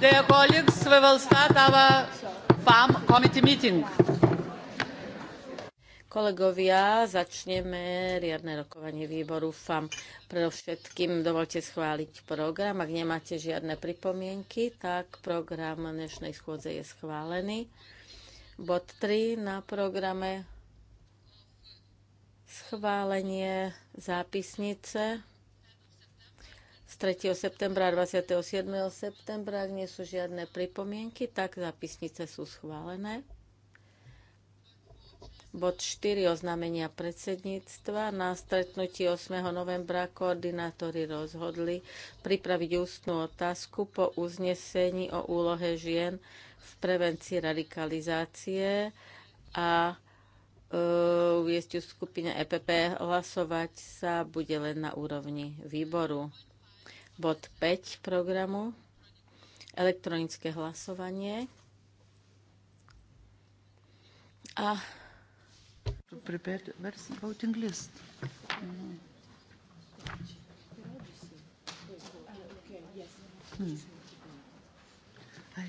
Dear colleagues, we will start our farm committee meeting. Kolegovia, začneme riadne rokovanie výboru FAM. Predovšetkým dovolte schváliť program. Ak nemáte žiadne pripomienky, tak program dnešnej schôdze je schválený. Bod 3 na programe schválenie zápisnice z 3. septembra a 27. septembra. Ak nie sú žiadne pripomienky, tak zápisnice sú schválené. Bod 4 oznámenia predsedníctva. Na stretnutí 8. novembra koordinátori rozhodli pripraviť ústnú otázku po uznesení o úlohe žien v prevencii radikalizácie a e, uviesť ju skupine EPP. Hlasovať sa bude len na úrovni výboru bod 5 programu, elektronické hlasovanie. A list? Hmm.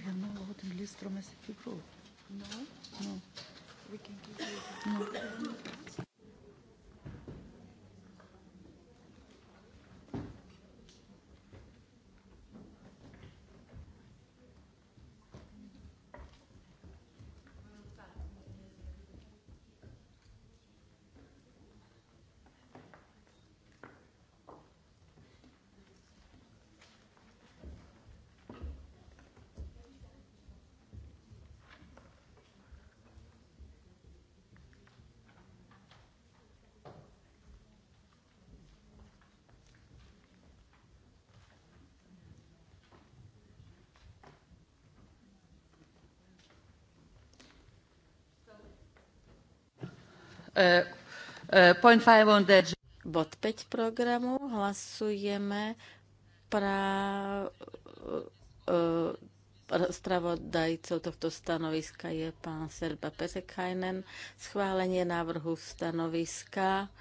No, no No? We can No. Uh, uh, Bod 5 programu hlasujeme pra, uh, spravodajcov tohto stanoviska je pán Serba Pesekajnen. Schválenie návrhu stanoviska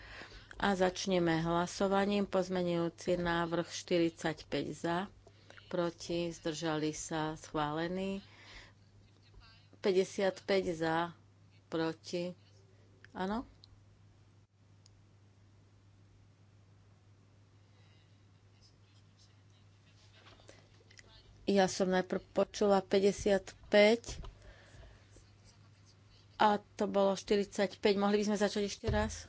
a začneme hlasovaním. Pozmenujúci návrh 45 za, proti, zdržali sa, schválení. 55 za, proti, Áno? Ja som najprv počula 55 a to bolo 45. Mohli by sme začať ešte raz?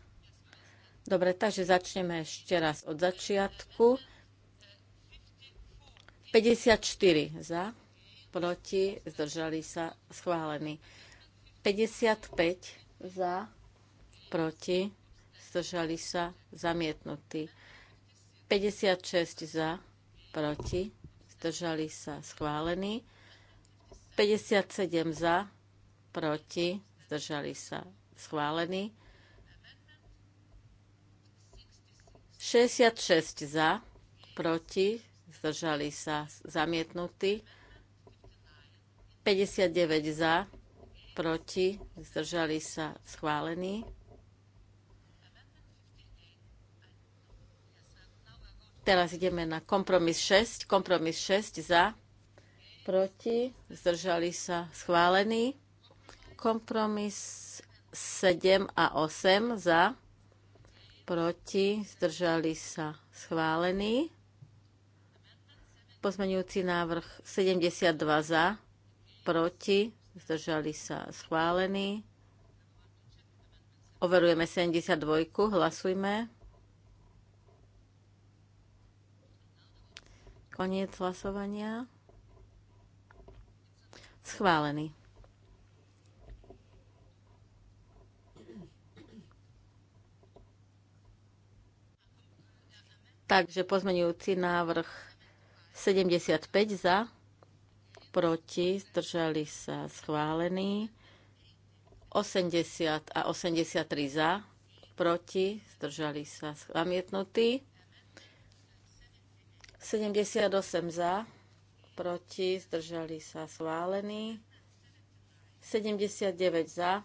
Dobre, takže začneme ešte raz od začiatku. 54 za, proti, zdržali sa, schválený. 55 za, proti, zdržali sa, zamietnutí. 56 za, proti, zdržali sa, schválení. 57 za, proti, zdržali sa, schválení. 66 za, proti, zdržali sa, zamietnutí. 59 za, proti, zdržali sa, schválení. Teraz ideme na kompromis 6. Kompromis 6 za, proti, zdržali sa schválený. Kompromis 7 a 8 za, proti, zdržali sa schválený. Pozmeňujúci návrh 72 za, proti, zdržali sa schválený. Overujeme 72, hlasujme. Koniec hlasovania. Schválený. Takže pozmenujúci návrh 75 za, proti, zdržali sa schválení, 80 a 83 za, proti, zdržali sa zamietnutí, 78 za, proti, zdržali sa schválení. 79 za,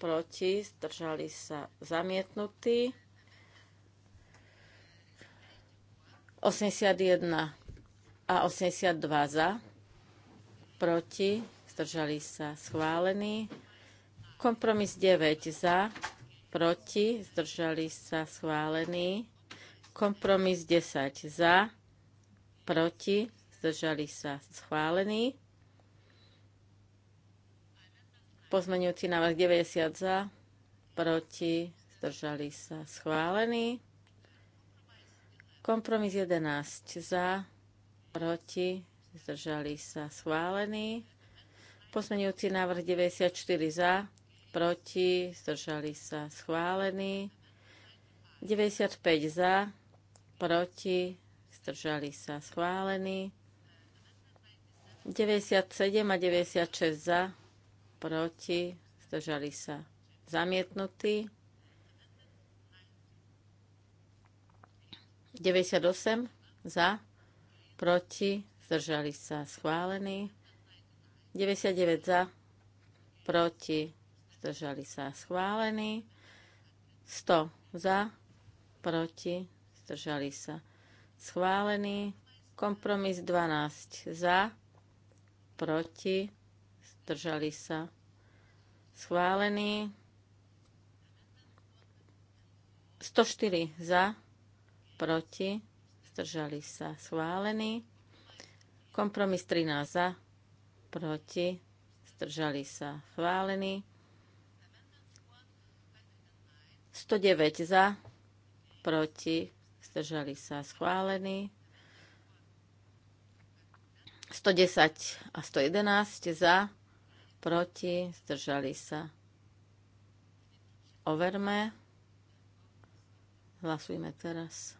proti, zdržali sa zamietnutí. 81 a 82 za, proti, zdržali sa schválení. Kompromis 9 za, proti, zdržali sa schválení. Kompromis 10 za, proti, zdržali sa schválení. Pozmenujúci návrh 90 za, proti, zdržali sa schválení. Kompromis 11 za, proti, zdržali sa schválení. Pozmenujúci návrh 94 za, proti, zdržali sa schválení. 95 za, proti, zdržali sa schválení. 97 a 96 za, proti, zdržali sa zamietnutí. 98 za, proti, zdržali sa schválení. 99 za, proti, zdržali sa schválení. 100 za, proti, zdržali sa schválení schválený. Kompromis 12 za, proti, zdržali sa, schválený. 104 za, proti, zdržali sa, schválený. Kompromis 13 za, proti, zdržali sa, Schválený. 109 za, proti, zdržali sa schválení. 110 a 111 za, proti, zdržali sa. Overme. Hlasujme teraz.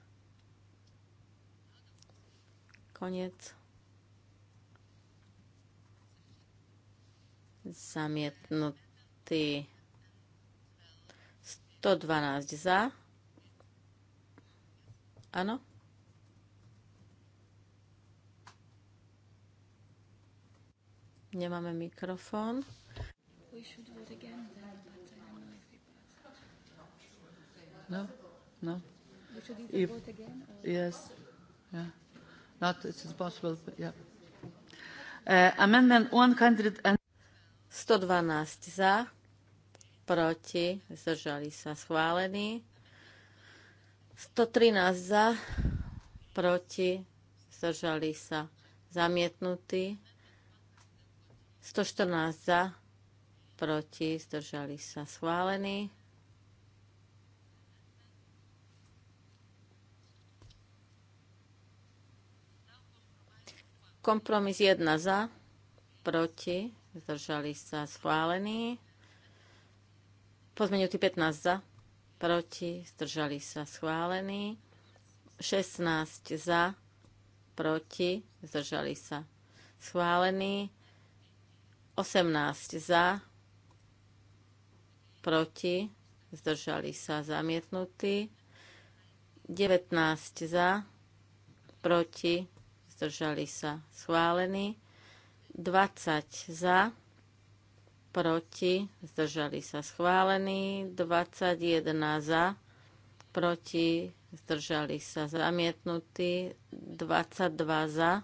Koniec. Zamietnutý. 112 za, Áno? Nemáme mikrofón. No, no. If, yes, yeah. Not it's possible, but yeah. Uh, amendment 112 za, proti, zdržali sa schválení. 113 za, proti, zdržali sa zamietnutí. 114 za, proti, zdržali sa schválení. Kompromis 1 za, proti, zdržali sa schválení. Pozmenutý 15 za, proti, zdržali sa schválení. 16 za, proti, zdržali sa schválení. 18 za, proti, zdržali sa zamietnutí. 19 za, proti, zdržali sa schválení. 20 za, proti, zdržali sa schválení, 21 za, proti, zdržali sa zamietnutí, 22 za,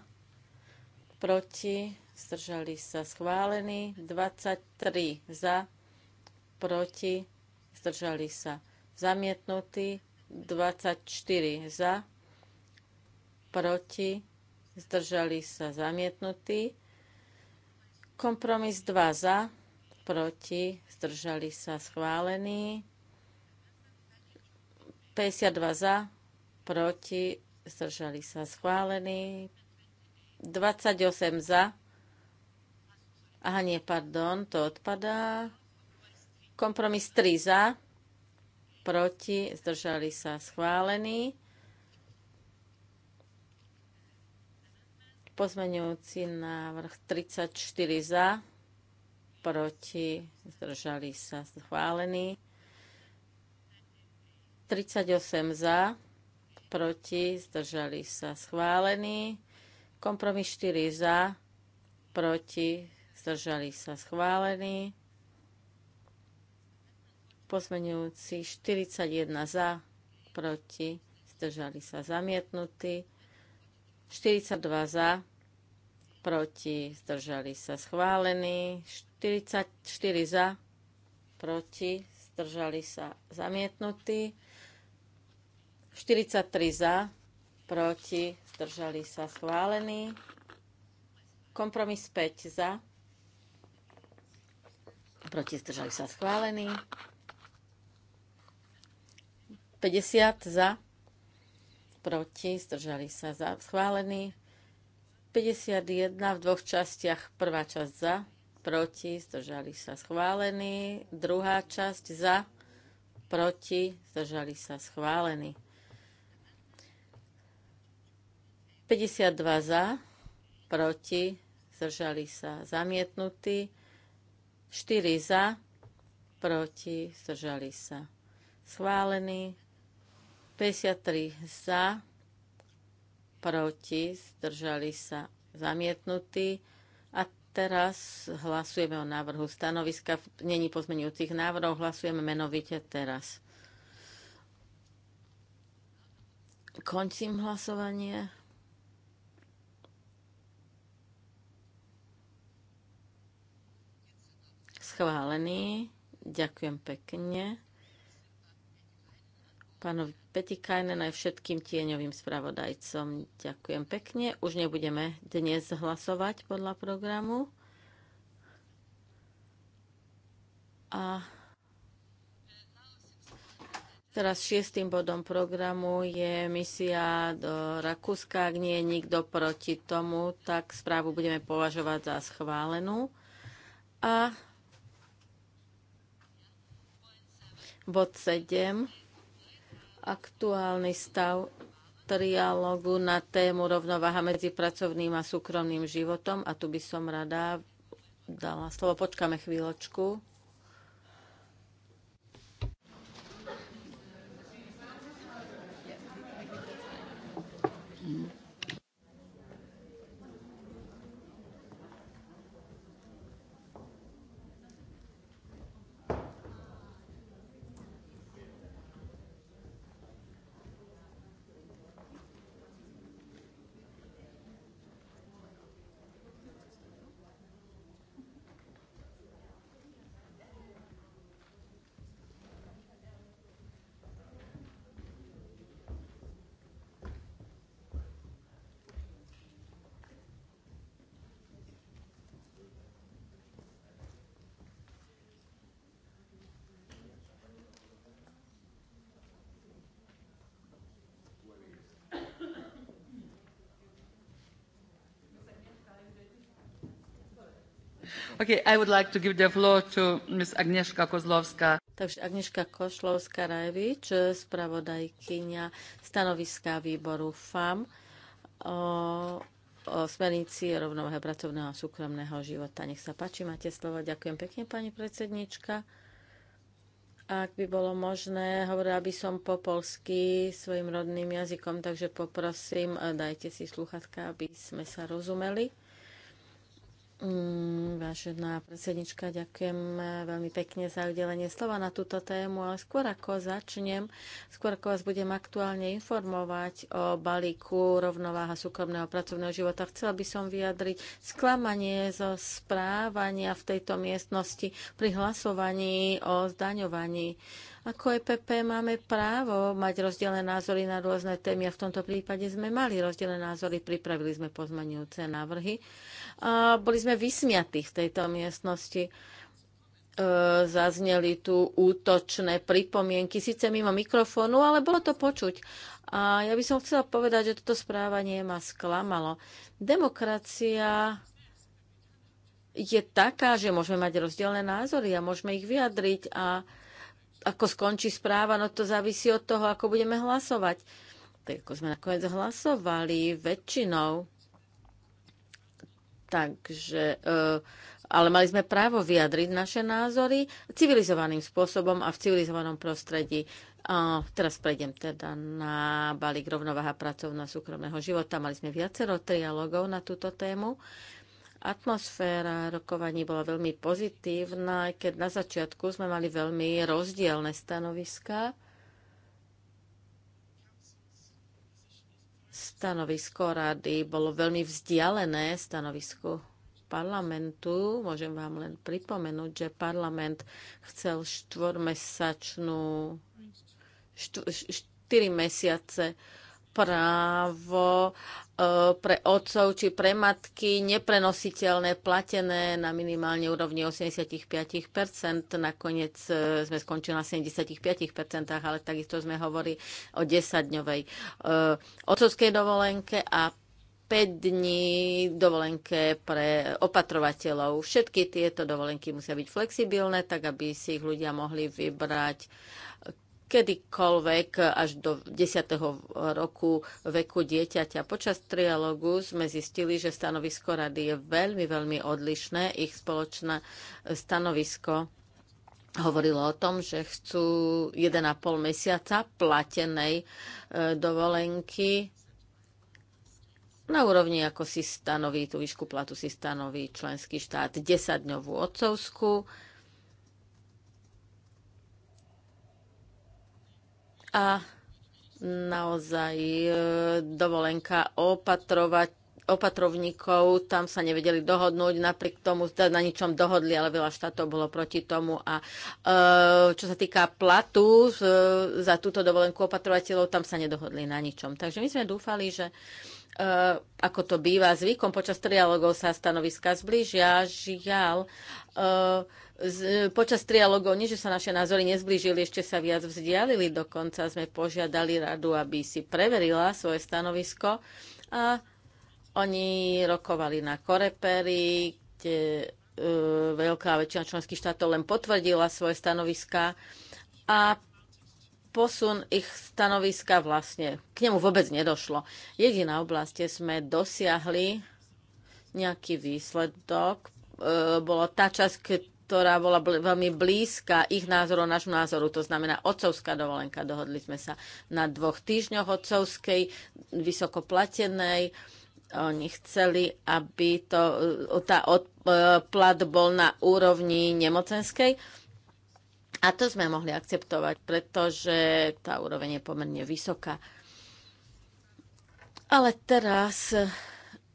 proti, zdržali sa schválení, 23 za, proti, zdržali sa zamietnutí, 24 za, proti, zdržali sa zamietnutí, kompromis 2 za, proti, zdržali sa schválení. 52 za, proti, zdržali sa schválení. 28 za. Aha, nie, pardon, to odpadá. Kompromis 3 za, proti, zdržali sa schválení. Pozmeňujúci návrh 34 za, proti, zdržali sa schválení. 38 za, proti, zdržali sa schválení. Kompromis 4 za, proti, zdržali sa schválení. Pozmenujúci 41 za, proti, zdržali sa zamietnutí. 42 za, proti, zdržali sa schválení, 44 za, proti, zdržali sa zamietnutí, 43 za, proti, zdržali sa schválení, kompromis 5 za, proti, zdržali sa schválení, 50 za, proti, zdržali sa za, schválení, 51 v dvoch častiach. Prvá časť za, proti, zdržali sa schválení. Druhá časť za, proti, zdržali sa schválení. 52 za, proti, zdržali sa zamietnutí. 4 za, proti, zdržali sa schválení. 53 za, proti, zdržali sa zamietnutí. A teraz hlasujeme o návrhu stanoviska. Není pozmenujúcich návrhov, hlasujeme menovite teraz. Končím hlasovanie. Schválený. Ďakujem pekne pánovi Petikajnen aj všetkým tieňovým spravodajcom. Ďakujem pekne. Už nebudeme dnes hlasovať podľa programu. A Teraz šiestým bodom programu je misia do Rakúska. Ak nie je nikto proti tomu, tak správu budeme považovať za schválenú. A bod 7 aktuálny stav trialógu na tému rovnováha medzi pracovným a súkromným životom. A tu by som rada dala slovo. Počkáme chvíľočku. Okay, I would like to give the floor to Ms. Agnieszka Takže Agnieszka Košlovská-Rajevič, spravodajkynia stanoviska výboru FAM o, o smernici rovnováhe pracovného a súkromného života. Nech sa páči, máte slovo. Ďakujem pekne, pani predsednička. Ak by bolo možné, hovorila by som po polsky svojim rodným jazykom, takže poprosím, dajte si sluchatka, aby sme sa rozumeli. Mm, vážená predsednička, ďakujem eh, veľmi pekne za udelenie slova na túto tému, ale skôr ako začnem, skôr ako vás budem aktuálne informovať o balíku rovnováha súkromného pracovného života, chcela by som vyjadriť sklamanie zo správania v tejto miestnosti pri hlasovaní o zdaňovaní. Ako EPP máme právo mať rozdielne názory na rôzne témy a v tomto prípade sme mali rozdielne názory, pripravili sme pozmenujúce návrhy a boli sme vysmiatí v tejto miestnosti. E, zazneli tu útočné pripomienky, síce mimo mikrofónu, ale bolo to počuť. A ja by som chcela povedať, že toto správanie ma sklamalo. Demokracia je taká, že môžeme mať rozdielne názory a môžeme ich vyjadriť a ako skončí správa, no to závisí od toho, ako budeme hlasovať. Tak ako sme nakoniec hlasovali väčšinou, Takže, eh, ale mali sme právo vyjadriť naše názory civilizovaným spôsobom a v civilizovanom prostredí. A teraz prejdem teda na balík rovnováha pracovného súkromného života. Mali sme viacero trialogov na túto tému. Atmosféra rokovaní bola veľmi pozitívna, aj keď na začiatku sme mali veľmi rozdielne stanoviská. Stanovisko rady bolo veľmi vzdialené stanovisku parlamentu. Môžem vám len pripomenúť, že parlament chcel štvormesačnú, štyri mesiace právo E, pre otcov či pre matky neprenositeľné, platené na minimálne úrovni 85 Nakoniec e, sme skončili na 75 ale takisto sme hovorili o 10-dňovej e, otcovskej dovolenke a 5 dní dovolenke pre opatrovateľov. Všetky tieto dovolenky musia byť flexibilné, tak aby si ich ľudia mohli vybrať kedykoľvek až do 10. roku veku dieťaťa. Počas trialógu sme zistili, že stanovisko rady je veľmi, veľmi odlišné. Ich spoločné stanovisko hovorilo o tom, že chcú 1,5 mesiaca platenej e, dovolenky na úrovni, ako si stanoví, tú výšku platu si stanoví členský štát 10-dňovú otcovskú, A naozaj e, dovolenka opatrovať opatrovníkov, tam sa nevedeli dohodnúť, napriek tomu na ničom dohodli, ale veľa štátov bolo proti tomu. A e, čo sa týka platu e, za túto dovolenku opatrovateľov, tam sa nedohodli na ničom. Takže my sme dúfali, že E, ako to býva zvykom, počas trialogov sa stanoviska zblížia. Žiaľ, e, počas trialogov nie, že sa naše názory nezblížili, ešte sa viac vzdialili. Dokonca sme požiadali radu, aby si preverila svoje stanovisko a oni rokovali na Koreperi, kde e, veľká väčšina členských štátov len potvrdila svoje stanoviská a posun ich stanoviska vlastne, k nemu vôbec nedošlo. Jediná kde sme dosiahli nejaký výsledok. E, bola tá časť, ktorá bola bl- veľmi blízka ich názoru, nášmu názoru, to znamená otcovská dovolenka. Dohodli sme sa na dvoch týždňoch otcovskej, vysokoplatenej. Oni chceli, aby to, e, tá odplat e, bol na úrovni nemocenskej a to sme mohli akceptovať, pretože tá úroveň je pomerne vysoká. Ale teraz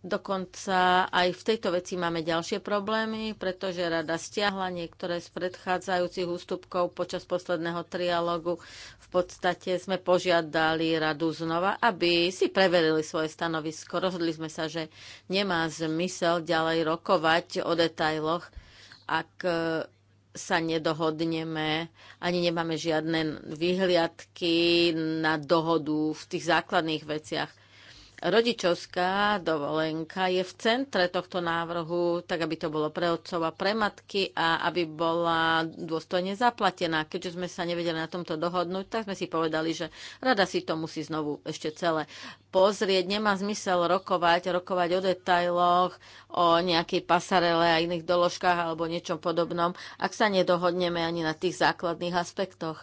Dokonca aj v tejto veci máme ďalšie problémy, pretože rada stiahla niektoré z predchádzajúcich ústupkov počas posledného trialógu. V podstate sme požiadali radu znova, aby si preverili svoje stanovisko. Rozhodli sme sa, že nemá zmysel ďalej rokovať o detailoch, ak sa nedohodneme, ani nemáme žiadne vyhliadky na dohodu v tých základných veciach Rodičovská dovolenka je v centre tohto návrhu, tak aby to bolo pre otcov a pre matky a aby bola dôstojne zaplatená. Keďže sme sa nevedeli na tomto dohodnúť, tak sme si povedali, že rada si to musí znovu ešte celé pozrieť. Nemá zmysel rokovať, rokovať o detailoch, o nejakej pasarele a iných doložkách alebo niečom podobnom, ak sa nedohodneme ani na tých základných aspektoch.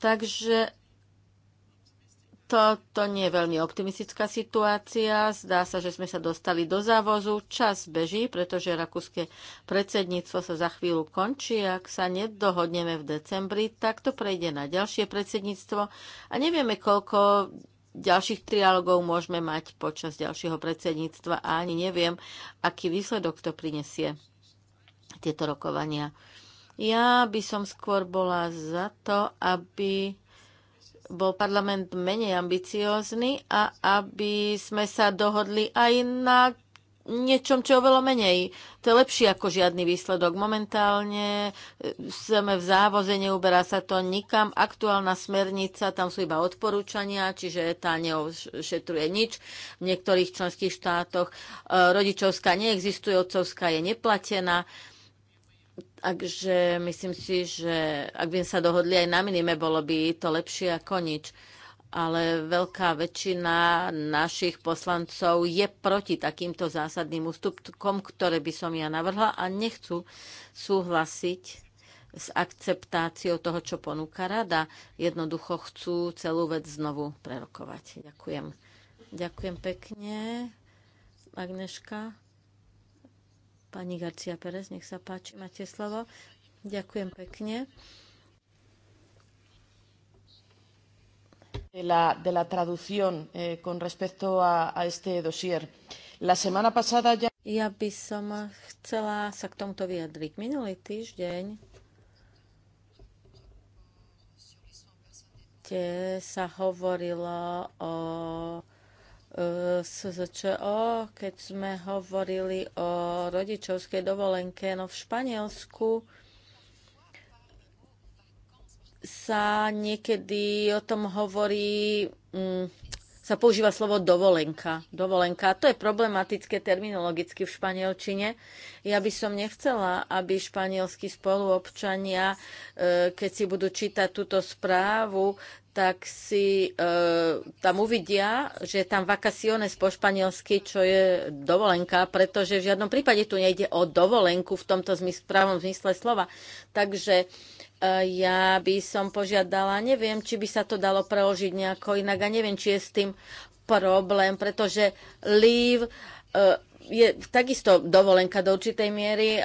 Takže toto nie je veľmi optimistická situácia. Zdá sa, že sme sa dostali do závozu. Čas beží, pretože rakúske predsedníctvo sa za chvíľu končí. Ak sa nedohodneme v decembri, tak to prejde na ďalšie predsedníctvo. A nevieme, koľko ďalších trialogov môžeme mať počas ďalšieho predsedníctva a ani neviem, aký výsledok to prinesie tieto rokovania. Ja by som skôr bola za to, aby bol parlament menej ambiciózny a aby sme sa dohodli aj na niečom, čo je oveľa menej. To je lepšie ako žiadny výsledok. Momentálne e, sme v závoze, neuberá sa to nikam. Aktuálna smernica, tam sú iba odporúčania, čiže tá neošetruje nič. V niektorých členských štátoch e, rodičovská neexistuje, otcovská je neplatená. Takže myslím si, že ak by sa dohodli aj na minime, bolo by to lepšie ako nič. Ale veľká väčšina našich poslancov je proti takýmto zásadným ústupkom, ktoré by som ja navrhla a nechcú súhlasiť s akceptáciou toho, čo ponúka rada. Jednoducho chcú celú vec znovu prerokovať. Ďakujem. Ďakujem pekne. Agneška. Pani Garcia Perez, nech sa páči, máte slovo. Ďakujem pekne. De la, de la traducción eh, con respecto a, a este dossier. La semana pasada ya... Ja by som chcela sa k tomuto vyjadriť. Minulý týždeň sa hovorilo o SZČO, keď sme hovorili o rodičovskej dovolenke, no v Španielsku sa niekedy o tom hovorí, mm, sa používa slovo dovolenka. Dovolenka. To je problematické terminologicky v španielčine. Ja by som nechcela, aby španielskí spoluobčania, e, keď si budú čítať túto správu, tak si e, tam uvidia, že je tam vacaciones po španielsky, čo je dovolenka, pretože v žiadnom prípade tu nejde o dovolenku v tomto zmysl, pravom zmysle slova. Takže e, ja by som požiadala, neviem, či by sa to dalo preložiť nejako inak a neviem, či je s tým problém, pretože leave e, je takisto dovolenka do určitej miery. E,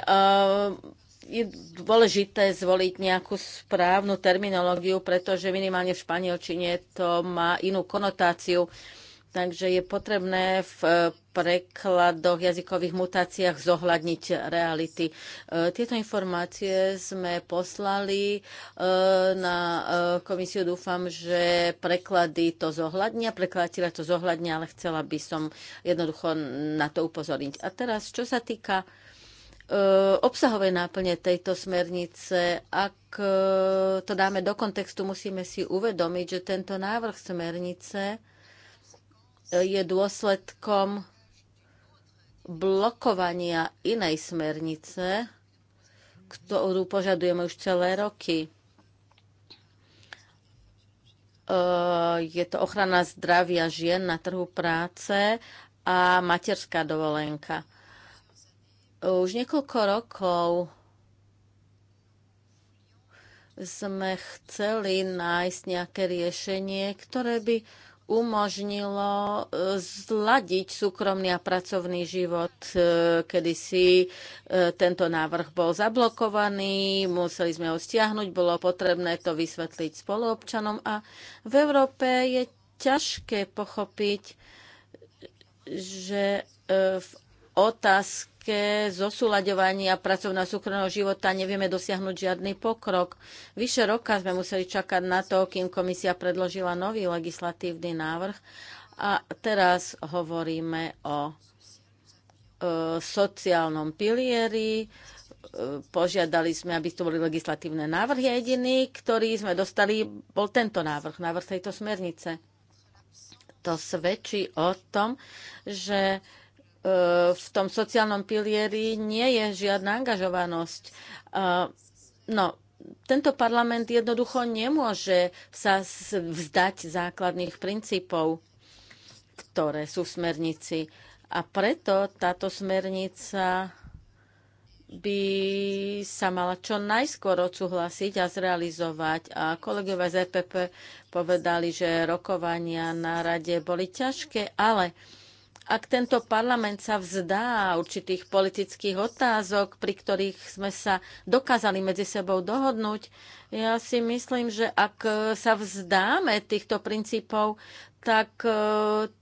je dôležité zvoliť nejakú správnu terminológiu, pretože minimálne v španielčine to má inú konotáciu. Takže je potrebné v eh, prekladoch, jazykových mutáciách zohľadniť reality. Eh, tieto informácie sme poslali eh, na komisiu. Dúfam, že preklady to zohľadnia, prekladateľa to zohľadnia, ale chcela by som jednoducho na to upozorniť. A teraz, čo sa týka obsahovej náplne tejto smernice. Ak e, to dáme do kontextu, musíme si uvedomiť, že tento návrh smernice e, je dôsledkom blokovania inej smernice, ktorú požadujeme už celé roky. E, je to ochrana zdravia žien na trhu práce a materská dovolenka. Už niekoľko rokov sme chceli nájsť nejaké riešenie, ktoré by umožnilo e, zladiť súkromný a pracovný život. E, kedysi e, tento návrh bol zablokovaný, museli sme ho stiahnuť, bolo potrebné to vysvetliť spoluobčanom a v Európe je ťažké pochopiť, že v otázke zosúľaďovania pracovného súkromného života nevieme dosiahnuť žiadny pokrok. Vyše roka sme museli čakať na to, kým komisia predložila nový legislatívny návrh a teraz hovoríme o e, sociálnom pilieri, e, požiadali sme, aby to boli legislatívne návrhy jediný, ktorý sme dostali, bol tento návrh, návrh tejto smernice. To svedčí o tom, že E, v tom sociálnom pilieri nie je žiadna angažovanosť. E, no, tento parlament jednoducho nemôže sa vzdať základných princípov, ktoré sú v smernici. A preto táto smernica by sa mala čo najskôr odsúhlasiť a zrealizovať. A kolegovia z EPP povedali, že rokovania na rade boli ťažké, ale uh, ak tento parlament sa vzdá určitých politických otázok, pri ktorých sme sa dokázali medzi sebou dohodnúť, ja si myslím, že ak e, sa vzdáme týchto princípov, tak e,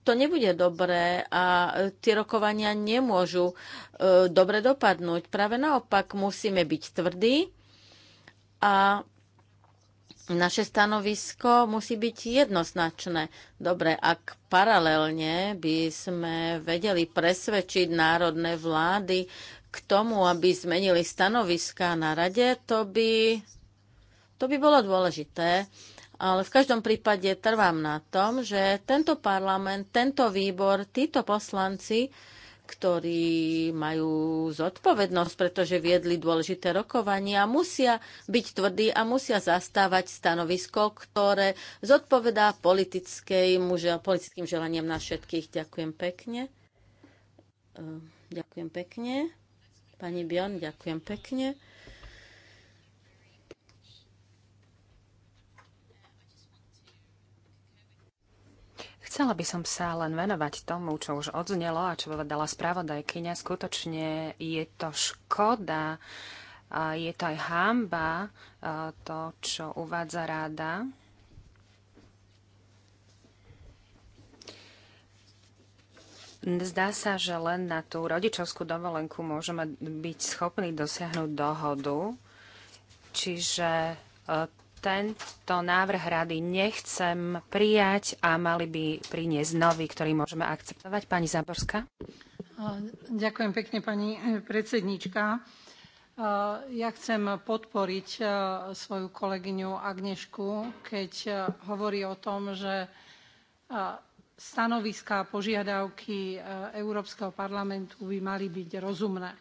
to nebude dobré a e, tie rokovania nemôžu dobre dopadnúť. Práve naopak musíme byť tvrdí a naše stanovisko musí byť jednoznačné. Dobre, ak paralelne by sme vedeli presvedčiť národné vlády k tomu, aby zmenili stanoviska na rade, to by, to by bolo dôležité. Ale v každom prípade trvám na tom, že tento parlament, tento výbor, títo poslanci ktorí majú zodpovednosť, pretože viedli dôležité rokovania, musia byť tvrdí a musia zastávať stanovisko, ktoré zodpovedá politickým želaniam na všetkých. Ďakujem pekne. Ďakujem pekne. Pani Bion, ďakujem pekne. Chcela by som sa len venovať tomu, čo už odznelo a čo povedala spravodajkyňa. Skutočne je to škoda, je to aj hamba, to, čo uvádza ráda. Zdá sa, že len na tú rodičovskú dovolenku môžeme byť schopní dosiahnuť dohodu, čiže e, tento návrh rady nechcem prijať a mali by priniesť nový, ktorý môžeme akceptovať. Pani Záborská. Ďakujem pekne, pani eh, predsednička. Ja chcem podporiť eh, svoju kolegyňu Agnešku, keď eh, hovorí o tom, že stanoviská požiadavky Európskeho parlamentu by mali byť rozumné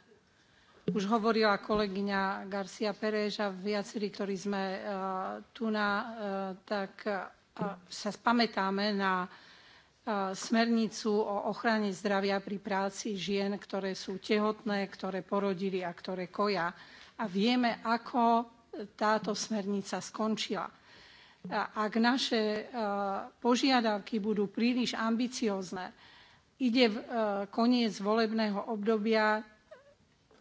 už hovorila kolegyňa Garcia Pérez a viacerí, ktorí sme eh, tu na, eh, tak eh, sa spamätáme na smernicu o ochrane zdravia pri práci žien, ktoré sú tehotné, ktoré porodili a ktoré koja. A vieme, ako táto smernica skončila. Ak naše požiadavky budú príliš ambiciózne, ide koniec volebného obdobia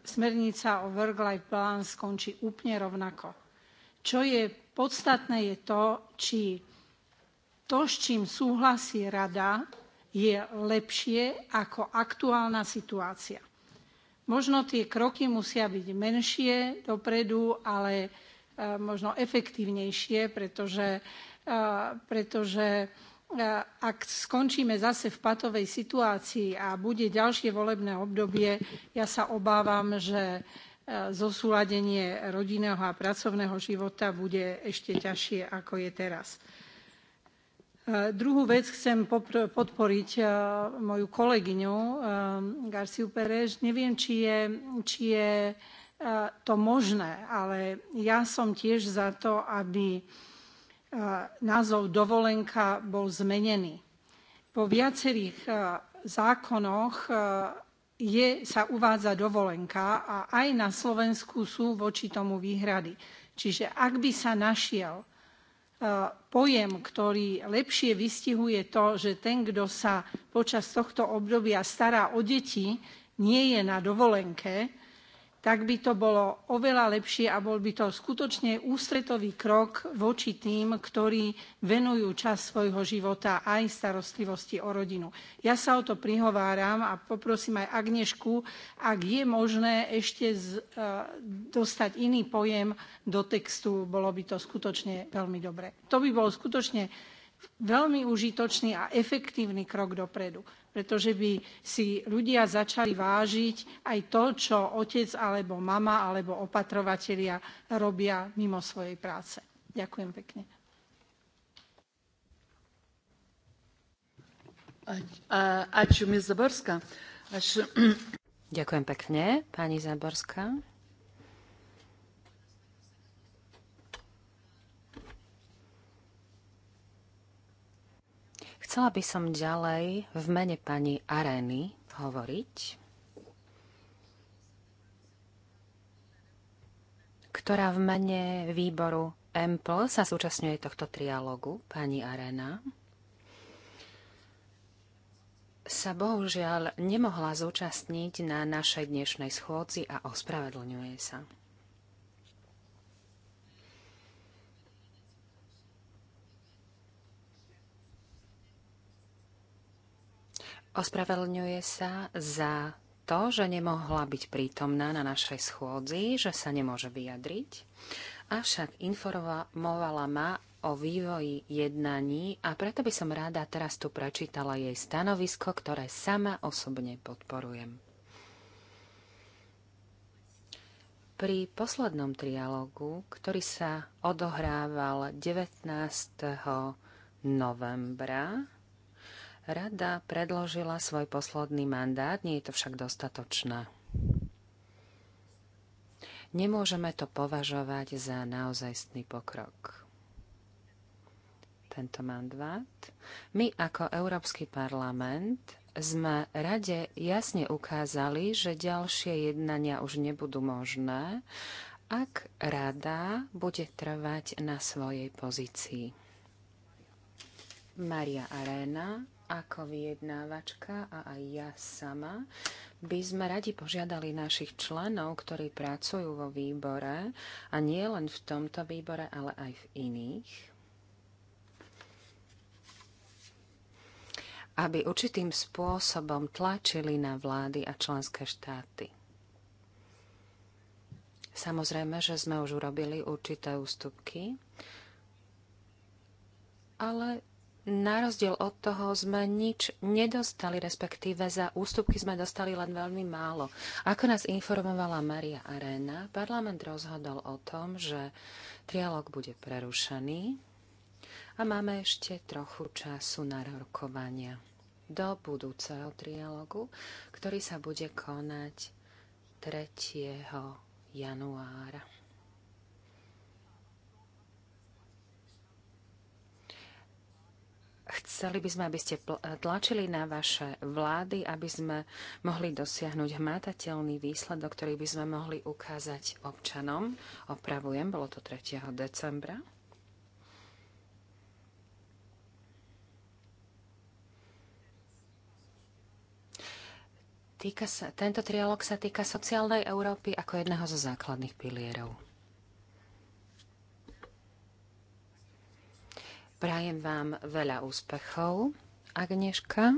smernica o work life balance skončí úplne rovnako. Čo je podstatné je to, či to, s čím súhlasí rada, je lepšie ako aktuálna situácia. Možno tie kroky musia byť menšie dopredu, ale e, možno efektívnejšie, pretože, e, pretože ak skončíme zase v patovej situácii a bude ďalšie volebné obdobie, ja sa obávam, že e, zosúladenie rodinného a pracovného života bude ešte ťažšie, ako je teraz. E, druhú vec chcem podporiť e, moju kolegyňu Garciu Pereš. Neviem, či je, či je to možné, ale ja som tiež za to, aby názov dovolenka bol zmenený. Vo viacerých zákonoch je, sa uvádza dovolenka a aj na Slovensku sú voči tomu výhrady. Čiže ak by sa našiel pojem, ktorý lepšie vystihuje to, že ten, kto sa počas tohto obdobia stará o deti, nie je na dovolenke, tak by to bolo oveľa lepšie a bol by to skutočne ústretový krok voči tým, ktorí venujú čas svojho života aj starostlivosti o rodinu. Ja sa o to prihováram a poprosím aj Agnešku, ak je možné ešte e, dostať iný pojem do textu, bolo by to skutočne veľmi dobré. To by bol skutočne veľmi užitočný a efektívny krok dopredu pretože by si ľudia začali vážiť aj to, čo otec alebo mama alebo opatrovatelia robia mimo svojej práce. Ďakujem pekne. Ďakujem pekne, pani Zaborská. Chcela by som ďalej v mene pani Arény hovoriť, ktorá v mene výboru EMPL sa zúčastňuje tohto trialógu, pani Arena, sa bohužiaľ nemohla zúčastniť na našej dnešnej schôdzi a ospravedlňuje sa. Ospravedlňuje sa za to, že nemohla byť prítomná na našej schôdzi, že sa nemôže vyjadriť, avšak informovala ma o vývoji jednaní a preto by som ráda teraz tu prečítala jej stanovisko, ktoré sama osobne podporujem. Pri poslednom trialógu, ktorý sa odohrával 19. novembra Rada predložila svoj posledný mandát, nie je to však dostatočné. Nemôžeme to považovať za naozajstný pokrok. Tento mandát. My ako Európsky parlament sme rade jasne ukázali, že ďalšie jednania už nebudú možné, ak rada bude trvať na svojej pozícii. Maria Arena ako vyjednávačka a aj ja sama by sme radi požiadali našich členov, ktorí pracujú vo výbore a nie len v tomto výbore, ale aj v iných, aby určitým spôsobom tlačili na vlády a členské štáty. Samozrejme, že sme už urobili určité ústupky, ale na rozdiel od toho sme nič nedostali, respektíve za ústupky sme dostali len veľmi málo. Ako nás informovala Maria Arena, parlament rozhodol o tom, že trialog bude prerušený a máme ešte trochu času na rokovania do budúceho trialogu, ktorý sa bude konať 3. januára. Chceli by sme, aby ste tlačili na vaše vlády, aby sme mohli dosiahnuť hmatateľný výsledok, ktorý by sme mohli ukázať občanom. Opravujem, bolo to 3. decembra. Týka sa, tento trialog sa týka sociálnej Európy ako jedného zo základných pilierov. Prajem vám veľa úspechov, Agneška,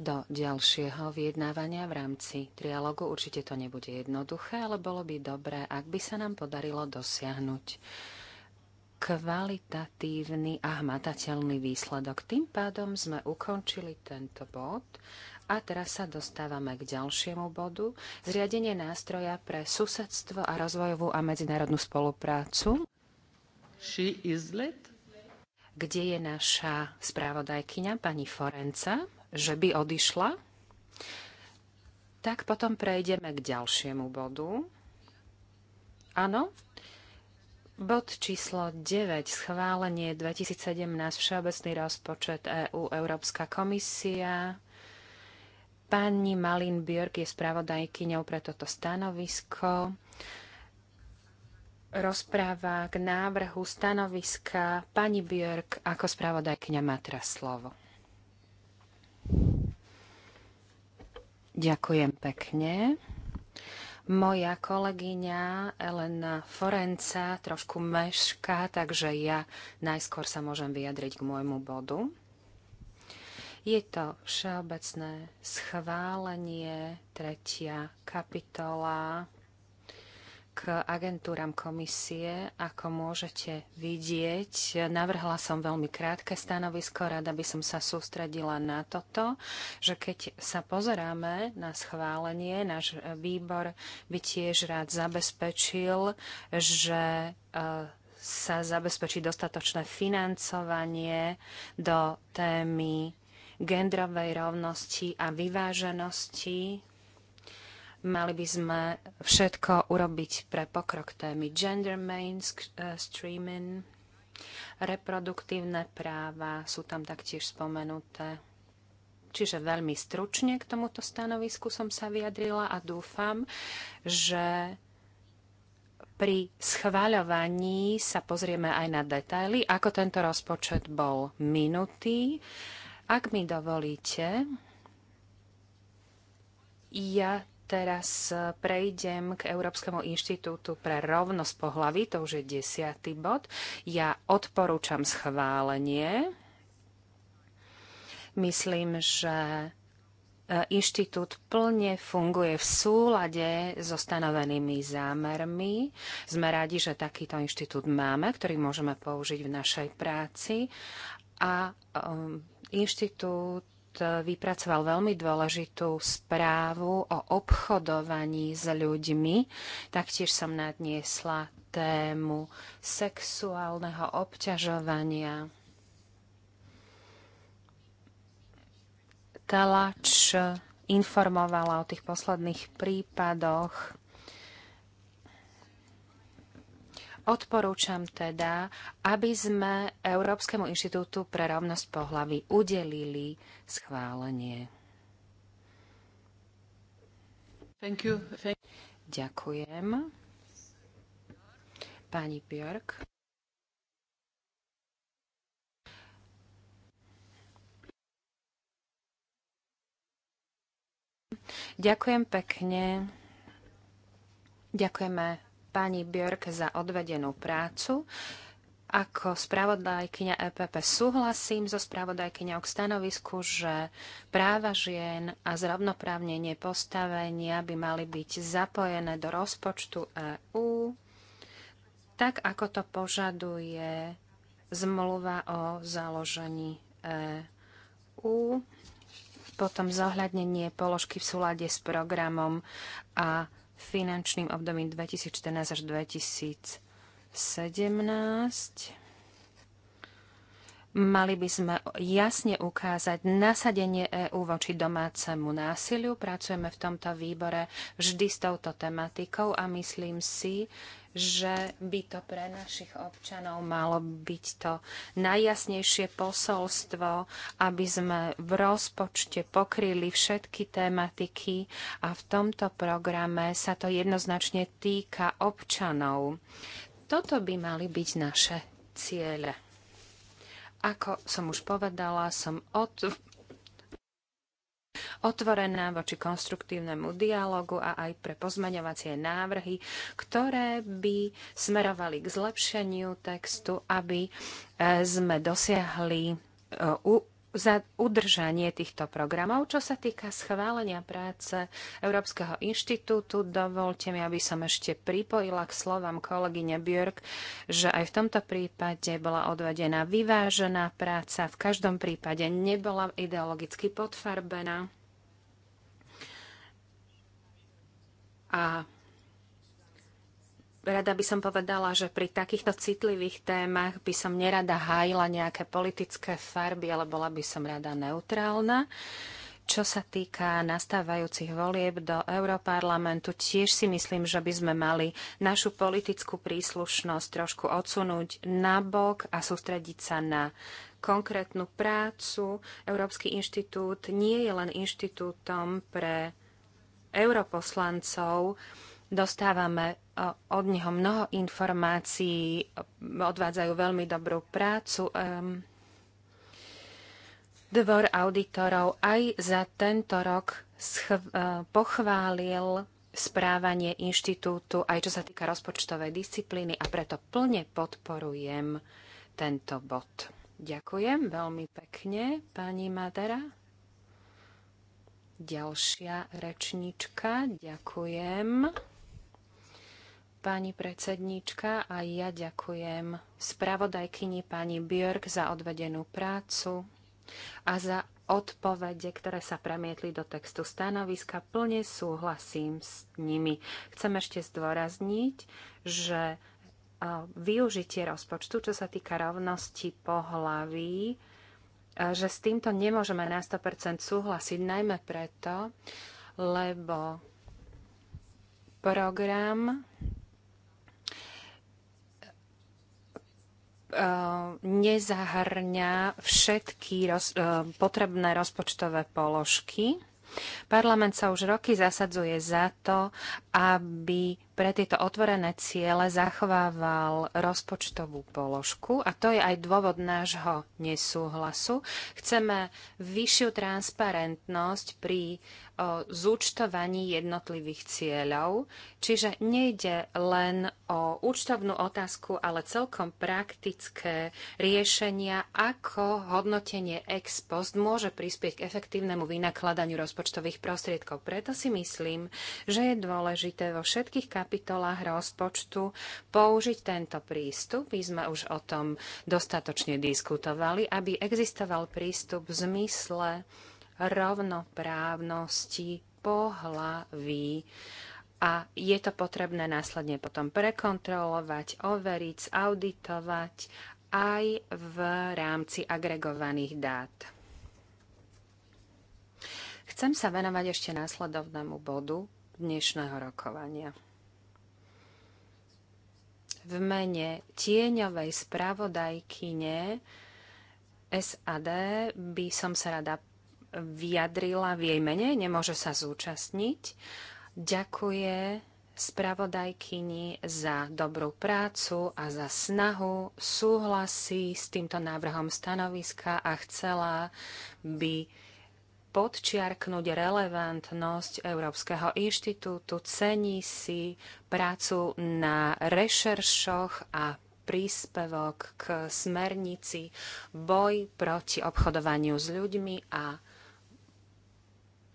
do ďalšieho vyjednávania v rámci trialogu. Určite to nebude jednoduché, ale bolo by dobré, ak by sa nám podarilo dosiahnuť kvalitatívny a hmatateľný výsledok. Tým pádom sme ukončili tento bod a teraz sa dostávame k ďalšiemu bodu. Zriadenie nástroja pre susedstvo a rozvojovú a medzinárodnú spoluprácu. Kde je naša správodajkyňa, pani Forenca, že by odišla? Tak potom prejdeme k ďalšiemu bodu. Áno, Bod číslo 9. Schválenie 2017 Všeobecný rozpočet EÚ EU, Európska komisia. Pani Malin Björk je spravodajkyňou pre toto stanovisko rozpráva k návrhu stanoviska. Pani Björk, ako spravodajkňa má teraz slovo. Ďakujem pekne. Moja kolegyňa Elena Forenca trošku mešká, takže ja najskôr sa môžem vyjadriť k môjmu bodu. Je to všeobecné schválenie, tretia kapitola k agentúram komisie. Ako môžete vidieť, navrhla som veľmi krátke stanovisko, rada by som sa sústredila na toto, že keď sa pozeráme na schválenie, náš výbor by tiež rád zabezpečil, že e, sa zabezpečí dostatočné financovanie do témy gendrovej rovnosti a vyváženosti Mali by sme všetko urobiť pre pokrok témy gender mainstreaming, e, reproduktívne práva sú tam taktiež spomenuté. Čiže veľmi stručne k tomuto stanovisku som sa vyjadrila a dúfam, že pri schváľovaní sa pozrieme aj na detaily, ako tento rozpočet bol minutý. Ak mi dovolíte, ja Teraz e, prejdem k Európskemu inštitútu pre rovnosť pohlaví, to už je desiatý bod. Ja odporúčam schválenie. Myslím, že e, inštitút plne funguje v súlade so stanovenými zámermi. Sme radi, že takýto inštitút máme, ktorý môžeme použiť v našej práci. A um, inštitút vypracoval veľmi dôležitú správu o obchodovaní s ľuďmi. Taktiež som nadniesla tému sexuálneho obťažovania. Talač informovala o tých posledných prípadoch Odporúčam teda, aby sme Európskemu inštitútu pre rovnosť pohlavy udelili schválenie. Thank you. Thank you. Ďakujem. Pani Björk. Ďakujem pekne. Ďakujeme pani Björk za odvedenú prácu. Ako spravodajkyňa EPP súhlasím so spravodajkyňou k stanovisku, že práva žien a zrovnoprávnenie postavenia by mali byť zapojené do rozpočtu EÚ, tak ako to požaduje zmluva o založení EÚ, potom zohľadnenie položky v súlade s programom a finančným obdobím 2014 až 2017. Mali by sme jasne ukázať nasadenie EÚ voči domácemu násiliu. Pracujeme v tomto výbore vždy s touto tematikou a myslím si, že by to pre našich občanov malo byť to najjasnejšie posolstvo, aby sme v rozpočte pokryli všetky tematiky a v tomto programe sa to jednoznačne týka občanov. Toto by mali byť naše ciele. Ako som už povedala, som od, otvorená voči konstruktívnemu dialogu a aj pre pozmeňovacie návrhy, ktoré by smerovali k zlepšeniu textu, aby eh, sme dosiahli eh, za udržanie týchto programov. Čo sa týka schválenia práce Európskeho inštitútu, dovolte mi, aby som ešte pripojila k slovám kolegyne Björk, že aj v tomto prípade bola odvedená vyvážená práca, v každom prípade nebola ideologicky podfarbená. A rada by som povedala, že pri takýchto citlivých témach by som nerada hájila nejaké politické farby, ale bola by som rada neutrálna. Čo sa týka nastávajúcich volieb do Európarlamentu, tiež si myslím, že by sme mali našu politickú príslušnosť trošku odsunúť nabok a sústrediť sa na konkrétnu prácu. Európsky inštitút nie je len inštitútom pre europoslancov, Dostávame e, od neho mnoho informácií, odvádzajú veľmi dobrú prácu. Dvor auditorov aj za tento rok e, pochválil správanie inštitútu aj čo sa týka rozpočtovej disciplíny a preto plne podporujem tento bod. Ďakujem veľmi pekne, pani Madera. Ďalšia rečnička, ďakujem. Pani predsedníčka, a ja ďakujem spravodajkyni pani Björk za odvedenú prácu a za odpovede, ktoré sa premietli do textu stanoviska. Plne súhlasím s nimi. Chcem ešte zdôrazniť, že využitie rozpočtu, čo sa týka rovnosti pohlaví, že s týmto nemôžeme na 100% súhlasiť, najmä preto, lebo program nezahrňa všetky roz, e, potrebné rozpočtové položky. Parlament sa už roky zasadzuje za to, aby pre tieto otvorené ciele zachovával rozpočtovú položku a to je aj dôvod nášho nesúhlasu. Chceme vyššiu transparentnosť pri o, zúčtovaní jednotlivých cieľov, čiže nejde len o účtovnú otázku, ale celkom praktické riešenia, ako hodnotenie ex post môže prispieť k efektívnemu vynakladaniu rozpočtových prostriedkov. Preto si myslím, že je dôležité vo všetkých kapitách kapitolách rozpočtu použiť tento prístup. My sme už o tom dostatočne diskutovali, aby existoval prístup v zmysle rovnoprávnosti pohlaví a je to potrebné následne potom prekontrolovať, overiť, auditovať aj v rámci agregovaných dát. Chcem sa venovať ešte následovnému bodu dnešného rokovania v mene tieňovej spravodajkyne SAD by som sa rada vyjadrila v jej mene, nemôže sa zúčastniť. Ďakuje spravodajkyni za dobrú prácu a za snahu, súhlasí s týmto návrhom stanoviska a chcela by podčiarknúť relevantnosť Európskeho inštitútu, cení si prácu na rešeršoch a príspevok k smernici boj proti obchodovaniu s ľuďmi a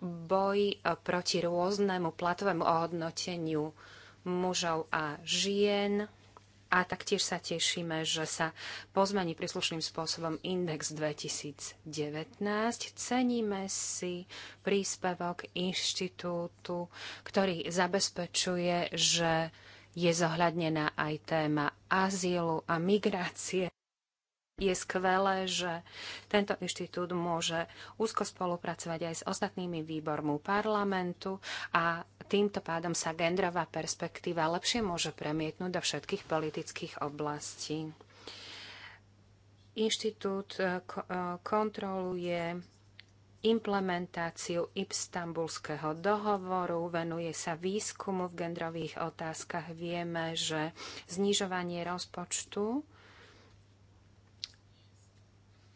boj proti rôznemu platovému ohodnoteniu mužov a žien a taktiež sa tešíme, že sa pozmení príslušným spôsobom index 2019. Ceníme si príspevok inštitútu, ktorý zabezpečuje, že je zohľadnená aj téma azylu a migrácie. Je skvelé, že tento inštitút môže úzko spolupracovať aj s ostatnými výbormi parlamentu a týmto pádom sa gendrová perspektíva lepšie môže premietnúť do všetkých politických oblastí. Inštitút e, e, kontroluje implementáciu Istanbulského dohovoru, venuje sa výskumu v gendrových otázkach. Vieme, že znižovanie rozpočtu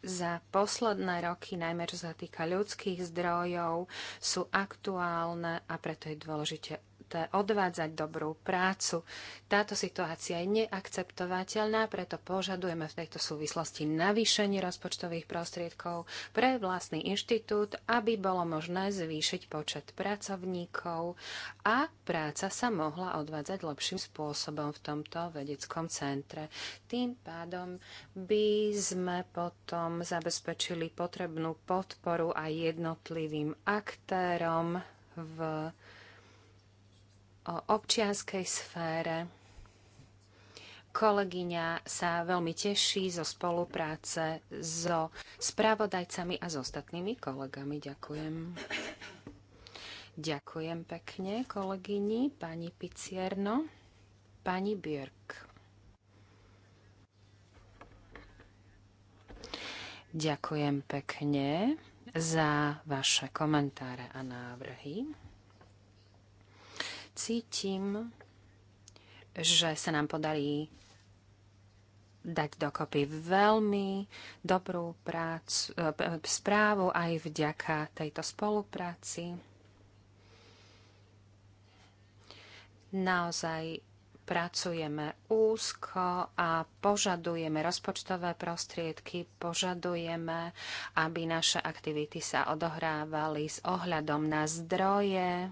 za posledné roky, najmä čo sa týka ľudských zdrojov, sú aktuálne a preto je dôležité dôležité odvádzať dobrú prácu. Táto situácia je neakceptovateľná, preto požadujeme v tejto súvislosti navýšenie rozpočtových prostriedkov pre vlastný inštitút, aby bolo možné zvýšiť počet pracovníkov a práca sa mohla odvádzať lepším spôsobom v tomto vedeckom centre. Tým pádom by sme potom zabezpečili potrebnú podporu aj jednotlivým aktérom v o občianskej sfére. Kolegyňa sa veľmi teší zo spolupráce so spravodajcami a s so ostatnými kolegami. Ďakujem. Ďakujem pekne kolegyni, pani Picierno, pani Björk. Ďakujem pekne za vaše komentáre a návrhy cítim, že sa nám podarí dať dokopy veľmi dobrú prácu, eh, správu aj vďaka tejto spolupráci. Naozaj pracujeme úzko a požadujeme rozpočtové prostriedky, požadujeme, aby naše aktivity sa odohrávali s ohľadom na zdroje,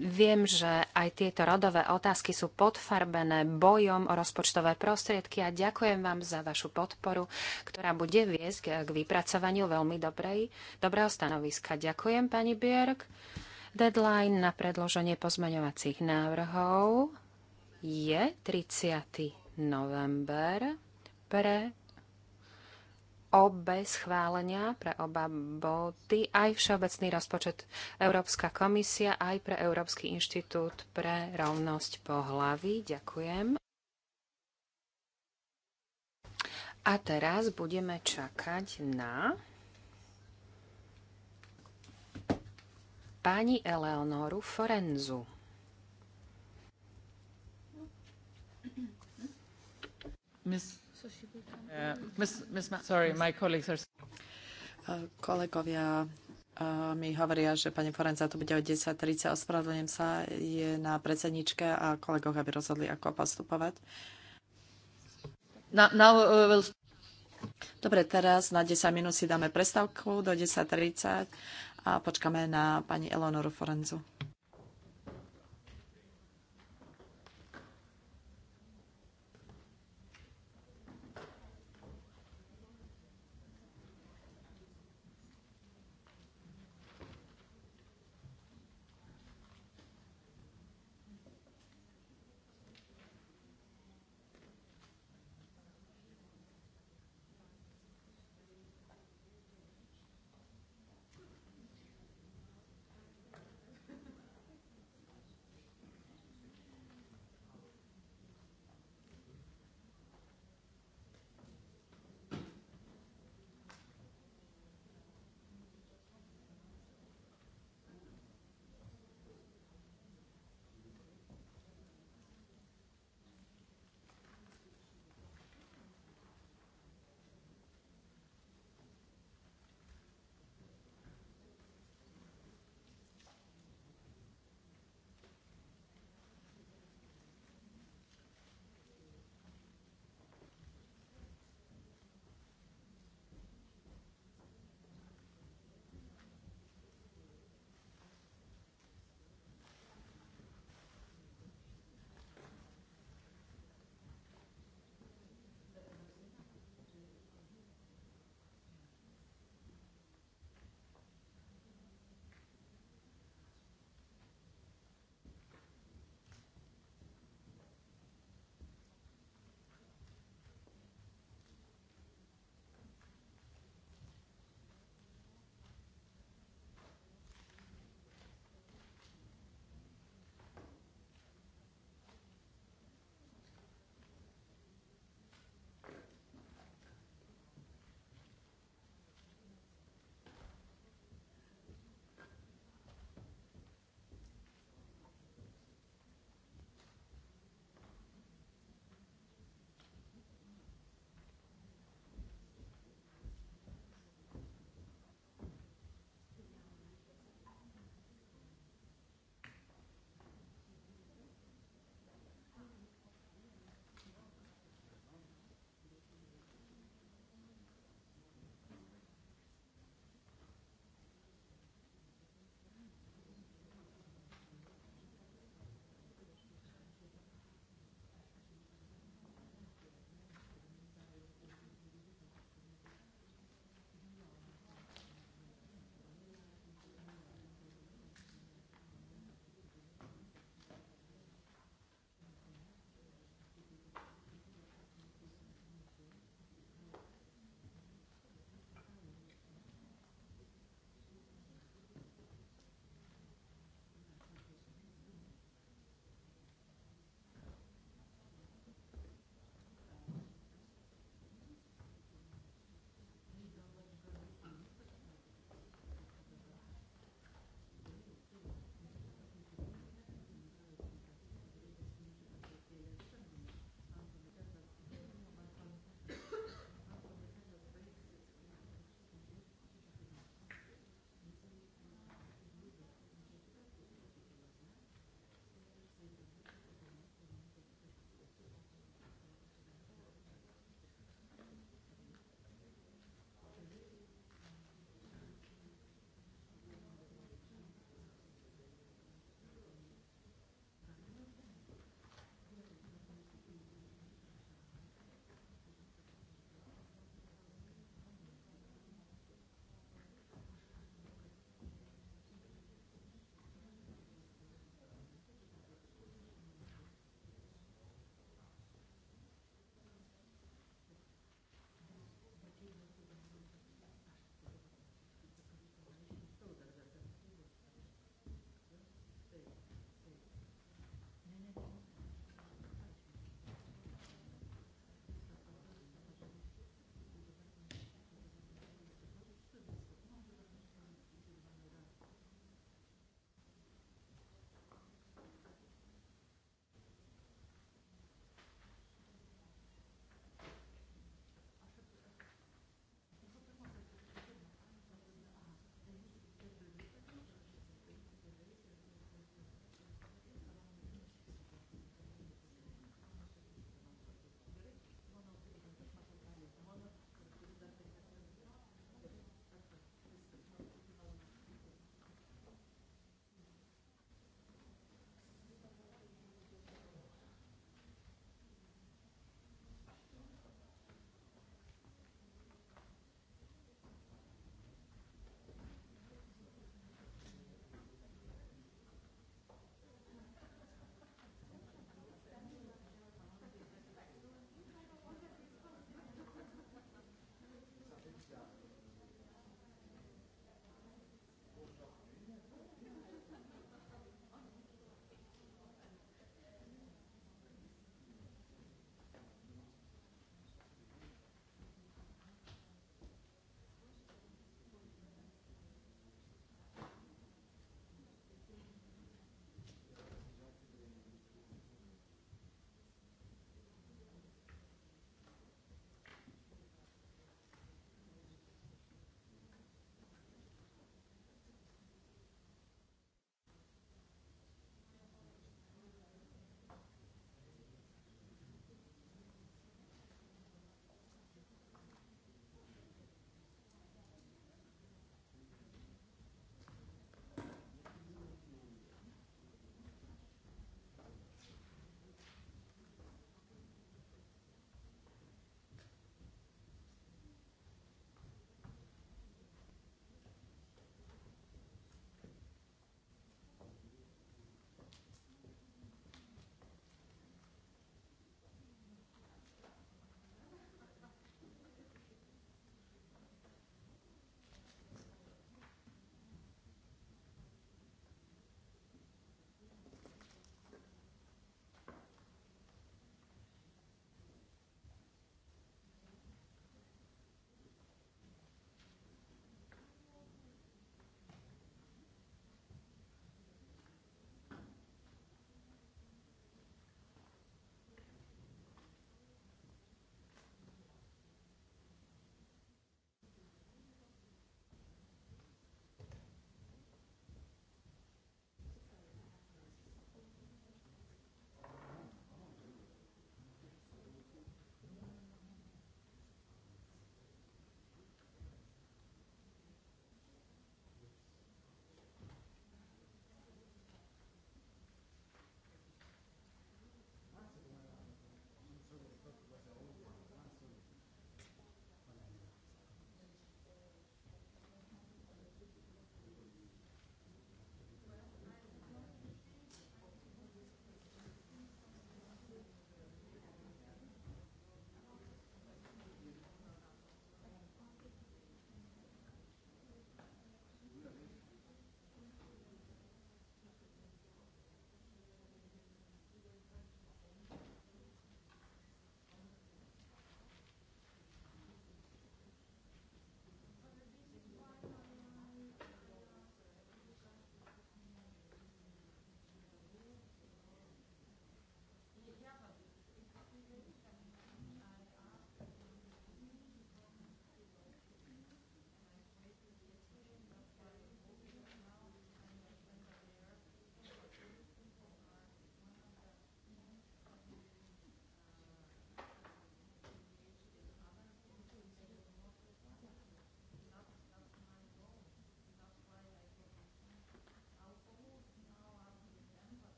Viem, že aj tieto rodové otázky sú podfarbené bojom o rozpočtové prostriedky a ďakujem vám za vašu podporu, ktorá bude viesť k vypracovaniu veľmi dobrej, dobrého stanoviska. Ďakujem, pani Bierk. Deadline na predloženie pozmeňovacích návrhov je 30. november pre obe schválenia pre oba body, aj Všeobecný rozpočet Európska komisia, aj pre Európsky inštitút pre rovnosť pohlaví. Ďakujem. A teraz budeme čakať na pani Eleonoru Forenzu. Miss Uh, uh, kolegovia uh, mi hovoria, že pani Forenza tu bude o 10.30, ospravedlňujem sa, je na predsedničke a kolegoch, aby rozhodli, ako postupovať. uh, Dobre, teraz na 10 minút si dáme prestávku do 10.30 a počkáme na pani Eleonoru Forenzu.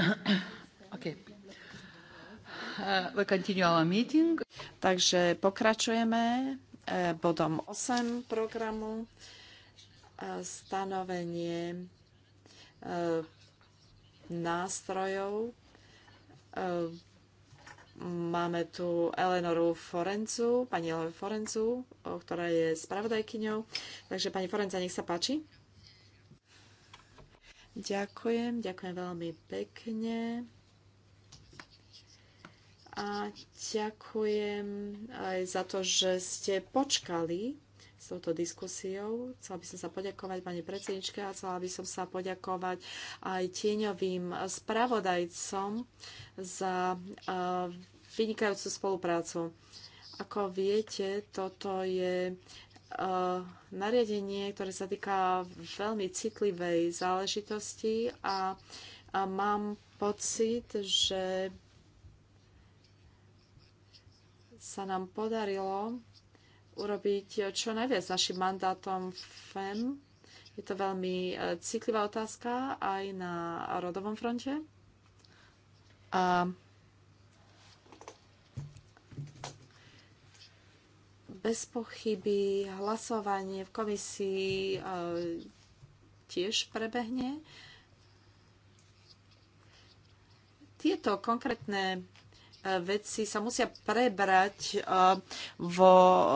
Uh, Takže pokračujeme uh, bodom 8 programu uh, stanovenie nástrojov. Máme tu Elenoru Forencu, pani Elenoru Forencu, ktorá je spravodajkyňou. Takže pani Forenca, nech sa páči. Ďakujem, ďakujem veľmi pekne. A ďakujem aj za to, že ste počkali s touto diskusiou. Chcela by som sa poďakovať pani predsedničke a chcela by som sa poďakovať aj tieňovým spravodajcom za vynikajúcu spoluprácu. Ako viete, toto je Eh, nariadenie, ktoré sa týka veľmi citlivej záležitosti a, a mám pocit, že sa nám podarilo urobiť čo najviac našim mandátom FEM. Je to veľmi eh, citlivá otázka aj na rodovom fronte. A bez pochyby hlasovanie v komisii eh, tiež prebehne. Tieto konkrétne eh, veci sa musia prebrať eh, vo,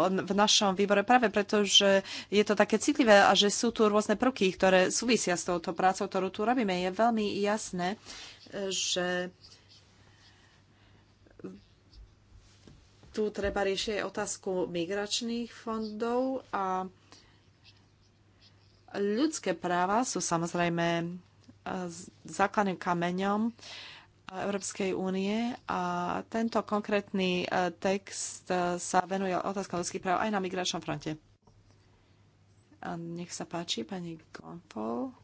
v našom výbore práve preto, že je to také citlivé a že sú tu rôzne prvky, ktoré súvisia s touto prácou, ktorú tu robíme. Je veľmi jasné, že tu treba riešiť aj otázku migračných fondov a ľudské práva sú samozrejme e, základným kameňom Európskej únie a tento konkrétny e, text e, sa venuje otázka ľudských práv aj na migračnom fronte. A nech sa páči, pani Gompol.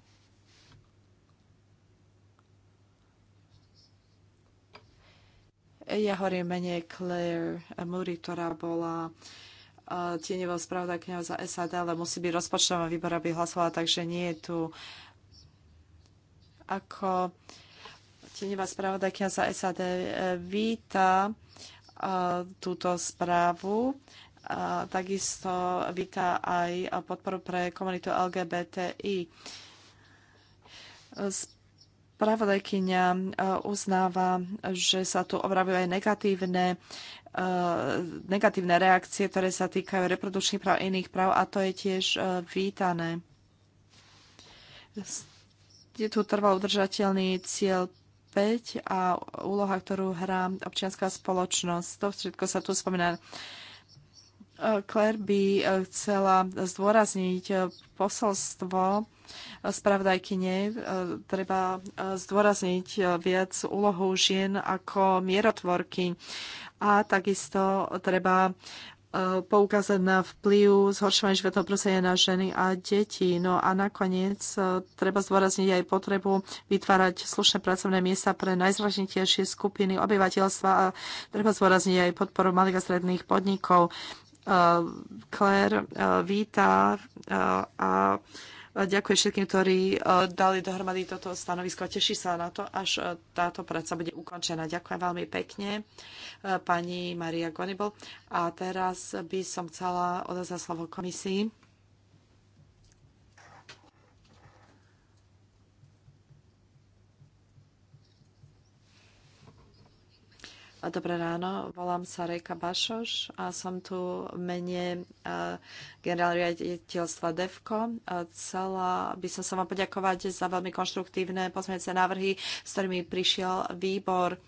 Ja hovorím menej Claire Moody, ktorá bola tieňovou spravodajkňou za SAD, ale musí byť rozpočtová výbor, aby hlasovala, takže nie je tu ako tieňová spravodajkňa za SAD e, víta túto správu. A takisto víta aj podporu pre komunitu LGBTI. Pravodajkyňa e, uznáva, že sa tu obravujú aj negatívne, e, negatívne reakcie, ktoré sa týkajú reprodukčných práv iných práv a to je tiež e, vítané. Je tu trval udržateľný cieľ 5 a úloha, ktorú hrá občianská spoločnosť. To všetko sa tu spomína. Claire by chcela zdôrazniť posolstvo spravodajkyne. E, treba e, zdôrazniť e, viac úlohu žien ako mierotvorky a takisto treba poukázať na vplyv zhoršovania životného prostredia na ženy a deti. No a nakoniec treba zdôrazniť aj potrebu vytvárať slušné pracovné miesta pre najzražnitejšie skupiny obyvateľstva a treba zdôrazniť aj podporu malých a stredných podnikov. Claire víta a Ďakujem všetkým, ktorí e, dali dohromady toto stanovisko. Teší sa na to, až e, táto práca bude ukončená. Ďakujem veľmi pekne, e, pani Maria Gonibol. A teraz by som chcela odozvať slovo komisii. Dobré ráno, volám sa Rejka Bašoš a som tu v mene e, generál riaditeľstva DEVKO. E, chcela by som sa vám poďakovať za veľmi konštruktívne pozmeňujúce návrhy, s ktorými prišiel výbor.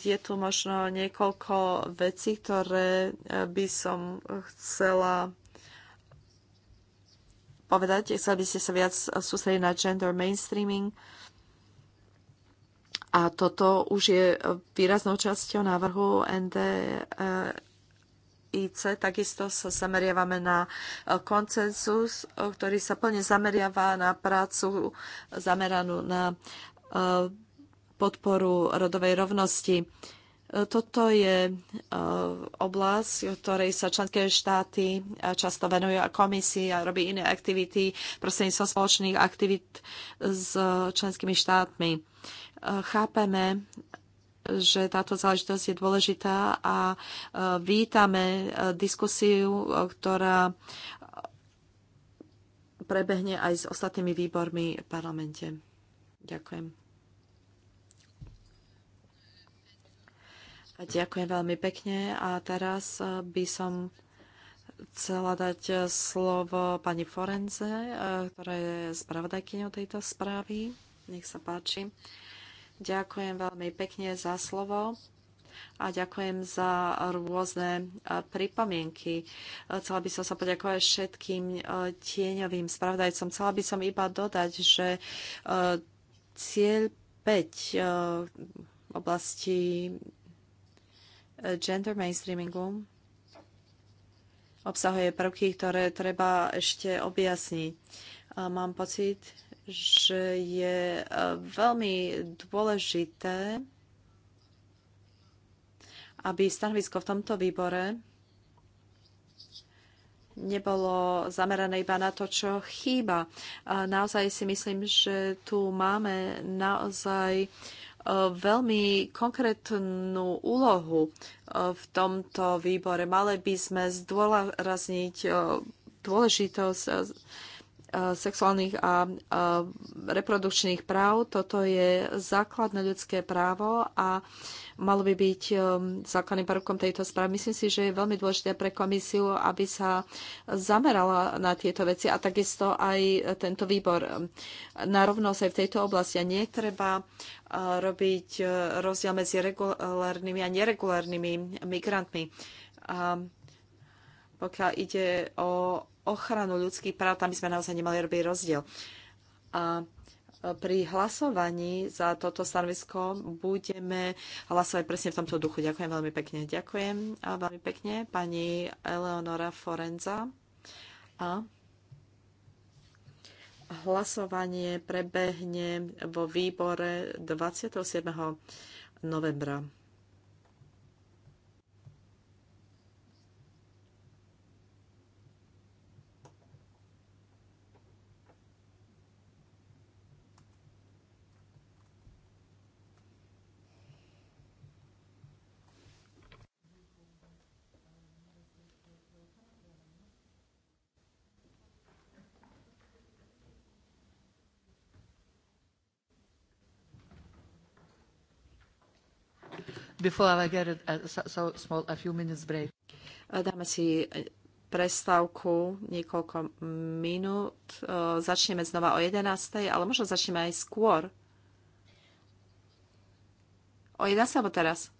Je tu možno niekoľko vecí, ktoré e, by som chcela povedať. Chcela by ste sa viac sústrediť na gender mainstreaming a toto už je výraznou časťou návrhu NDIC. Takisto sa zameriavame na koncensus, ktorý sa plne zameriava na prácu zameranú na eh, podporu rodovej rovnosti. E, toto je e, oblasť, v ktorej sa členské štáty e, často venujú a komisia robí iné aktivity prostredníctvom spoločných aktivít s členskými štátmi. Chápeme, že táto záležitosť je dôležitá a vítame diskusiu, ktorá prebehne aj s ostatnými výbormi v parlamente. Ďakujem. Ďakujem veľmi pekne a teraz eh, by som chcela dať eh, slovo pani Forenze, eh, ktorá je spravodajkyňou tejto správy. Nech sa páči. Ďakujem veľmi pekne za slovo a ďakujem za rôzne pripomienky. Chcela by som sa poďakovať všetkým tieňovým spravodajcom. Chcela by som iba dodať, že cieľ 5 oblasti Gender mainstreamingu obsahuje prvky, ktoré treba ešte objasniť. A mám pocit, že je e, veľmi dôležité, aby stanovisko v tomto výbore nebolo zamerané iba na to, čo chýba. A naozaj si myslím, že tu máme naozaj veľmi konkrétnu úlohu e, v tomto výbore. Mali by sme zdôrazniť e, dôležitosť e, sexuálnych a reprodukčných práv. Toto je základné ľudské právo a malo by byť um, základným prvkom tejto správy. Myslím si, že je veľmi dôležité pre komisiu, aby sa zamerala na tieto veci a takisto aj tento výbor na rovnosť aj v tejto oblasti. A nie treba uh, robiť uh, rozdiel medzi regulárnymi a neregulárnymi migrantmi. A pokiaľ ide o ochranu ľudských práv, tam by sme naozaj nemali robiť rozdiel. A pri hlasovaní za toto stanovisko budeme hlasovať presne v tomto duchu. Ďakujem veľmi pekne. Ďakujem a veľmi pekne pani Eleonora Forenza. A hlasovanie prebehne vo výbore 27. novembra. Before I get it, uh, so, so small, a few minutes break. Uh, dáme si uh, prestávku niekoľko minút. Začneme znova o 11. ale možno začneme aj skôr. O 11. alebo teraz?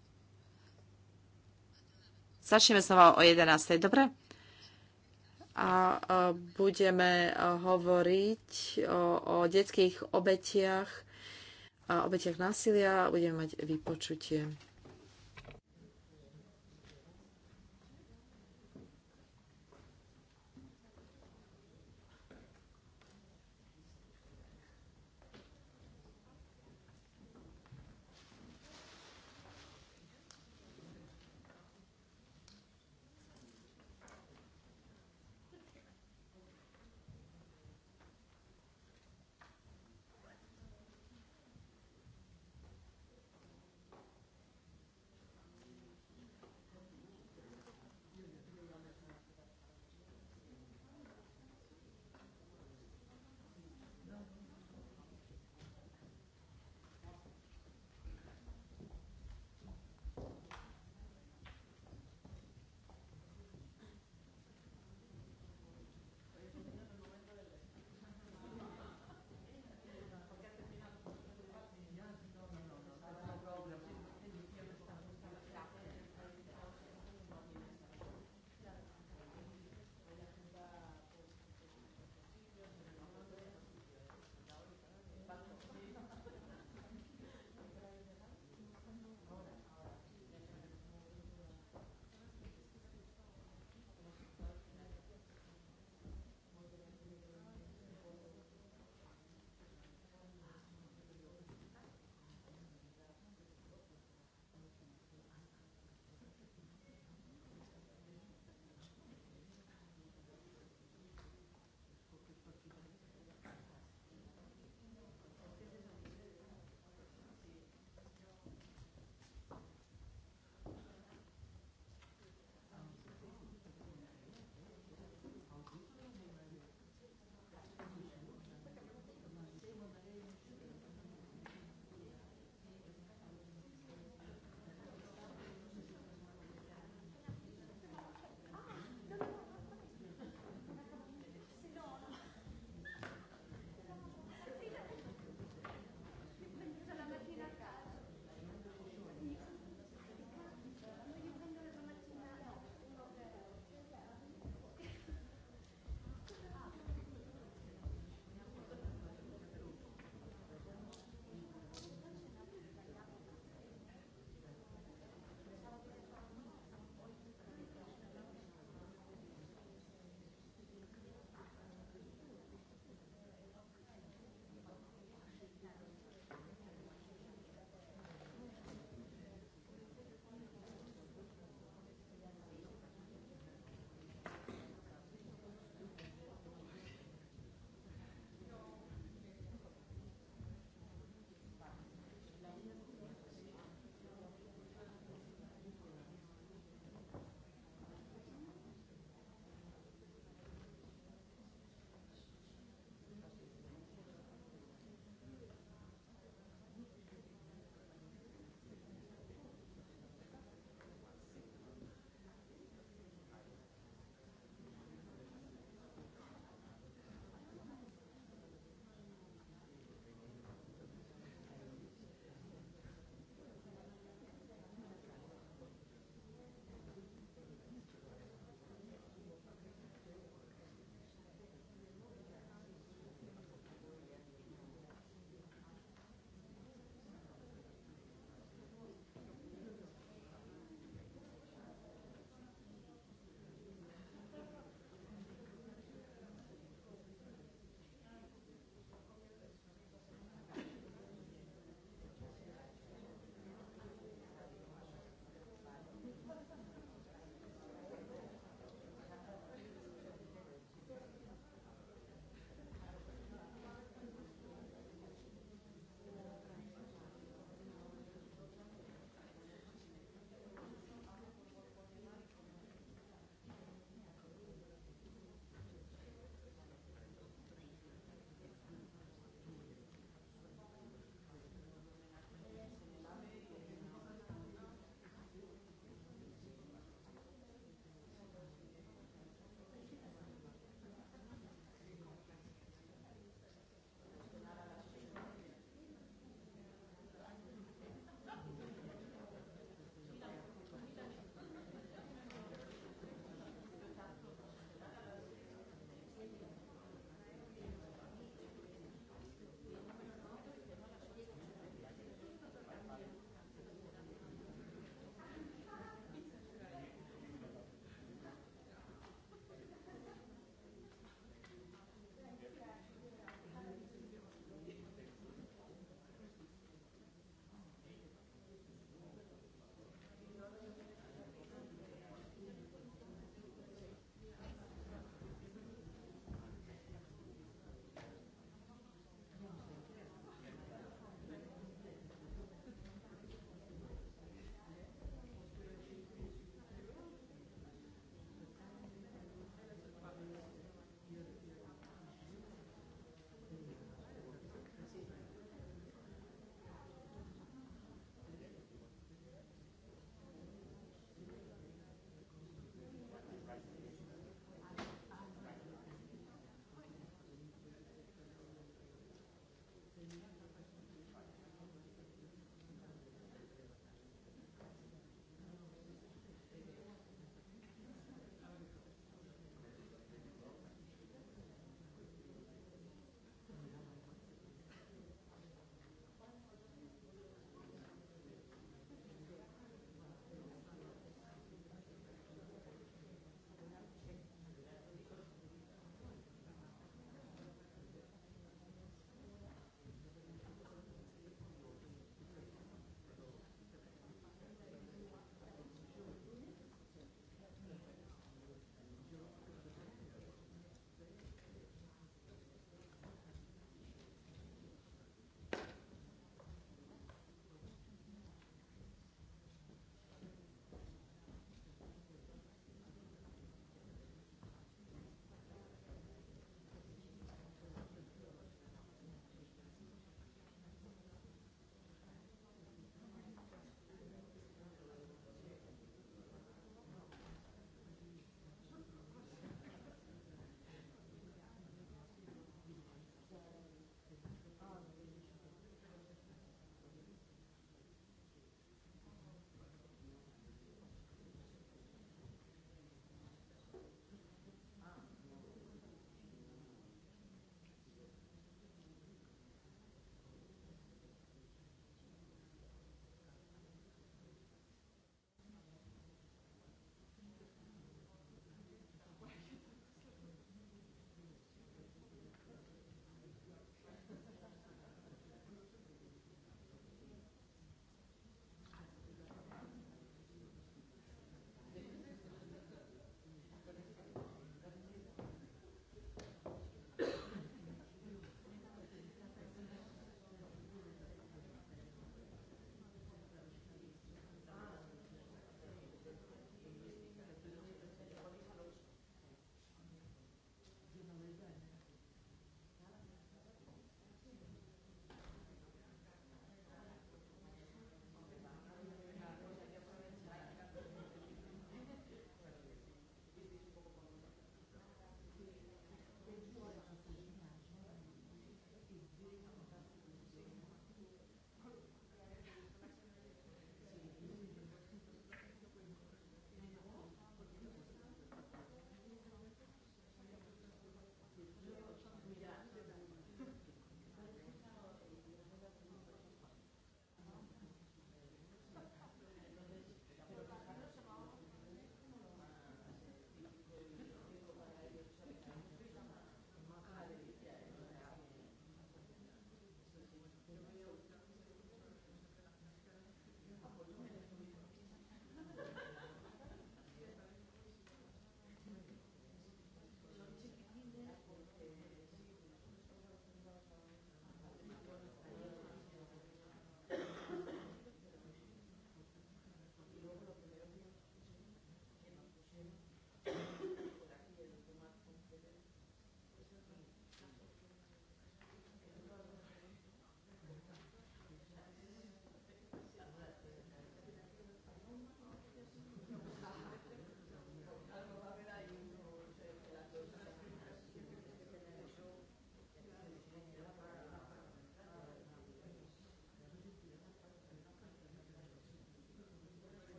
Začneme znova o 11. Dobre? A budeme hovoriť o, o detských obetiach, obetiach násilia. Budeme mať vypočutie.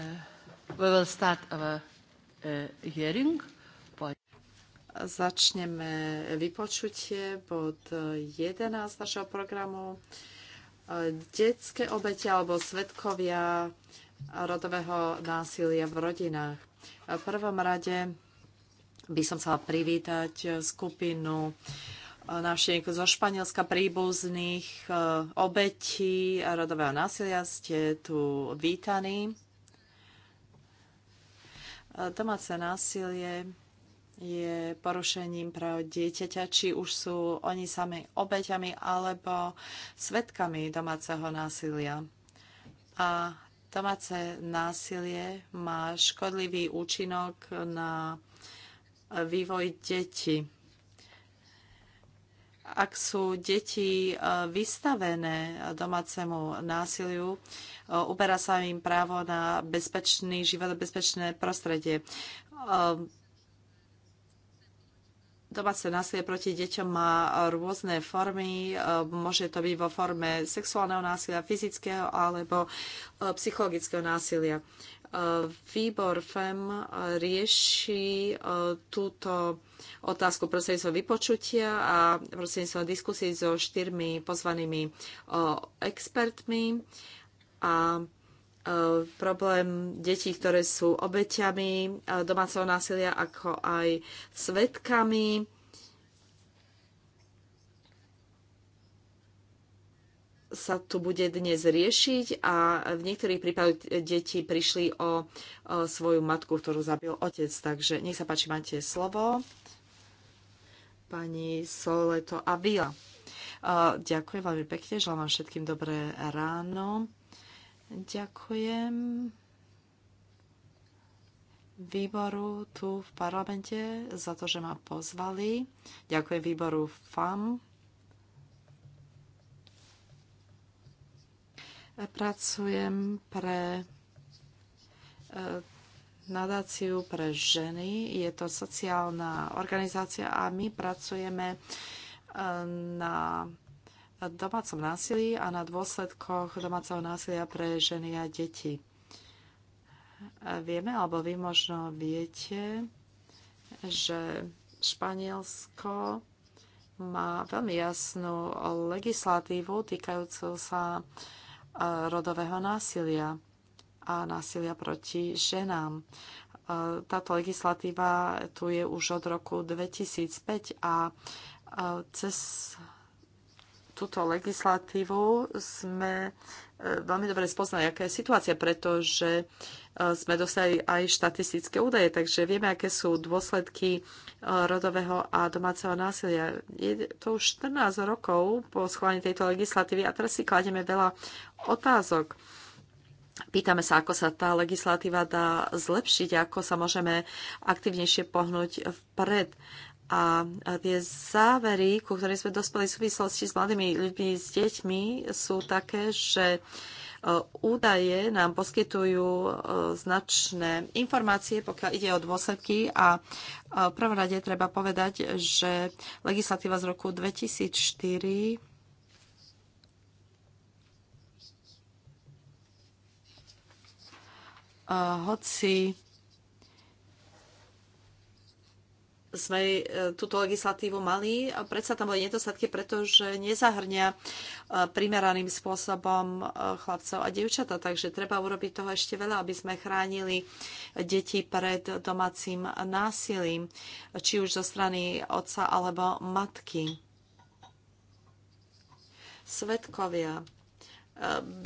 Uh, we will start our uh, hearing. Začneme vypočutie bod 11 uh, našeho programu. Detské obete alebo svetkovia rodového násilia v rodinách. V prvom rade by som chcela privítať skupinu návštevníkov zo Španielska príbuzných obetí rodového násilia. Ste tu vítaní. Domáce násilie je porušením práv dieťaťa, či už sú oni sami obeťami alebo svetkami domáceho násilia. A domáce násilie má škodlivý účinok na vývoj detí ak sú deti e, vystavené domácemu násiliu, e, uberá sa im právo na bezpečný život a bezpečné prostredie. E, domáce násilie proti deťom má rôzne formy. Môže to byť vo forme sexuálneho násilia, fyzického alebo psychologického násilia. Výbor FEM rieši e, túto otázku prostredníctvom vypočutia a prostredníctvom diskusie so štyrmi pozvanými e, expertmi a e, problém detí, ktoré sú obeťami domáceho násilia, ako aj svetkami sa tu bude dnes riešiť a v niektorých prípadoch deti prišli o, svoju matku, ktorú zabil otec. Takže nech sa páči, máte slovo. Pani Soleto Avila. Ďakujem veľmi pekne, želám vám všetkým dobré ráno. Ďakujem výboru tu v parlamente za to, že ma pozvali. Ďakujem výboru FAM Pracujem pre e, nadáciu pre ženy. Je to sociálna organizácia a my pracujeme e, na domácom násilí a na dôsledkoch domáceho násilia pre ženy a deti. E, vieme, alebo vy možno viete, že Španielsko má veľmi jasnú legislatívu týkajúcu sa rodového násilia a násilia proti ženám. Táto legislatíva tu je už od roku 2005 a cez túto legislatívu sme veľmi dobre spoznať, aká je situácia, pretože e, sme dostali aj štatistické údaje, takže vieme, aké sú dôsledky e, rodového a domáceho násilia. Je to už 14 rokov po schválení tejto legislatívy a teraz si kladieme veľa otázok. Pýtame sa, ako sa tá legislatíva dá zlepšiť, ako sa môžeme aktivnejšie pohnúť vpred. A tie závery, ku ktorým sme dospeli v súvislosti s mladými ľuďmi, s deťmi, sú také, že e, údaje nám poskytujú e, značné informácie, pokiaľ ide o dôsledky a e, v prvom rade treba povedať, že legislatíva z roku 2004 hoci sme e, túto legislatívu mali. A predsa tam boli nedostatky, pretože nezahrňa e, primeraným spôsobom e, chlapcov a dievčata. Takže treba urobiť toho ešte veľa, aby sme chránili deti pred domácim násilím, či už zo strany otca alebo matky. Svetkovia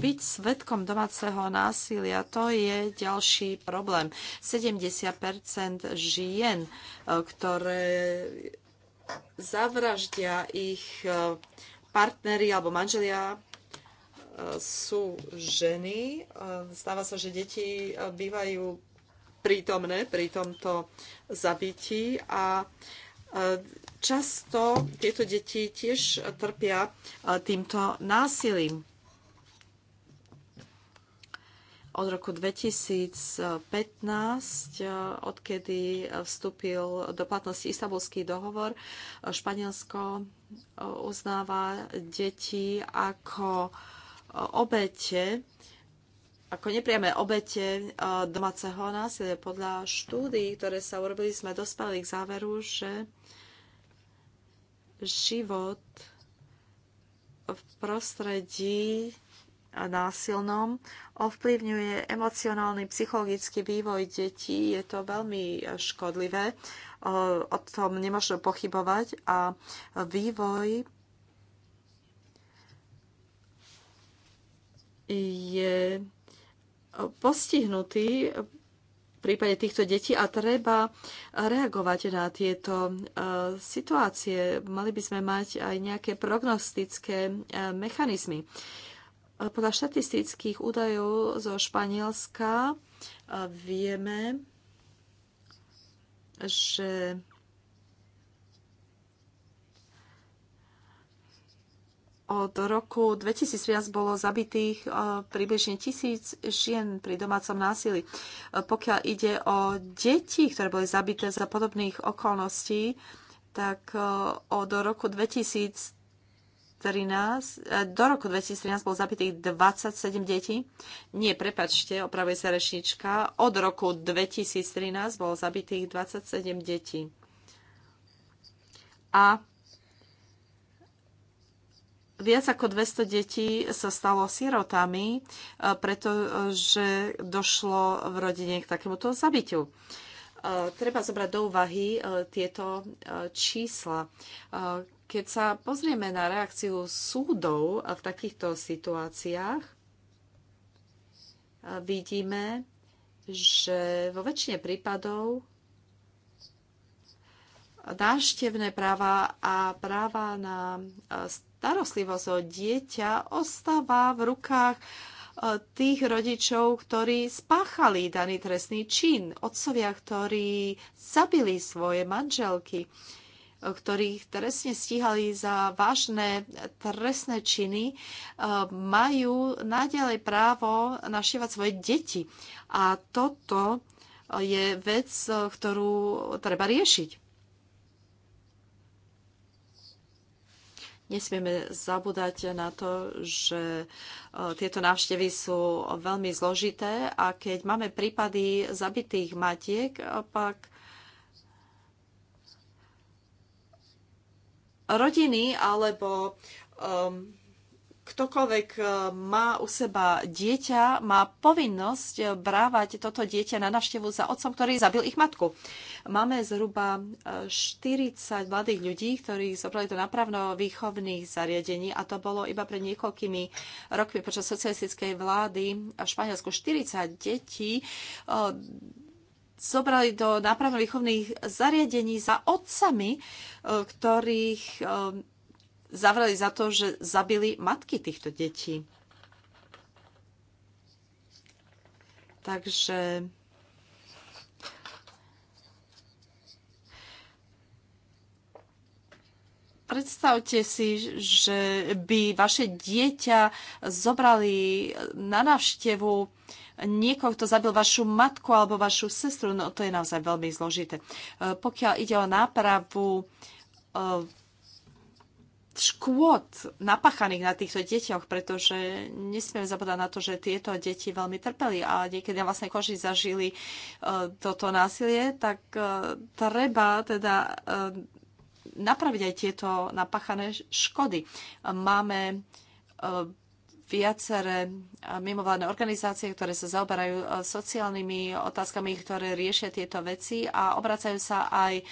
byť svetkom domáceho násilia, to je ďalší problém. 70 žien, e, ktoré zavraždia ich e, partneri alebo manželia, e, sú ženy. Stáva sa, že deti bývajú prítomné pri tomto zabití a často tieto deti tiež trpia týmto násilím od roku 2015, eh, odkedy vstúpil do platnosti Istanbulský dohovor, Španielsko eh, uznáva deti ako eh, obete, ako nepriame obete domáceho násilia. Podľa štúdií, ktoré sa urobili, sme dospeli k záveru, že život v prostredí násilnom, ovplyvňuje emocionálny, psychologický vývoj detí. Je to veľmi škodlivé, o tom nemôžno pochybovať a vývoj je postihnutý v prípade týchto detí a treba reagovať na tieto e, situácie. Mali by sme mať aj nejaké prognostické e, mechanizmy. Podľa štatistických údajov zo Španielska vieme, že od roku 2005 bolo zabitých približne tisíc žien pri domácom násilí. Pokiaľ ide o deti, ktoré boli zabité za podobných okolností, tak od roku 2000. 2013, e, do roku 2013 bolo zabitých 27 detí. Nie, prepačte, opravuje sa rešnička. Od roku 2013 bolo zabitých 27 detí. A viac ako 200 detí sa stalo sirotami, e, pretože došlo v rodine k takémuto zabitiu. E, treba zobrať do úvahy tieto čísla. Keď sa pozrieme na reakciu súdov v takýchto situáciách, vidíme, že vo väčšine prípadov návštevné práva a práva na e, starostlivosť o dieťa ostáva v rukách e, tých rodičov, ktorí spáchali daný trestný čin, otcovia, ktorí zabili svoje manželky ktorých trestne stíhali za vážne trestné činy, e, majú naďalej právo našívať svoje deti. A toto je vec, ktorú treba riešiť. Nesmieme zabúdať na to, že e, tieto návštevy sú veľmi zložité a keď máme prípady zabitých matiek, pak rodiny alebo um, ktokoľvek uh, má u seba dieťa, má povinnosť brávať toto dieťa na navštevu za otcom, ktorý zabil ich matku. Máme zhruba 40 uh, mladých ľudí, ktorí zobrali do napravno-výchovných zariadení a to bolo iba pred niekoľkými rokmi počas socialistickej vlády v Španielsku. 40 detí uh, zobrali do nápravno-výchovných zariadení za otcami, e, ktorých e, zavrali za to, že zabili matky týchto detí. Takže predstavte si, že by vaše dieťa zobrali na návštevu niekoho, kto zabil vašu matku alebo vašu sestru, no to je naozaj veľmi zložité. E, pokiaľ ide o nápravu e, škôd napachaných na týchto deťoch, pretože nesmieme zabúdať na to, že tieto deti veľmi trpeli a niekedy na vlastnej koži zažili e, toto násilie, tak treba teda napraviť aj tieto napachané škody. Máme viaceré eh, mimovládne organizácie, ktoré sa zaoberajú eh, sociálnymi otázkami, ktoré riešia tieto veci a obracajú sa aj eh,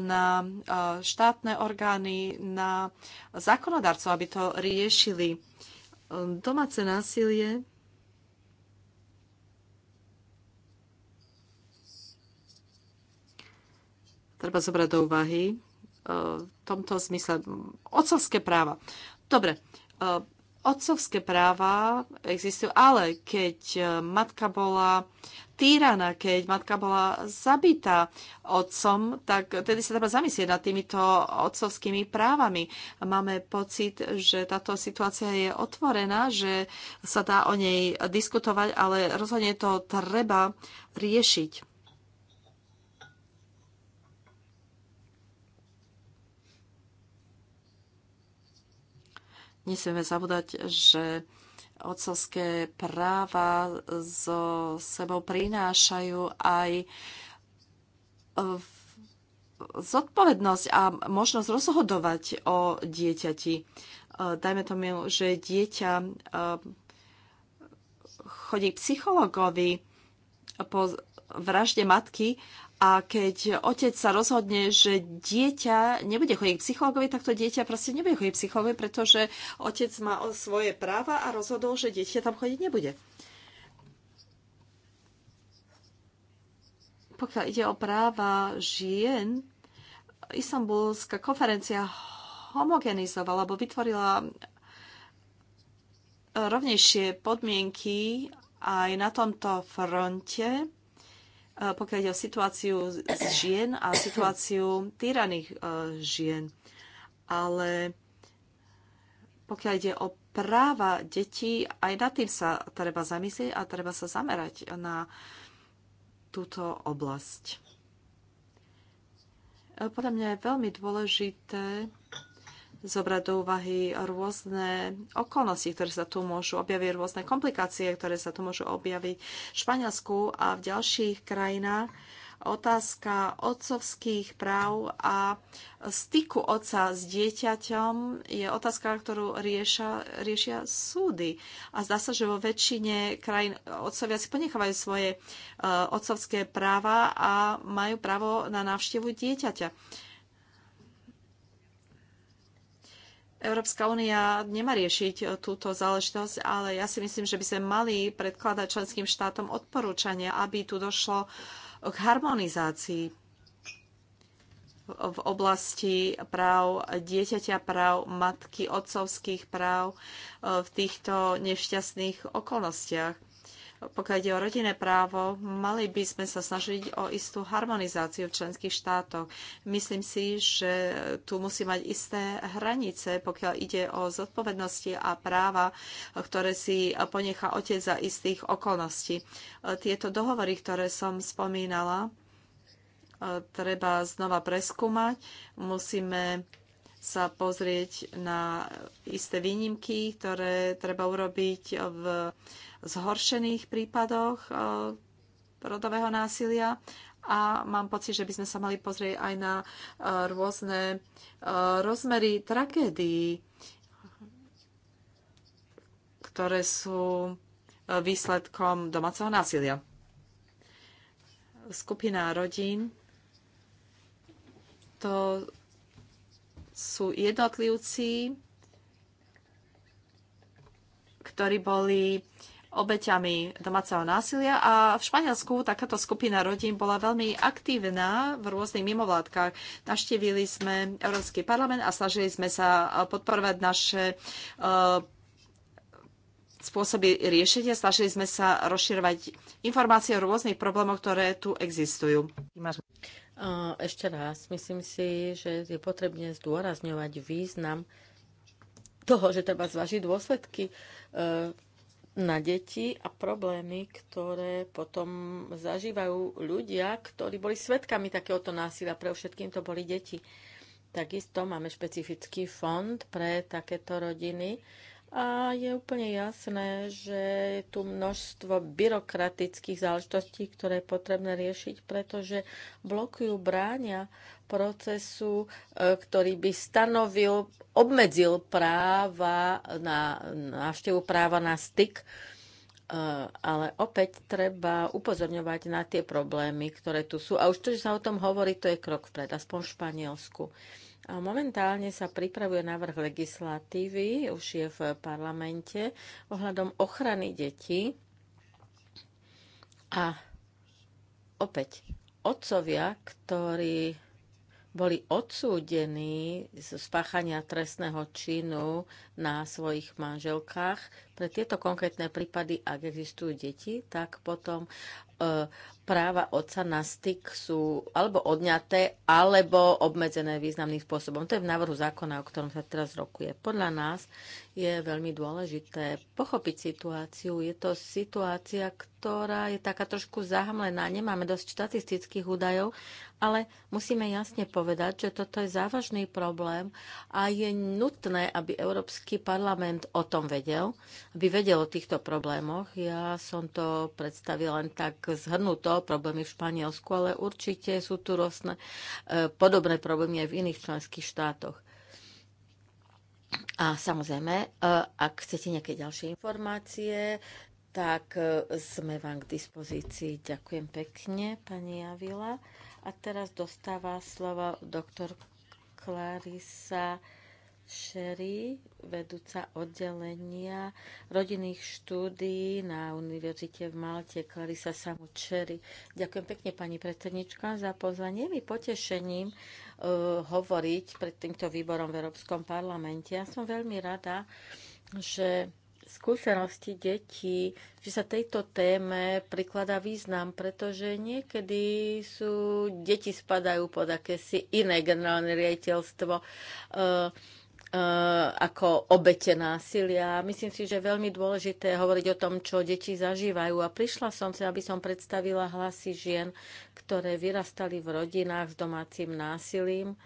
na štátne orgány, na zákonodarcov, aby to riešili. Domáce násilie treba zobrať do úvahy v tomto zmysle. Hm, Ocovské práva. Dobre, Otcovské práva existujú, ale keď e, matka bola týraná, keď matka bola zabitá otcom, tak tedy sa treba zamyslieť nad týmito otcovskými právami. Máme pocit, že táto situácia je otvorená, že sa dá o nej diskutovať, ale rozhodne to treba riešiť. Nesmieme zabúdať, že otcovské práva so sebou prinášajú aj e, zodpovednosť a možnosť rozhodovať o dieťati. E, dajme tomu, že dieťa e, chodí k psychologovi po vražde matky a keď otec sa rozhodne, že dieťa nebude chodiť k psychologovi, tak to dieťa proste nebude chodiť k psychologovi, pretože otec má svoje práva a rozhodol, že dieťa tam chodiť nebude. Pokiaľ ide o práva žien, Istanbulská konferencia homogenizovala alebo vytvorila rovnejšie podmienky aj na tomto fronte pokiaľ ide o situáciu žien a situáciu týraných e, žien. Ale pokiaľ ide o práva detí, aj nad tým sa treba zamyslieť a treba sa zamerať na túto oblasť. E, podľa mňa je veľmi dôležité zobrať do úvahy rôzne okolnosti, ktoré sa tu môžu objaviť, rôzne komplikácie, ktoré sa tu môžu objaviť v Španielsku a v ďalších krajinách. Otázka otcovských práv a styku otca s dieťaťom je otázka, ktorú riešia, riešia súdy. A zdá sa, že vo väčšine krajín otcovia si ponechávajú svoje uh, otcovské práva a majú právo na návštevu dieťaťa. Európska únia nemá riešiť e, túto záležitosť, ale ja si myslím, že by sme mali predkladať členským štátom odporúčania, aby tu došlo k harmonizácii v oblasti práv dieťaťa, práv matky, otcovských práv e, v týchto nešťastných okolnostiach pokiaľ ide o rodinné právo, mali by sme sa snažiť o istú harmonizáciu v členských štátoch. Myslím si, že tu musí mať isté hranice, pokiaľ ide o zodpovednosti a práva, ktoré si ponechá otec za istých okolností. Tieto dohovory, ktoré som spomínala, treba znova preskúmať. Musíme sa pozrieť na isté výnimky, ktoré treba urobiť v zhoršených prípadoch e, rodového násilia a mám pocit, že by sme sa mali pozrieť aj na e, rôzne e, rozmery tragédií, ktoré sú výsledkom domáceho násilia. Skupina rodín to sú jednotlivci, ktorí boli obeťami domáceho násilia a v Španielsku takáto skupina rodín bola veľmi aktívna v rôznych mimovládkach. Naštívili sme Európsky parlament a snažili sme sa eh, podporovať naše uh, spôsoby riešenia. Snažili sme sa rozširovať informácie o rôznych problémoch, ktoré tu existujú. Ešte raz, myslím si, že je potrebné zdôrazňovať význam toho, že treba zvažiť dôsledky e, na deti a problémy, ktoré potom zažívajú ľudia, ktorí boli svetkami takéhoto násilia. Pre všetkým to boli deti. Takisto máme špecifický fond pre takéto rodiny a je úplne jasné, že je tu množstvo byrokratických záležitostí, ktoré je potrebné riešiť, pretože blokujú, bránia procesu, e, ktorý by stanovil, obmedzil práva na návštevu práva na styk. E, ale opäť treba upozorňovať na tie problémy, ktoré tu sú. A už to, že sa o tom hovorí, to je krok vpred, aspoň v Španielsku. Momentálne sa pripravuje návrh legislatívy, už je v parlamente, ohľadom ochrany detí. A opäť, otcovia, ktorí boli odsúdení z spáchania trestného činu na svojich manželkách. Pre tieto konkrétne prípady, ak existujú deti, tak potom e, práva otca na styk sú alebo odňaté, alebo obmedzené významným spôsobom. To je v návrhu zákona, o ktorom sa teraz rokuje. Podľa nás je veľmi dôležité pochopiť situáciu. Je to situácia, ktorá je taká trošku zahmlená. Nemáme dosť štatistických údajov, ale musíme jasne povedať, že toto je závažný problém a je nutné, aby Európsky parlament o tom vedel, aby vedel o týchto problémoch. Ja som to predstavil len tak zhrnuto, problémy v Španielsku, ale určite sú tu rôzne eh, podobné problémy aj v iných členských štátoch. A samozrejme, e, ak chcete nejaké ďalšie informácie, tak e, sme vám k dispozícii. Ďakujem pekne, pani Javila. A teraz dostáva slovo doktor Clarisa Sherry, vedúca oddelenia rodinných štúdií na Univerzite v Malte, Clarissa Samu Sherry. Ďakujem pekne, pani predsednička, za pozvanie. Je mi potešením uh, hovoriť pred týmto výborom v Európskom parlamente. Ja som veľmi rada, že skúsenosti detí, že sa tejto téme prikladá význam, pretože niekedy sú, deti spadajú pod akési iné generálne riaditeľstvo. Uh, Eh, ako obete násilia. Myslím si, že je veľmi dôležité hovoriť o tom, čo deti zažívajú. A prišla som sa, aby som predstavila hlasy žien, ktoré vyrastali v rodinách s domácim násilím.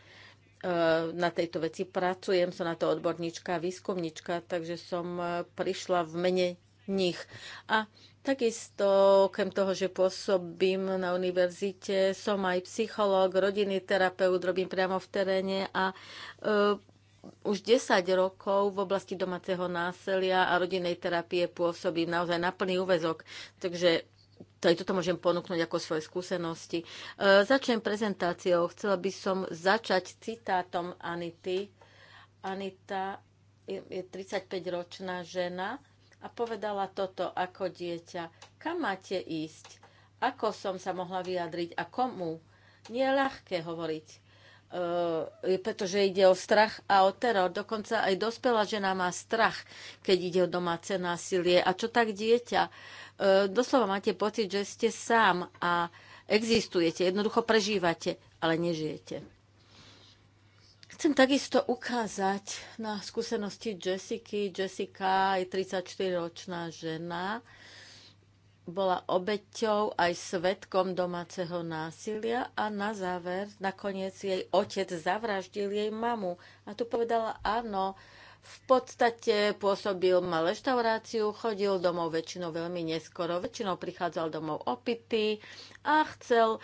Eh, na tejto veci pracujem, som na to odborníčka, výskumnička, takže som eh, prišla v mene nich. A Takisto, okrem toho, že pôsobím na univerzite, som aj psychológ, rodinný terapeut, robím priamo v teréne a už 10 rokov v oblasti domáceho násilia a rodinnej terapie pôsobím naozaj na plný úvezok, takže aj toto môžem ponúknuť ako svoje skúsenosti. E, začnem prezentáciou. Chcela by som začať citátom Anity. Anita je, je 35-ročná žena a povedala toto ako dieťa. Kam máte ísť? Ako som sa mohla vyjadriť a komu? Nie je ľahké hovoriť Eh, pretože ide o strach a o teror. Dokonca aj dospelá žena má strach, keď ide o domáce násilie. A čo tak dieťa? Eh, doslova máte pocit, že ste sám a existujete, jednoducho prežívate, ale nežijete. Chcem takisto ukázať na skúsenosti Jessica. Jessica je 34-ročná žena, bola obeťou aj svetkom domáceho násilia a na záver nakoniec jej otec zavraždil jej mamu. A tu povedala, áno, v podstate pôsobil, mal reštauráciu, chodil domov väčšinou veľmi neskoro, väčšinou prichádzal domov opity a chcel e,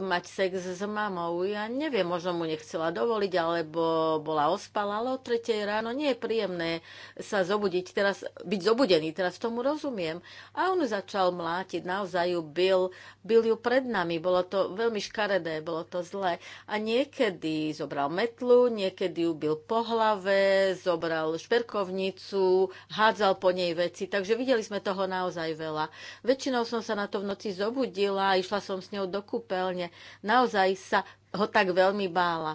mať sex s mamou. Ja neviem, možno mu nechcela dovoliť, alebo bola ospala, ale o tretej ráno nie je príjemné sa zobudiť, teraz, byť zobudený, teraz tomu rozumiem. A on začal mlátiť, naozaj ju bil, bil ju pred nami, bolo to veľmi škaredé, bolo to zlé. A niekedy zobral metlu, niekedy ju bil po hlave, zobral šperkovnicu, hádzal po nej veci, takže videli sme toho naozaj veľa. Väčšinou som sa na to v noci zobudila a išla som s ňou do kúpeľne. Naozaj sa ho tak veľmi bála.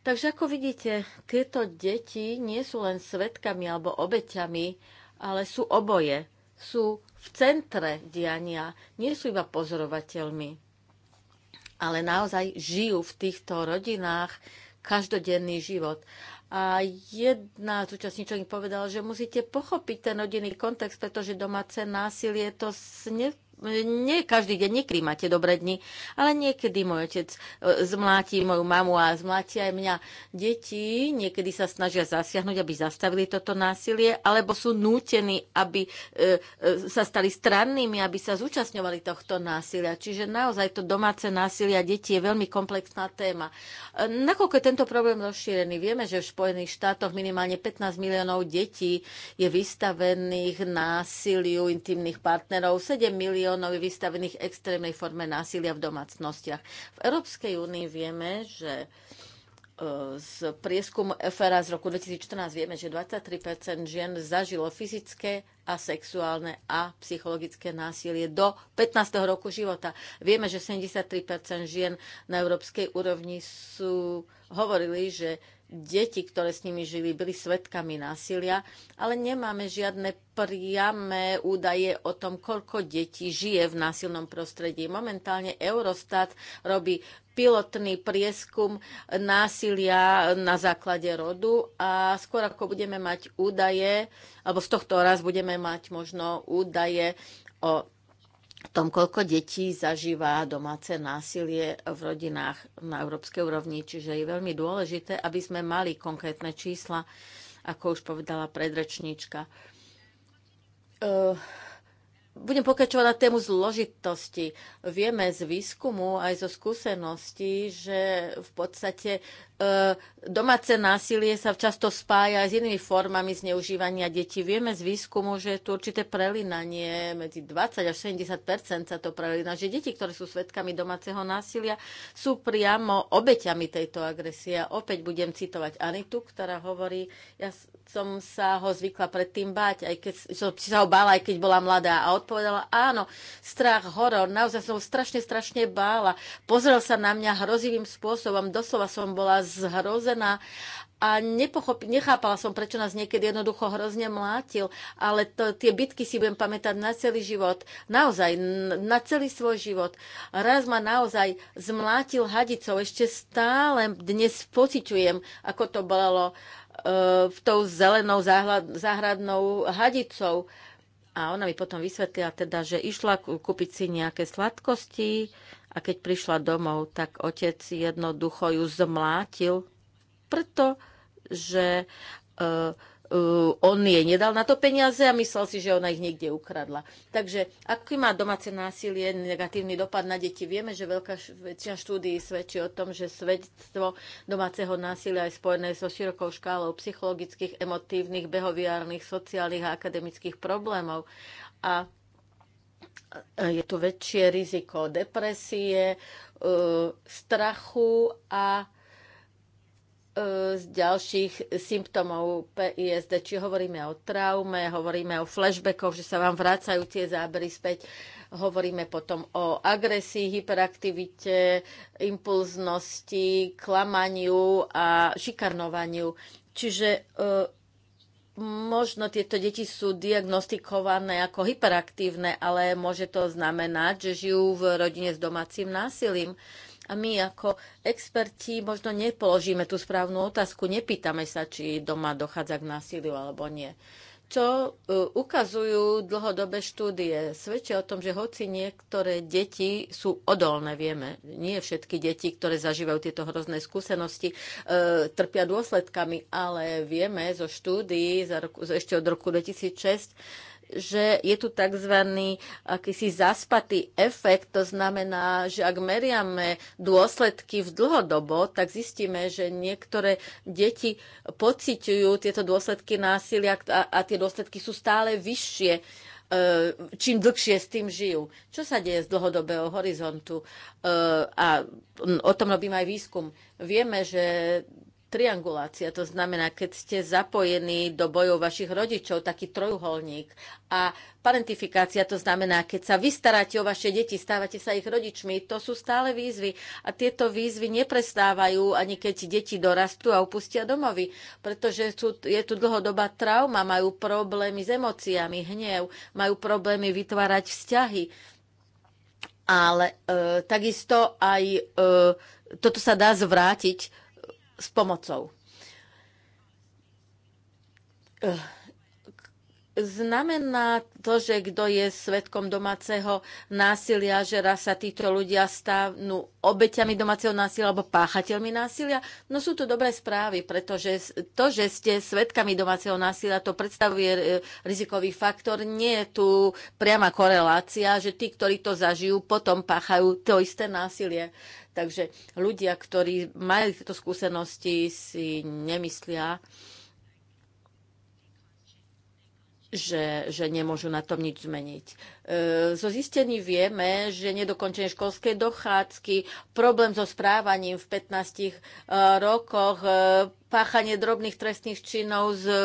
Takže ako vidíte, tieto deti nie sú len svetkami alebo obeťami, ale sú oboje. Sú v centre diania, nie sú iba pozorovateľmi ale naozaj žijú v týchto rodinách každodenný život. A jedna z účastníčok mi povedala, že musíte pochopiť ten rodinný kontext, pretože domáce násilie to nie každý deň, niekedy máte dobré dni, ale niekedy môj otec e, zmláti moju mamu a zmláti aj mňa. Deti niekedy sa snažia zasiahnuť, aby zastavili toto násilie, alebo sú nútení, aby e, e, sa stali strannými, aby sa zúčastňovali tohto násilia. Čiže naozaj to domáce násilia detí je veľmi komplexná téma. Nakoľko je tento problém rozšírený? Vieme, že v Spojených štátoch minimálne 15 miliónov detí je vystavených násiliu intimných partnerov, 7 miliónov miliónov vystavených extrémnej forme násilia v domácnostiach. V Európskej únii vieme, že e, z prieskumu FRA z roku 2014 vieme, že 23 žien zažilo fyzické a sexuálne a psychologické násilie do 15. roku života. Vieme, že 73 žien na európskej úrovni sú, hovorili, že deti, ktoré s nimi žili, byli svetkami násilia, ale nemáme žiadne priame údaje o tom, koľko detí žije v násilnom prostredí. Momentálne Eurostat robí pilotný prieskum násilia na základe rodu a skôr ako budeme mať údaje, alebo z tohto raz budeme mať možno údaje o tom, koľko detí zažíva domáce násilie v rodinách na európskej úrovni. Čiže je veľmi dôležité, aby sme mali konkrétne čísla, ako už povedala predrečníčka. E, budem pokračovať na tému zložitosti. Vieme z výskumu aj zo skúseností, že v podstate E, domáce násilie sa často spája aj s inými formami zneužívania detí. Vieme z výskumu, že je tu určité prelinanie, medzi 20 až 70 sa to prelina, že deti, ktoré sú svetkami domáceho násilia, sú priamo obeťami tejto agresie. Opäť budem citovať Anitu, ktorá hovorí, ja som sa ho zvykla predtým báť, aj keď som sa ho bála, aj keď bola mladá. A odpovedala, áno, strach, horor, naozaj som strašne, strašne bála. Pozrel sa na mňa hrozivým spôsobom, doslova som bola zhrozená a nepochop, nechápala som, prečo nás niekedy jednoducho hrozne mlátil, ale to, tie bitky si budem pamätať na celý život, naozaj, na celý svoj život. Raz ma naozaj zmlátil hadicou, ešte stále dnes pociťujem, ako to bolelo e, tou zelenou záhradnou hadicou. A ona mi potom vysvetlila teda, že išla kúpiť si nejaké sladkosti a keď prišla domov, tak otec jednoducho ju zmlátil, pretože uh, uh, on jej nedal na to peniaze a myslel si, že ona ich niekde ukradla. Takže aký má domáce násilie negatívny dopad na deti? Vieme, že veľká väčšina štúdií svedčí o tom, že svedectvo domáceho násilia je spojené so širokou škálou psychologických, emotívnych, behoviárnych, sociálnych a akademických problémov. A eh, je tu väčšie riziko depresie, eh, strachu a E, z ďalších symptómov PISD, či hovoríme o traume, hovoríme o flashbackoch, že sa vám vracajú tie zábery späť, hovoríme potom o agresii, hyperaktivite, impulznosti, klamaniu a šikarnovaniu. Čiže e, možno tieto deti sú diagnostikované ako hyperaktívne, ale môže to znamenať, že žijú v rodine s domácim násilím. A my ako experti možno nepoložíme tú správnu otázku, nepýtame sa, či doma dochádza k násiliu alebo nie. Čo e, ukazujú dlhodobé štúdie? Svedčia o tom, že hoci niektoré deti sú odolné, vieme, nie všetky deti, ktoré zažívajú tieto hrozné skúsenosti, e, trpia dôsledkami, ale vieme zo štúdií za roku, ešte od roku 2006, že je tu tzv. akýsi zaspatý efekt, to znamená, že ak meriame dôsledky v dlhodobo, tak zistíme, že niektoré deti pociťujú tieto dôsledky násilia a, a tie dôsledky sú stále vyššie e, čím dlhšie s tým žijú. Čo sa deje z dlhodobého horizontu? E, a o tom robím aj výskum. Vieme, že triangulácia, to znamená, keď ste zapojení do bojov vašich rodičov, taký trojuholník. A parentifikácia, to znamená, keď sa vystaráte o vaše deti, stávate sa ich rodičmi, to sú stále výzvy. A tieto výzvy neprestávajú, ani keď deti dorastú a opustia domovy, pretože sú, je tu dlhodobá trauma, majú problémy s emóciami, hnev, majú problémy vytvárať vzťahy. Ale e, takisto aj e, toto sa dá zvrátiť s pomocou. Eh, Znamená to, že kto je svetkom domáceho násilia, že raz sa títo ľudia stávnu obeťami domáceho násilia alebo páchateľmi násilia? No sú to dobré správy, pretože to, že ste svetkami domáceho násilia, to predstavuje e, rizikový faktor. Nie je tu priama korelácia, že tí, ktorí to zažijú, potom páchajú to isté násilie. Takže ľudia, ktorí majú tieto skúsenosti, si nemyslia, že, že nemôžu na tom nič zmeniť. E, zo zistení vieme, že nedokončenie školskej dochádzky, problém so správaním v 15 e, rokoch, e, páchanie drobných trestných činov, z, e,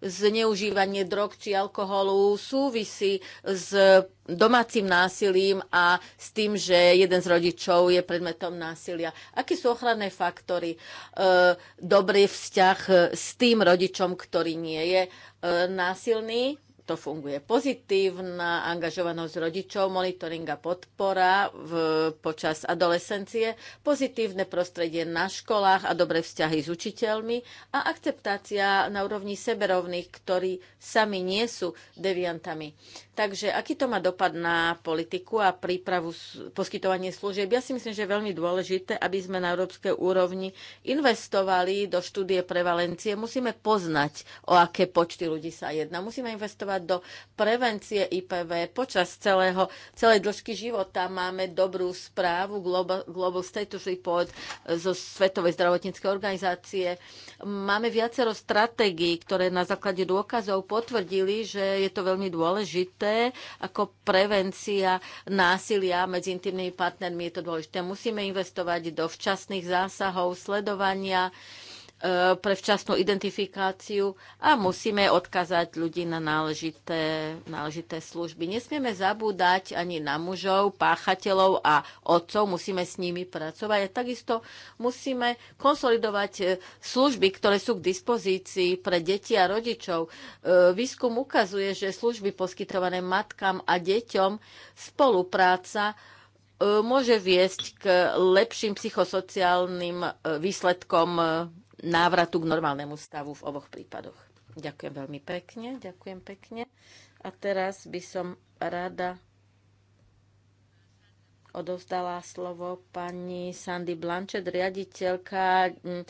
zneužívanie drog či alkoholu súvisí s domácim násilím a s tým, že jeden z rodičov je predmetom násilia. Aké sú ochranné faktory? E, dobrý vzťah s tým rodičom, ktorý nie je E, násilný to funguje. Pozitívna angažovanosť rodičov, monitoring a podpora v, počas adolescencie, pozitívne prostredie na školách a dobré vzťahy s učiteľmi a akceptácia na úrovni seberovných, ktorí sami nie sú deviantami. Takže aký to má dopad na politiku a prípravu poskytovanie služieb? Ja si myslím, že je veľmi dôležité, aby sme na európskej úrovni investovali do štúdie prevalencie. Musíme poznať, o aké počty ľudí sa jedná. Musíme investovať investovať do prevencie IPV počas celého, celej dĺžky života. Máme dobrú správu Global, Global Status Report zo Svetovej zdravotníckej organizácie. Máme viacero stratégií, ktoré na základe dôkazov potvrdili, že je to veľmi dôležité ako prevencia násilia medzi intimnými partnermi. Je to dôležité. Musíme investovať do včasných zásahov, sledovania, E, pre včasnú identifikáciu a musíme odkazať ľudí na náležité, náležité služby. Nesmieme zabúdať ani na mužov, páchateľov a otcov, musíme s nimi pracovať a takisto musíme konsolidovať e, služby, ktoré sú k dispozícii pre deti a rodičov. E, výskum ukazuje, že služby poskytované matkám a deťom spolupráca môže viesť k lepším psychosociálnym výsledkom návratu k normálnemu stavu v oboch prípadoch. Ďakujem veľmi pekne, ďakujem pekne. A teraz by som rada odovzdala slovo pani Sandy Blanchett, riaditeľka mm,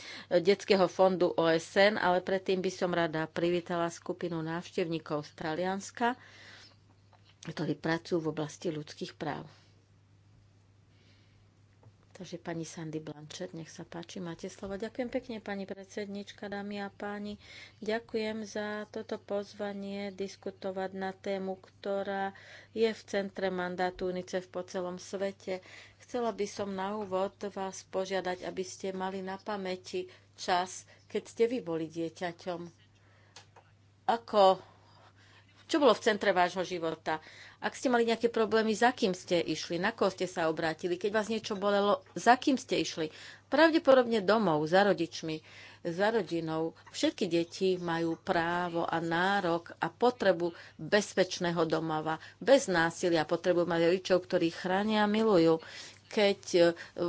Detského fondu OSN, ale predtým by som rada privítala skupinu návštevníkov z Talianska, ktorí pracujú v oblasti ľudských práv. Takže pani Sandy Blanchett, nech sa páči, máte slovo. Ďakujem pekne, pani predsednička, dámy a páni. Ďakujem za toto pozvanie diskutovať na tému, ktorá je v centre mandátu UNICEF po celom svete. Chcela by som na úvod vás požiadať, aby ste mali na pamäti čas, keď ste vy boli dieťaťom. Ako čo bolo v centre vášho života? Ak ste mali nejaké problémy, za kým ste išli? Na koho ste sa obrátili? Keď vás niečo bolelo, za kým ste išli? Pravdepodobne domov, za rodičmi, za rodinou. Všetky deti majú právo a nárok a potrebu bezpečného domova, bez násilia. Potrebu mať rodičov, ktorí chránia a milujú keď e,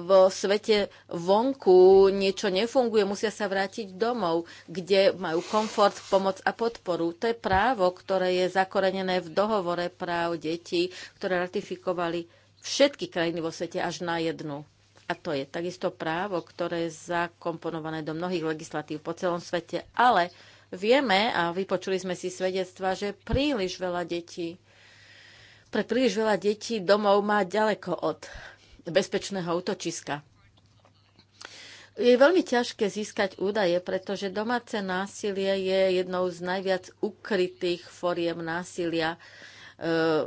vo svete vonku niečo nefunguje, musia sa vrátiť domov, kde majú komfort, pomoc a podporu. To je právo, ktoré je zakorenené v dohovore práv detí, ktoré ratifikovali všetky krajiny vo svete až na jednu. A to je takisto právo, ktoré je zakomponované do mnohých legislatív po celom svete. Ale vieme, a vypočuli sme si svedectva, že príliš veľa detí, pre príliš veľa detí domov má ďaleko od bezpečného útočiska. Je veľmi ťažké získať údaje, pretože domáce násilie je jednou z najviac ukrytých foriem násilia eh,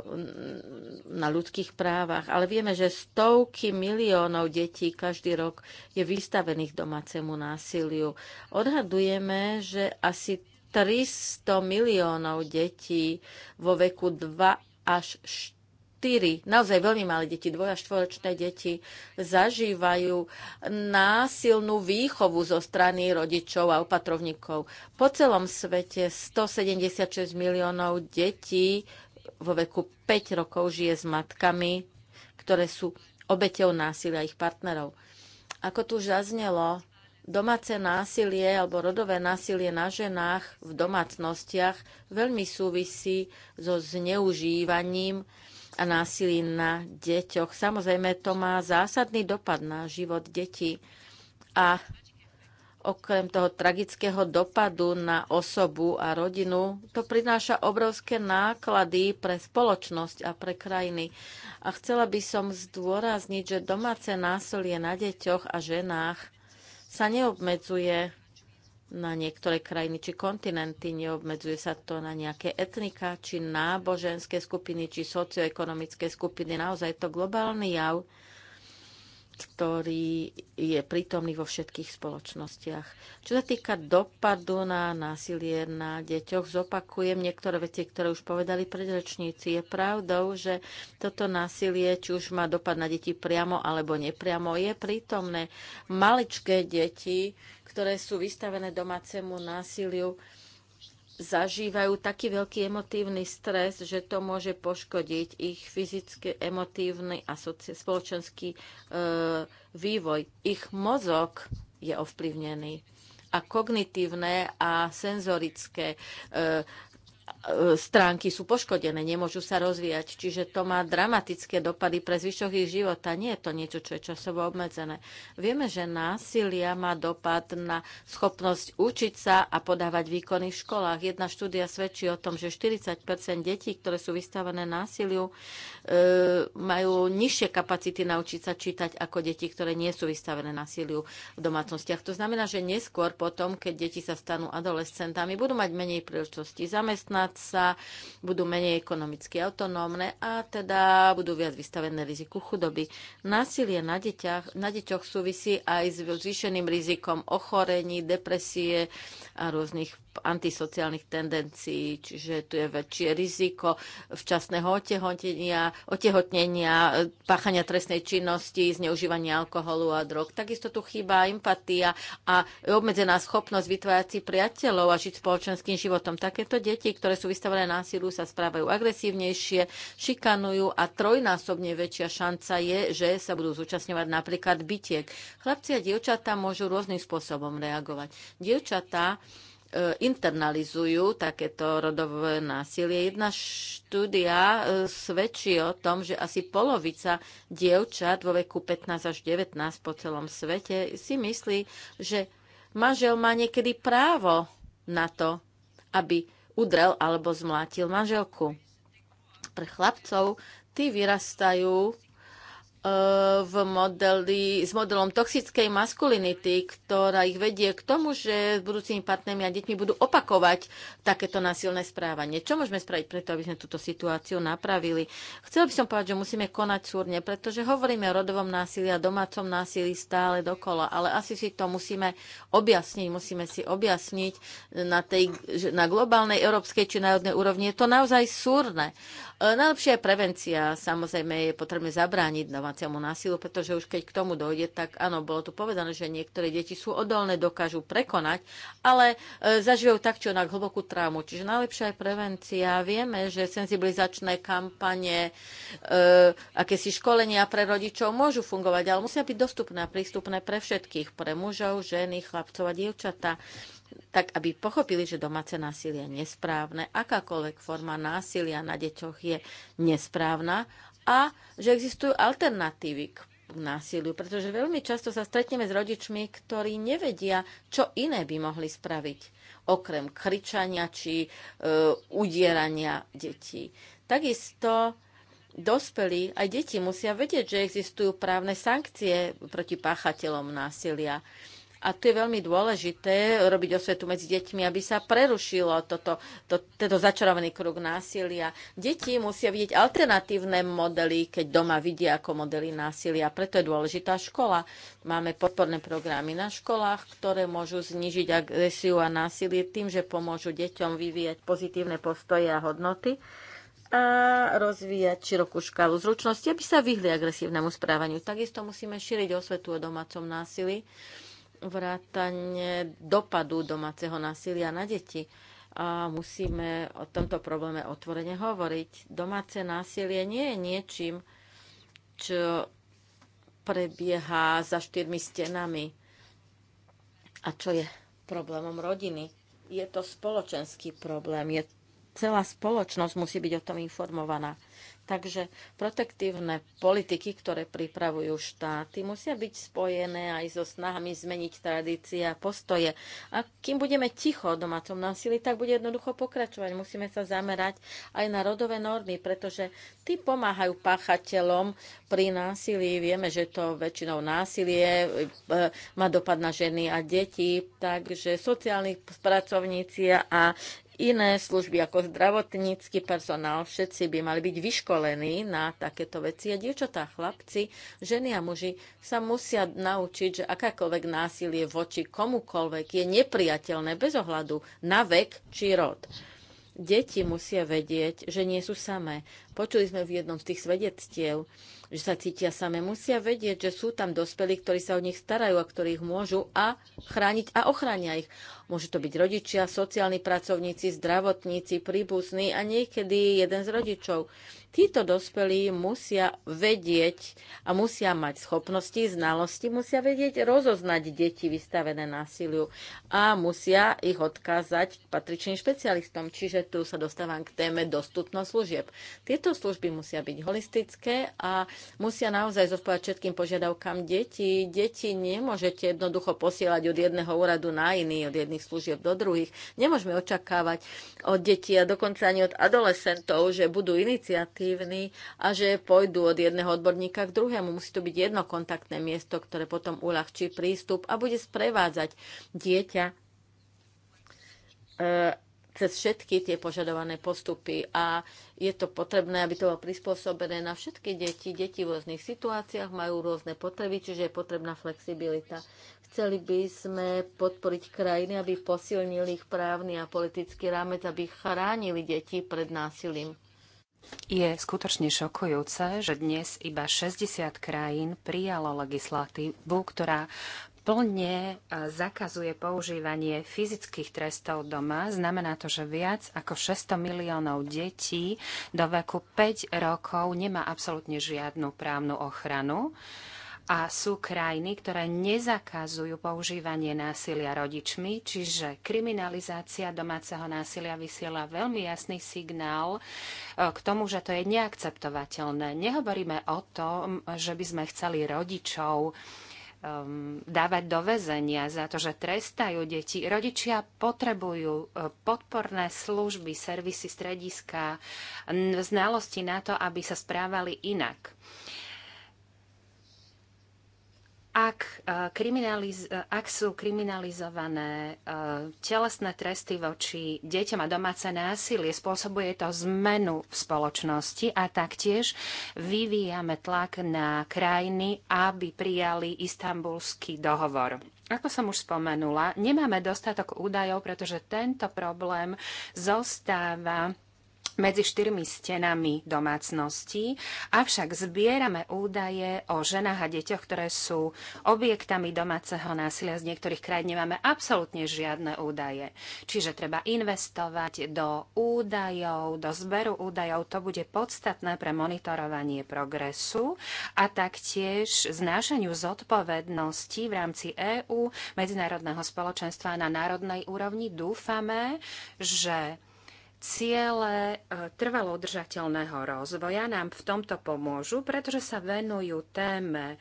na ľudských právach. Ale vieme, že stovky miliónov detí každý rok je vystavených domácemu násiliu. Odhadujeme, že asi 300 miliónov detí vo veku 2 až 4 štyri, naozaj veľmi malé deti, dvoja štvoročné deti, zažívajú násilnú výchovu zo strany rodičov a opatrovníkov. Po celom svete 176 miliónov detí vo veku 5 rokov žije s matkami, ktoré sú obeťou násilia ich partnerov. Ako tu už zaznelo, domáce násilie alebo rodové násilie na ženách v domácnostiach veľmi súvisí so zneužívaním a násilí na deťoch. Samozrejme, to má zásadný dopad na život detí a okrem toho tragického dopadu na osobu a rodinu, to prináša obrovské náklady pre spoločnosť a pre krajiny. A chcela by som zdôrazniť, že domáce násilie na deťoch a ženách sa neobmedzuje na niektoré krajiny či kontinenty, neobmedzuje sa to na nejaké etnika, či náboženské skupiny, či socioekonomické skupiny. Naozaj je to globálny jav, ktorý je prítomný vo všetkých spoločnostiach. Čo sa týka dopadu na násilie na deťoch, zopakujem niektoré veci, ktoré už povedali predrečníci. Je pravdou, že toto násilie, či už má dopad na deti priamo alebo nepriamo, je prítomné. Maličké deti, ktoré sú vystavené domácemu násiliu, zažívajú taký veľký emotívny stres, že to môže poškodiť ich fyzický, emotívny a spoločenský e, vývoj. Ich mozog je ovplyvnený a kognitívne a senzorické e, E, stránky sú poškodené, nemôžu sa rozvíjať. Čiže to má dramatické dopady pre zvyšok ich života. Nie je to niečo, čo je časovo obmedzené. Vieme, že násilia má dopad na schopnosť učiť sa a podávať výkony v školách. Jedna štúdia svedčí o tom, že 40 detí, ktoré sú vystavené násiliu, e, majú nižšie kapacity naučiť sa čítať ako deti, ktoré nie sú vystavené násiliu v domácnostiach. To znamená, že neskôr potom, keď deti sa stanú adolescentami, budú mať menej príležitosti zamestnať konať sa, budú menej ekonomicky autonómne a teda budú viac vystavené riziku chudoby. Násilie na, deťach, na deťoch súvisí aj s zvýšeným rizikom ochorení, depresie a rôznych antisociálnych tendencií, čiže tu je väčšie riziko včasného otehotnenia, otehotnenia, páchania trestnej činnosti, zneužívania alkoholu a drog. Takisto tu chýba empatia a obmedzená schopnosť vytvárať si priateľov a žiť spoločenským životom. Takéto deti, ktoré sú vystavené násilu, sa správajú agresívnejšie, šikanujú a trojnásobne väčšia šanca je, že sa budú zúčastňovať napríklad bitiek. Chlapci a dievčatá môžu rôznym spôsobom reagovať. Dievčatá E, internalizujú takéto rodové násilie. Jedna štúdia e, svedčí o tom, že asi polovica dievčat vo veku 15 až 19 po celom svete si myslí, že manžel má niekedy právo na to, aby udrel alebo zmlátil manželku. Pre chlapcov tí vyrastajú v modeli, s modelom toxickej maskulinity, ktorá ich vedie k tomu, že s budúcimi partnermi a deťmi budú opakovať takéto násilné správanie. Čo môžeme spraviť preto, aby sme túto situáciu napravili? Chcel by som povedať, že musíme konať súrne, pretože hovoríme o rodovom násilí a domácom násilí stále dokola, ale asi si to musíme objasniť, musíme si objasniť na, tej, na globálnej, európskej či národnej úrovni. Je to naozaj súrne. E, najlepšia je prevencia, samozrejme je potrebné zabrániť nová domáciemu násilu, pretože už keď k tomu dojde, tak áno, bolo tu povedané, že niektoré deti sú odolné, dokážu prekonať, ale e, zažijú tak či onak hlbokú traumu. Čiže najlepšia je prevencia. Vieme, že senzibilizačné kampane, e, akési školenia pre rodičov môžu fungovať, ale musia byť dostupné a prístupné pre všetkých, pre mužov, ženy, chlapcov a dievčatá tak aby pochopili, že domáce násilie je nesprávne, akákoľvek forma násilia na deťoch je nesprávna a že existujú alternatívy k násiliu, pretože veľmi často sa stretneme s rodičmi, ktorí nevedia, čo iné by mohli spraviť, okrem kričania či e, udierania detí. Takisto dospelí aj deti musia vedieť, že existujú právne sankcie proti páchateľom násilia. A tu je veľmi dôležité robiť osvetu medzi deťmi, aby sa prerušilo toto, to, tento začarovaný kruh násilia. Deti musia vidieť alternatívne modely, keď doma vidia ako modely násilia. Preto je dôležitá škola. Máme podporné programy na školách, ktoré môžu znižiť agresiu a násilie tým, že pomôžu deťom vyvíjať pozitívne postoje a hodnoty a rozvíjať širokú škálu zručnosti, aby sa vyhli agresívnemu správaniu. Takisto musíme šíriť osvetu o domácom násilí vrátanie dopadu domáceho násilia na deti. A musíme o tomto probléme otvorene hovoriť. Domáce násilie nie je niečím, čo prebieha za štyrmi stenami a čo je problémom rodiny. Je to spoločenský problém, je celá spoločnosť musí byť o tom informovaná. Takže protektívne politiky, ktoré pripravujú štáty, musia byť spojené aj so snahami zmeniť tradície a postoje. A kým budeme ticho o domácom násilí, tak bude jednoducho pokračovať. Musíme sa zamerať aj na rodové normy, pretože tí pomáhajú páchateľom pri násilí. Vieme, že to väčšinou násilie e, má dopad na ženy a deti, takže sociálni pracovníci a iné služby ako zdravotnícky personál, všetci by mali byť vyškolení na takéto veci. A dievčatá, chlapci, ženy a muži sa musia naučiť, že akákoľvek násilie voči komukoľvek je nepriateľné bez ohľadu na vek či rod. Deti musia vedieť, že nie sú samé Počuli sme v jednom z tých svedectiev, že sa cítia same. Musia vedieť, že sú tam dospelí, ktorí sa o nich starajú a ktorí ich môžu a chrániť a ochránia ich. Môžu to byť rodičia, sociálni pracovníci, zdravotníci, príbuzní a niekedy jeden z rodičov. Títo dospelí musia vedieť a musia mať schopnosti, znalosti, musia vedieť rozoznať deti vystavené násiliu a musia ich odkázať patričným špecialistom. Čiže tu sa dostávam k téme dostupnosť služieb. Tieto tieto služby musia byť holistické a musia naozaj zodpovedať všetkým požiadavkám detí. Deti nemôžete jednoducho posielať od jedného úradu na iný, od jedných služieb do druhých. Nemôžeme očakávať od detí a dokonca ani od adolescentov, že budú iniciatívni a že pôjdu od jedného odborníka k druhému. Musí to byť jedno kontaktné miesto, ktoré potom uľahčí prístup a bude sprevádzať dieťa e, cez všetky tie požadované postupy a je to potrebné, aby to bolo prispôsobené na všetky deti. Deti v rôznych situáciách majú rôzne potreby, čiže je potrebná flexibilita. Chceli by sme podporiť krajiny, aby posilnili ich právny a politický rámec, aby chránili deti pred násilím. Je skutočne šokujúce, že dnes iba 60 krajín prijalo legislatívu, ktorá plne zakazuje používanie fyzických trestov doma. Znamená to, že viac ako 600 miliónov detí do veku 5 rokov nemá absolútne žiadnu právnu ochranu. A sú krajiny, ktoré nezakazujú používanie násilia rodičmi, čiže kriminalizácia domáceho násilia vysiela veľmi jasný signál e, k tomu, že to je neakceptovateľné. Nehovoríme o tom, že by sme chceli rodičov um, dávať do väzenia za to, že trestajú deti. Rodičia potrebujú uh, podporné služby, servisy, strediska, znalosti na to, aby sa správali inak. Uh, ak, eh, kriminaliz- eh, ak sú kriminalizované eh, telesné tresty voči deťom a domáce násilie, spôsobuje to zmenu v spoločnosti a taktiež vyvíjame tlak na krajiny, aby prijali istambulský dohovor. Ako som už spomenula, nemáme dostatok údajov, pretože tento problém zostáva medzi štyrmi stenami domácností, avšak zbierame údaje o ženách a deťoch, ktoré sú objektami domáceho násilia. Z niektorých krajín nemáme absolútne žiadne údaje. Čiže treba investovať do údajov, do zberu údajov. To bude podstatné pre monitorovanie progresu a taktiež znášaniu zodpovednosti v rámci EÚ, medzinárodného spoločenstva na národnej úrovni. Dúfame, že Ciele e, trvalo udržateľného rozvoja nám v tomto pomôžu, pretože sa venujú téme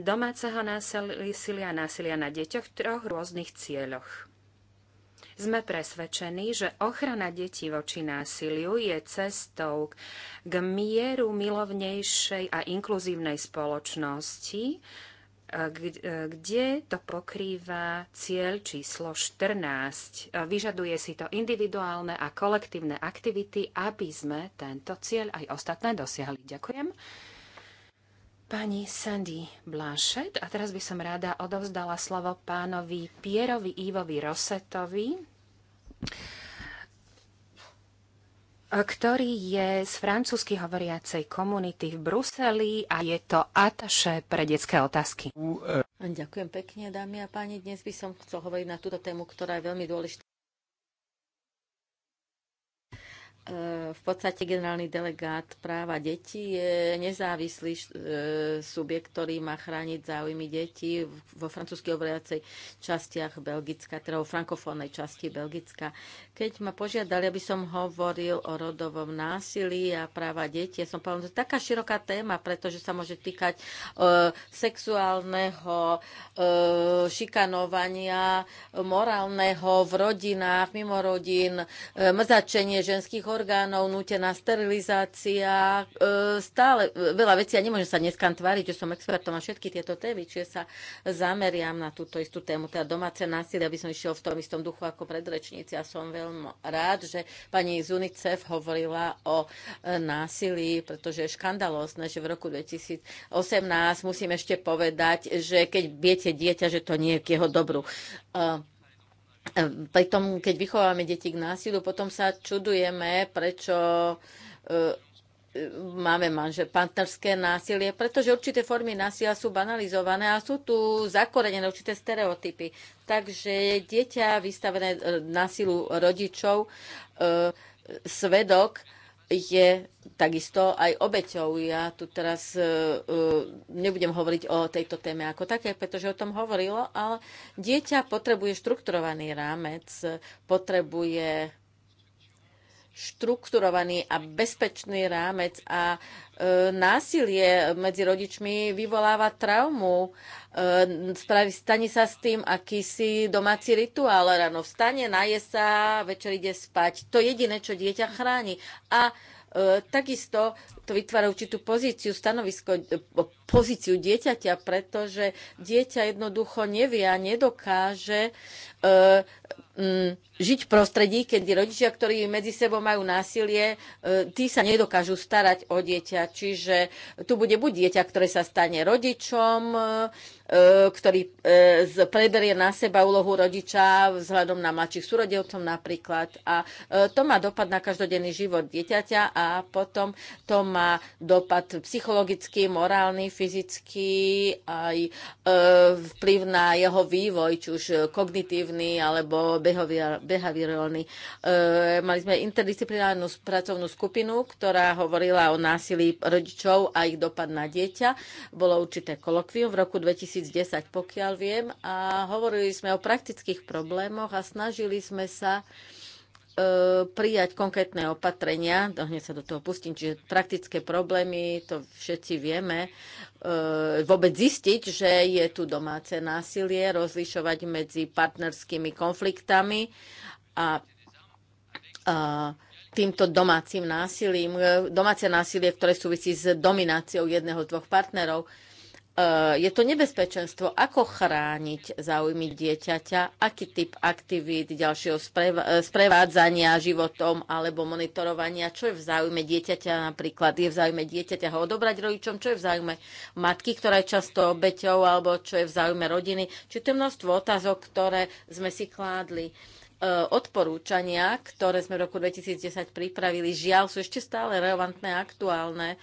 domáceho násilia a násilia na deťoch v troch rôznych cieľoch. Sme presvedčení, že ochrana detí voči násiliu je cestou k mieru milovnejšej a inkluzívnej spoločnosti, E, kde to pokrýva cieľ číslo 14. E, vyžaduje si to individuálne a kolektívne aktivity, aby sme tento cieľ aj ostatné dosiahli. Ďakujem. Pani Sandy Blanchett. A teraz by som rada odovzdala slovo pánovi Pierovi Ivovi Rosetovi ktorý je z francúzsky hovoriacej komunity v Bruseli a je to ataše pre detské otázky. Ďakujem pekne, dámy a páni. Dnes by som chcel hovoriť na túto tému, ktorá je veľmi dôležitá v podstate generálny delegát práva detí je nezávislý e, subjekt, ktorý má chrániť záujmy detí vo francúzsky obrajacej častiach Belgicka, teda vo frankofónnej časti Belgicka. Keď ma požiadali, aby som hovoril o rodovom násilí a práva detí, ja som povedal, že to je taká široká téma, pretože sa môže týkať e, sexuálneho e, šikanovania, morálneho v rodinách, mimo rodín, mrzačenie ženských orgánov, nutená sterilizácia, e, stále veľa vecí. Ja nemôžem sa dneska tváriť, že som expertom na všetky tieto témy, čiže sa zameriam na túto istú tému, teda domáce násilie, aby som išiel v tom istom duchu ako predrečníci. A ja som veľmi rád, že pani z UNICEF hovorila o e, násilí, pretože je škandalózne, že v roku 2018 musím ešte povedať, že keď viete dieťa, že to nie je k jeho dobru. Uh, pri tom, keď vychovávame deti k násilu, potom sa čudujeme, prečo e, e, máme manžel, partnerské násilie, pretože určité formy násilia sú banalizované a sú tu zakorenené určité stereotypy. Takže dieťa vystavené e, násilu rodičov, svedok je takisto aj obeťou. Ja tu teraz uh, nebudem hovoriť o tejto téme ako také, pretože o tom hovorilo, ale dieťa potrebuje štrukturovaný rámec, potrebuje štrukturovaný a bezpečný rámec a e, násilie medzi rodičmi vyvoláva traumu. E, stane sa s tým akýsi domáci rituál. Ráno vstane, naje sa, večer ide spať. To jediné, čo dieťa chráni. A e, takisto to vytvára určitú pozíciu, stanovisko e, pozíciu dieťaťa, pretože dieťa jednoducho nevie a nedokáže e, m, žiť v prostredí, keď rodičia, ktorí medzi sebou majú násilie, e, tí sa nedokážu starať o dieťa. Čiže tu bude buď dieťa, ktoré sa stane rodičom, e, ktorý e, preberie na seba úlohu rodiča vzhľadom na mladších súrodevcov napríklad. A e, to má dopad na každodenný život dieťaťa a potom to má dopad psychologický, morálny, fyzický, aj e, vplyv na jeho vývoj, či už kognitívny alebo behaviorálny. E, mali sme interdisciplinárnu pracovnú skupinu, ktorá hovorila o násilí rodičov a ich dopad na dieťa. Bolo určité kolokvium v roku 2010, pokiaľ viem, a hovorili sme o praktických problémoch a snažili sme sa E, prijať konkrétne opatrenia, hneď sa do toho pustím, čiže praktické problémy, to všetci vieme, e, vôbec zistiť, že je tu domáce násilie, rozlišovať medzi partnerskými konfliktami a, a týmto domácim násilím, e, domáce násilie, ktoré súvisí s domináciou jedného z dvoch partnerov. Eh, je to nebezpečenstvo, ako chrániť záujmy dieťaťa, aký typ aktivít, ďalšieho eh, sprevádzania životom alebo monitorovania, čo je v záujme dieťaťa napríklad, je v záujme dieťaťa ho odobrať rodičom, čo je v záujme matky, ktorá je často obeťou, alebo čo je v záujme rodiny. Čiže to je množstvo otázok, ktoré sme si kládli eh, odporúčania, ktoré sme v roku 2010 pripravili, žiaľ, sú ešte stále relevantné a aktuálne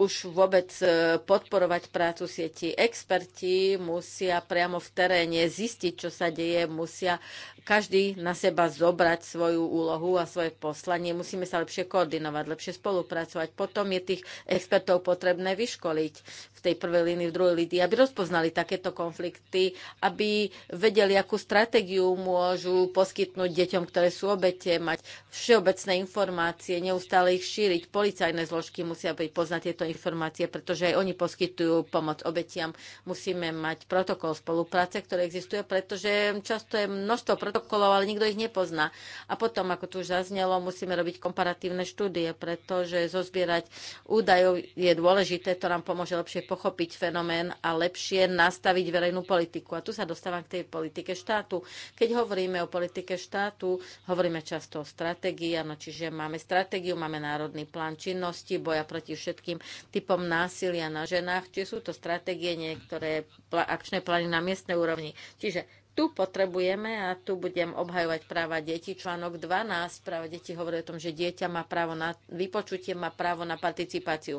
už vôbec e, podporovať prácu sieti. Experti musia priamo v teréne zistiť, čo sa deje, musia každý na seba zobrať svoju úlohu a svoje poslanie. Musíme sa lepšie koordinovať, lepšie spolupracovať. Potom je tých expertov potrebné vyškoliť v tej prvej línii, v druhej línii, aby rozpoznali takéto konflikty, aby vedeli, akú stratégiu môžu poskytnúť deťom, ktoré sú obete, mať všeobecné informácie, neustále ich šíriť. Policajné zložky musia byť poznať tieto informácie, pretože aj oni poskytujú pomoc obetiam. Musíme mať protokol spolupráce, ktorý existuje, pretože často je množstvo protokolov, ale nikto ich nepozná. A potom, ako tu už zaznelo, musíme robiť komparatívne štúdie, pretože zozbierať údajov je dôležité, to nám pomôže lepšie pochopiť fenomén a lepšie nastaviť verejnú politiku. A tu sa dostávam k tej politike štátu. Keď hovoríme o politike štátu, hovoríme často o stratégii, ano, čiže máme stratégiu, máme národný plán činnosti, boja proti všetkým typom násilia na ženách, či sú to stratégie, niektoré akčné plány na miestnej úrovni. Čiže tu potrebujeme, a tu budem obhajovať práva detí, článok 12, práva detí hovorí o tom, že dieťa má právo na vypočutie, má právo na participáciu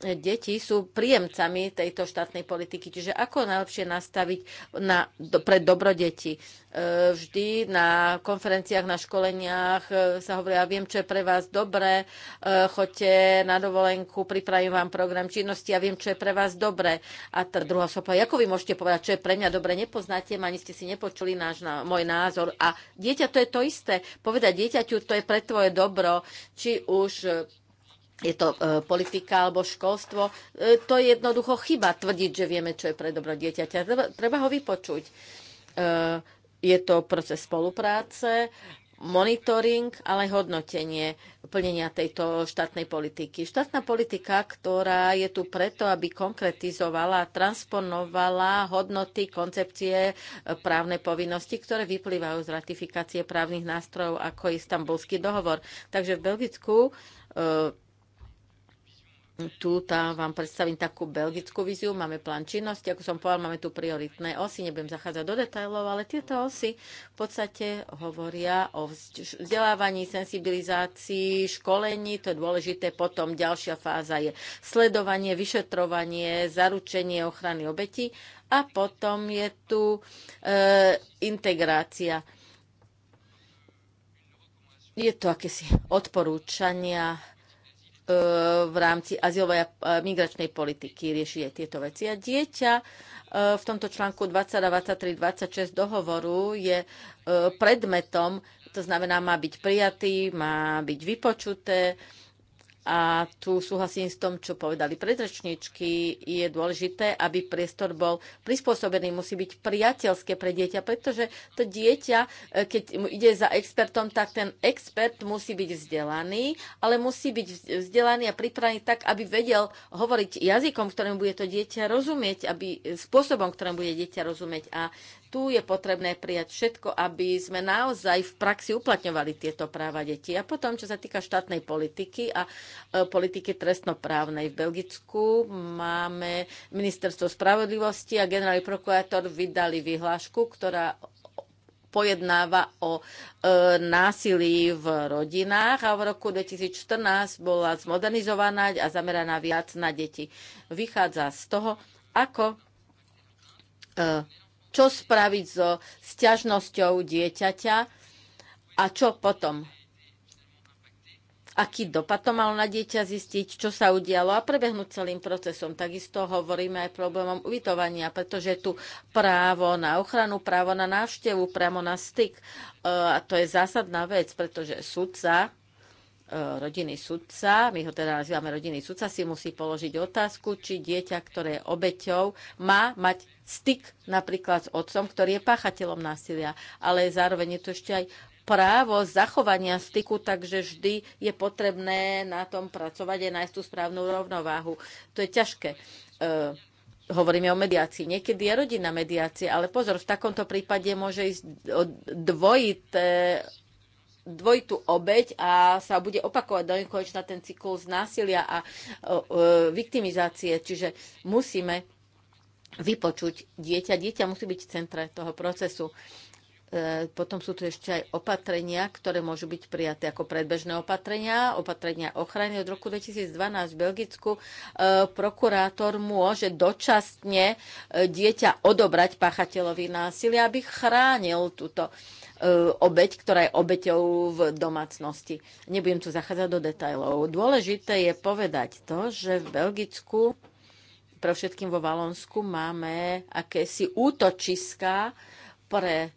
deti sú príjemcami tejto štátnej politiky. Čiže ako najlepšie nastaviť na, do, pre dobro detí? E, vždy na konferenciách, na školeniach e, sa hovorí, ja viem, čo je pre vás dobré, e, choďte na dovolenku, pripravím vám program činnosti, ja viem, čo je pre vás dobré. A tá druhá osoba, ako vy môžete povedať, čo je pre mňa dobré, nepoznáte ma, ani ste si nepočuli náš, na, môj názor. A dieťa to je to isté. Povedať dieťaťu, to je pre tvoje dobro, či už je to e, politika alebo školstvo. E, to je jednoducho chyba tvrdiť, že vieme, čo je pre dobro dieťaťa. Treba, treba ho vypočuť. E, je to proces spolupráce, monitoring, ale hodnotenie plnenia tejto štátnej politiky. Štátna politika, ktorá je tu preto, aby konkretizovala, transponovala hodnoty, koncepcie, právne povinnosti, ktoré vyplývajú z ratifikácie právnych nástrojov, ako je istambulský dohovor. Takže v Belgicku tu tá, vám predstavím takú belgickú viziu, máme plán činnosti, ako som povedal, máme tu prioritné osy, nebudem zachádzať do detajlov, ale tieto osy v podstate hovoria o vzdelávaní, sensibilizácii, školení, to je dôležité, potom ďalšia fáza je sledovanie, vyšetrovanie, zaručenie ochrany obeti a potom je tu e, integrácia. Je to akési odporúčania E, v rámci azylovej a e, migračnej politiky rieši aj tieto veci. A dieťa e, v tomto článku 20 a 23, 26 dohovoru je predmetom, to znamená, má byť prijatý, má byť vypočuté, a tu súhlasím s tom, čo povedali predrečničky. Je dôležité, aby priestor bol prispôsobený, musí byť priateľské pre dieťa, pretože to dieťa, e, keď ide za expertom, tak ten expert musí byť vzdelaný, ale musí byť vzdelaný a pripravený tak, aby vedel hovoriť jazykom, ktorým bude to dieťa rozumieť, aby e, spôsobom, ktorým bude dieťa rozumieť. A tu je potrebné prijať všetko, aby sme naozaj v praxi uplatňovali tieto práva detí. A potom, čo sa týka štátnej politiky a e, politiky trestnoprávnej v Belgicku, máme Ministerstvo spravodlivosti a generálny prokurátor vydali vyhlášku, ktorá pojednáva o e, násilí v rodinách a v roku 2014 bola zmodernizovaná a zameraná viac na deti. Vychádza z toho, ako e, čo spraviť so sťažnosťou dieťaťa a čo potom. Aký dopad to malo na dieťa zistiť, čo sa udialo a prebehnúť celým procesom. Takisto hovoríme aj problémom ubytovania, pretože tu právo na ochranu, právo na návštevu, právo na styk. E, a to je zásadná vec, pretože sudca E, rodinný sudca, my ho teda nazývame rodinný sudca, si musí položiť otázku, či dieťa, ktoré je obeťou, má mať styk napríklad s otcom, ktorý je páchateľom násilia. Ale zároveň je to ešte aj právo zachovania styku, takže vždy je potrebné na tom pracovať a nájsť tú správnu rovnováhu. To je ťažké. E, hovoríme o mediácii. Niekedy je rodina mediácie, ale pozor, v takomto prípade môže ísť o dvojité dvojitú obeď a sa bude opakovať do nekonečna ten cyklus násilia a viktimizácie. Čiže musíme vypočuť dieťa. Dieťa musí byť v centre toho procesu. E, potom sú tu ešte aj opatrenia, ktoré môžu byť prijaté ako predbežné opatrenia, opatrenia ochrany. Od roku 2012 v Belgicku e, prokurátor môže dočasne e, dieťa odobrať pachateľovi násilia, aby chránil túto E, obeť, ktorá je obeťou v domácnosti. Nebudem tu zachádzať do detajlov. Dôležité je povedať to, že v Belgicku, pre všetkým vo Valonsku, máme akési útočiska pre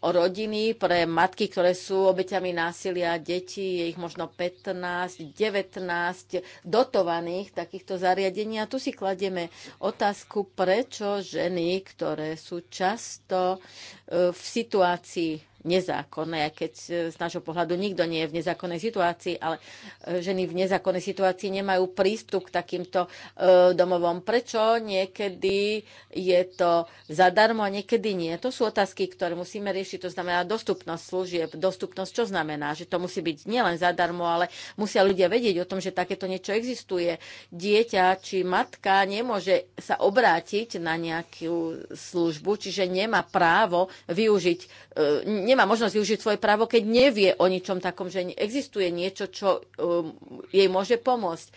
o rodiny pre matky, ktoré sú obeťami násilia, deti, je ich možno 15, 19 dotovaných takýchto zariadení. A tu si kladieme otázku, prečo ženy, ktoré sú často e, v situácii nezákonné, aj keď e, z nášho pohľadu nikto nie je v nezákonnej situácii, ale e, ženy v nezákonnej situácii nemajú prístup k takýmto e, domovom. Prečo niekedy je to zadarmo a niekedy nie? To sú otázky, ktoré musíme riešiť. To znamená dostupnosť služieb. Dostupnosť čo znamená? Že to musí byť nielen zadarmo, ale musia ľudia vedieť o tom, že takéto niečo existuje. Dieťa či matka nemôže sa obrátiť na nejakú službu, čiže nemá právo využiť, nemá možnosť využiť svoje právo, keď nevie o ničom takom, že existuje niečo, čo um, jej môže pomôcť.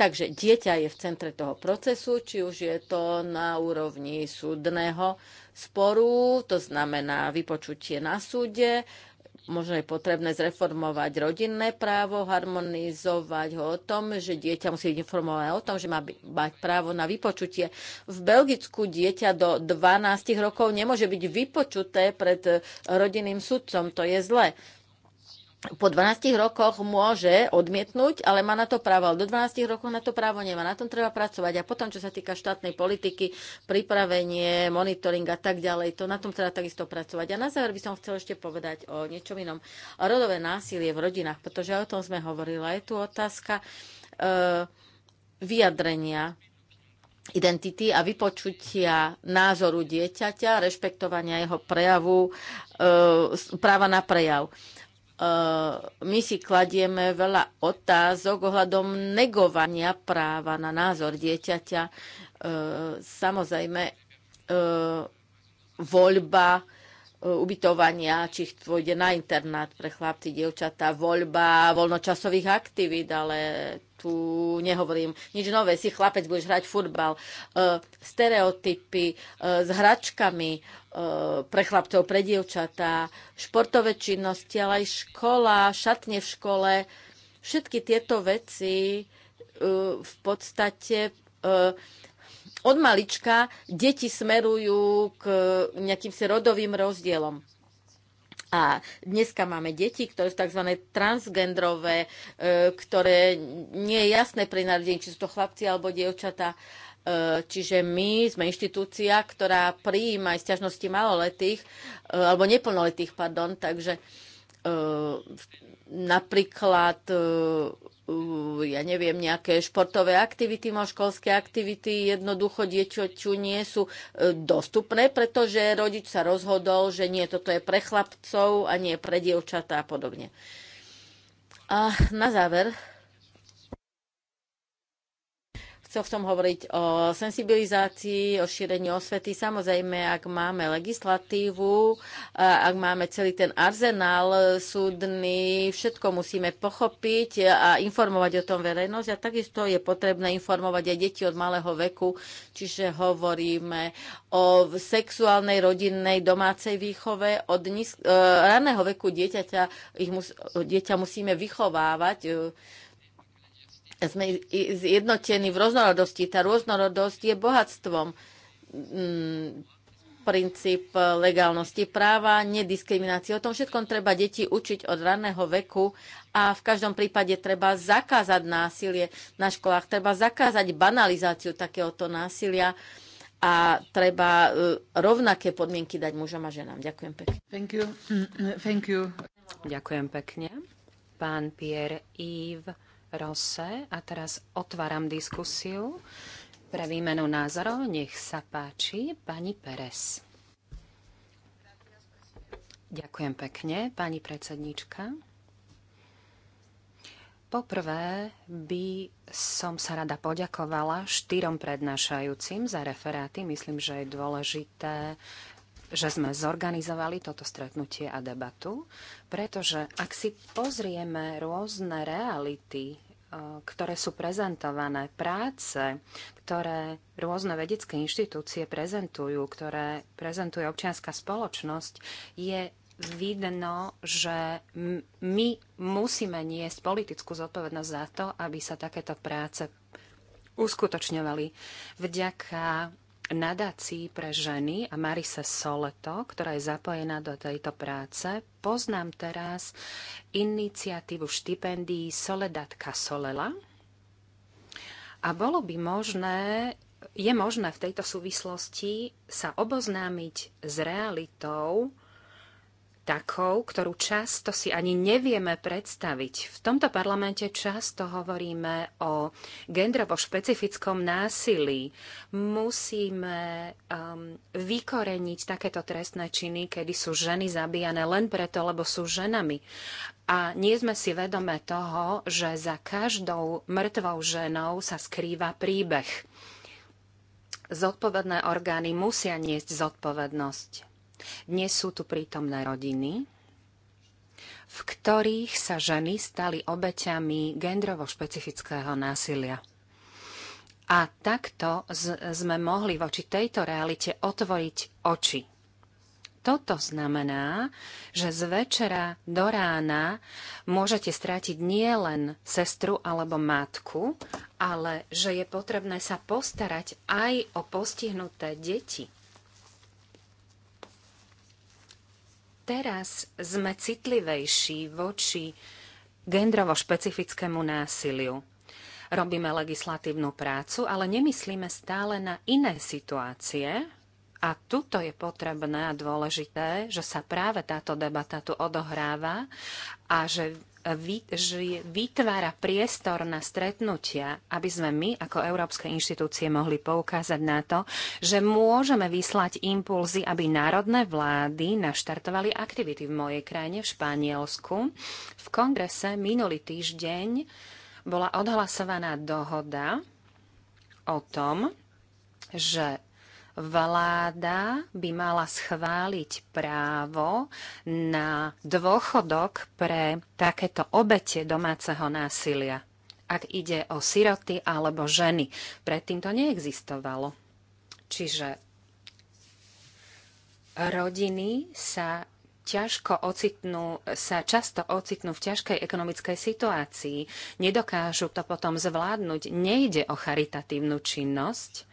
Takže dieťa je v centre toho procesu, či už je to na úrovni súdneho sporu, to znamená vypočutie na súde, možno je potrebné zreformovať rodinné právo, harmonizovať ho o tom, že dieťa musí byť informované o tom, že má mať právo na vypočutie. V Belgicku dieťa do 12 rokov nemôže byť vypočuté pred rodinným sudcom. To je zle po 12 rokoch môže odmietnúť, ale má na to právo. Ale do 12 rokov na to právo nemá. Na tom treba pracovať. A potom, čo sa týka štátnej politiky, pripravenie, monitoring a tak ďalej, to na tom treba takisto pracovať. A na záver by som chcel ešte povedať o niečom inom. Rodové násilie v rodinách, pretože o tom sme hovorili. Je tu otázka e, vyjadrenia identity a vypočutia názoru dieťaťa, rešpektovania jeho prejavu, e, práva na prejav. E, Eh, my si kladieme veľa otázok ohľadom negovania práva na názor dieťaťa. Eh, samozrejme, eh, voľba ubytovania, či pôjde na internát pre chlapci, dievčatá, voľba voľnočasových aktivít, ale tu nehovorím nič nové, si chlapec, budeš hrať futbal. E, stereotypy e, s hračkami uh, pre chlapcov, pre dievčatá, športové činnosti, ale aj škola, šatne v škole. Všetky tieto veci v podstate od malička deti smerujú k nejakým si rodovým rozdielom a dneska máme deti, ktoré sú tzv. transgendrové, e, ktoré nie je jasné pri narodení, či sú to chlapci alebo dievčatá. E, čiže my sme inštitúcia, ktorá prijíma aj stiažnosti maloletých, e, alebo neplnoletých, pardon, takže napríklad ja neviem, nejaké športové aktivity, školské aktivity jednoducho dieťaťu nie sú e, dostupné, pretože rodič sa rozhodol, že nie, toto je pre chlapcov a nie pre dievčatá a podobne. A na záver Chcel som hovoriť o sensibilizácii, o šírení osvety. Samozrejme, ak máme legislatívu, ak máme celý ten arzenál súdny, všetko musíme pochopiť a informovať o tom verejnosť. A takisto je potrebné informovať aj deti od malého veku, čiže hovoríme o sexuálnej, rodinnej, domácej výchove. Od e, raného veku dieťaťa, ich mus, dieťa musíme vychovávať sme zjednotení v rôznorodosti. Tá rôznorodosť je bohatstvom. Mm, princíp legálnosti práva, nediskriminácie. O tom všetkom treba deti učiť od raného veku a v každom prípade treba zakázať násilie na školách, treba zakázať banalizáciu takéhoto násilia a treba e, rovnaké podmienky dať mužom a ženám. Ďakujem pekne. Thank you. Mm, mm, thank you. Ďakujem pekne. Pán Pierre Yves Rose. A teraz otváram diskusiu pre výmenu názorov. Nech sa páči, pani Perez. Ďakujem pekne, pani predsedníčka. Poprvé by som sa rada poďakovala štyrom prednášajúcim za referáty. Myslím, že je dôležité že sme zorganizovali toto stretnutie a debatu, pretože ak si pozrieme rôzne reality, e, ktoré sú prezentované, práce, ktoré rôzne vedecké inštitúcie prezentujú, ktoré prezentuje občianská spoločnosť, je vidno, že my musíme niesť politickú zodpovednosť za to, aby sa takéto práce uskutočňovali. Vďaka nadácii pre ženy a Marise Soleto, ktorá je zapojená do tejto práce. Poznám teraz iniciatívu štipendií Soledatka Solela. A bolo by možné, je možné v tejto súvislosti sa oboznámiť s realitou takou, ktorú často si ani nevieme predstaviť. V tomto parlamente často hovoríme o gendrovo špecifickom násilí. Musíme um, vykoreniť takéto trestné činy, kedy sú ženy zabíjane len preto, lebo sú ženami. A nie sme si vedome toho, že za každou mŕtvou ženou sa skrýva príbeh. Zodpovedné orgány musia niesť zodpovednosť dnes sú tu prítomné rodiny, v ktorých sa ženy stali obeťami gendrovo špecifického násilia. A takto sme mohli voči tejto realite otvoriť oči. Toto znamená, že z večera do rána môžete strátiť nielen sestru alebo matku, ale že je potrebné sa postarať aj o postihnuté deti. teraz sme citlivejší voči gendrovo špecifickému násiliu. Robíme legislatívnu prácu, ale nemyslíme stále na iné situácie, a tuto je potrebné a dôležité, že sa práve táto debata tu odohráva a že vytvára priestor na stretnutia, aby sme my ako európske inštitúcie mohli poukázať na to, že môžeme vyslať impulzy, aby národné vlády naštartovali aktivity v mojej krajine, v Španielsku. V kongrese minulý týždeň bola odhlasovaná dohoda o tom, že vláda by mala schváliť právo na dôchodok pre takéto obete domáceho násilia, ak ide o siroty alebo ženy. Predtým to neexistovalo. Čiže rodiny sa ťažko ocitnú, sa často ocitnú v ťažkej ekonomickej situácii. Nedokážu to potom zvládnuť. Nejde o charitatívnu činnosť,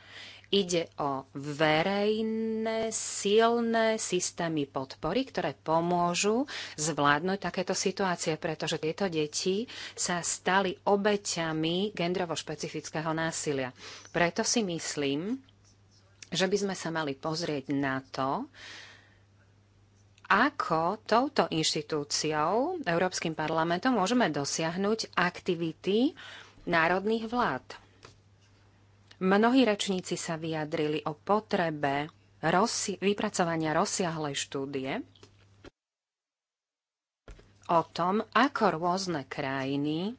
Ide o verejné, silné systémy podpory, ktoré pomôžu zvládnuť takéto situácie, pretože tieto deti sa stali obeťami gendrovo špecifického násilia. Preto si myslím, že by sme sa mali pozrieť na to, ako touto inštitúciou, Európskym parlamentom, môžeme dosiahnuť aktivity národných vlád Mnohí rečníci sa vyjadrili o potrebe rozsi- vypracovania rozsiahlej štúdie o tom, ako rôzne krajiny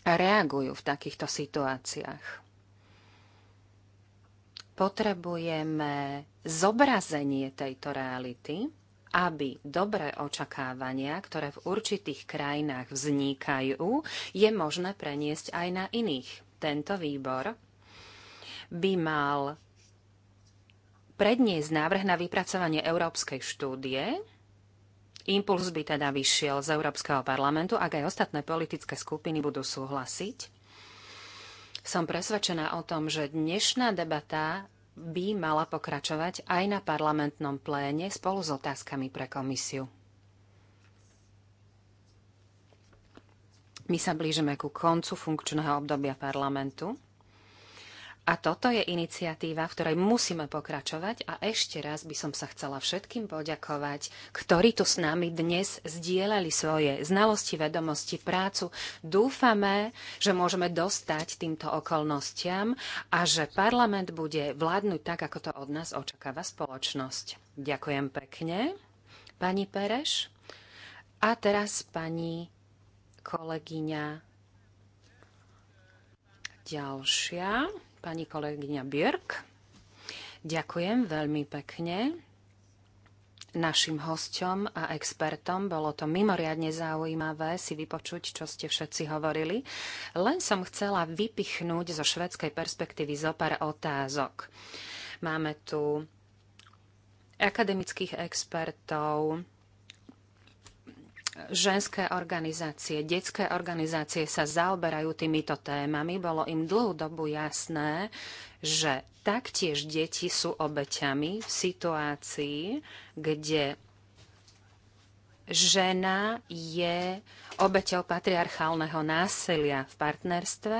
reagujú v takýchto situáciách. Potrebujeme zobrazenie tejto reality, aby dobré očakávania, ktoré v určitých krajinách vznikajú, je možné preniesť aj na iných. Tento výbor by mal predniesť návrh na vypracovanie európskej štúdie. Impuls by teda vyšiel z Európskeho parlamentu, ak aj ostatné politické skupiny budú súhlasiť. Som presvedčená o tom, že dnešná debata by mala pokračovať aj na parlamentnom pléne spolu s otázkami pre komisiu. My sa blížime ku koncu funkčného obdobia parlamentu a toto je iniciatíva, v ktorej musíme pokračovať a ešte raz by som sa chcela všetkým poďakovať, ktorí tu s nami dnes zdieľali svoje znalosti, vedomosti, prácu. Dúfame, že môžeme dostať týmto okolnostiam a že parlament bude vládnuť tak, ako to od nás očakáva spoločnosť. Ďakujem pekne, pani Pereš. A teraz pani kolegyňa ďalšia pani kolegyňa Björk. Ďakujem veľmi pekne našim hosťom a expertom. Bolo to mimoriadne zaujímavé si vypočuť, čo ste všetci hovorili. Len som chcela vypichnúť zo švedskej perspektívy zo pár otázok. Máme tu akademických expertov, ženské organizácie, detské organizácie sa zaoberajú týmito témami. Bolo im dlhú dobu jasné, že taktiež deti sú obeťami v situácii, kde žena je obeťou patriarchálneho násilia v partnerstve.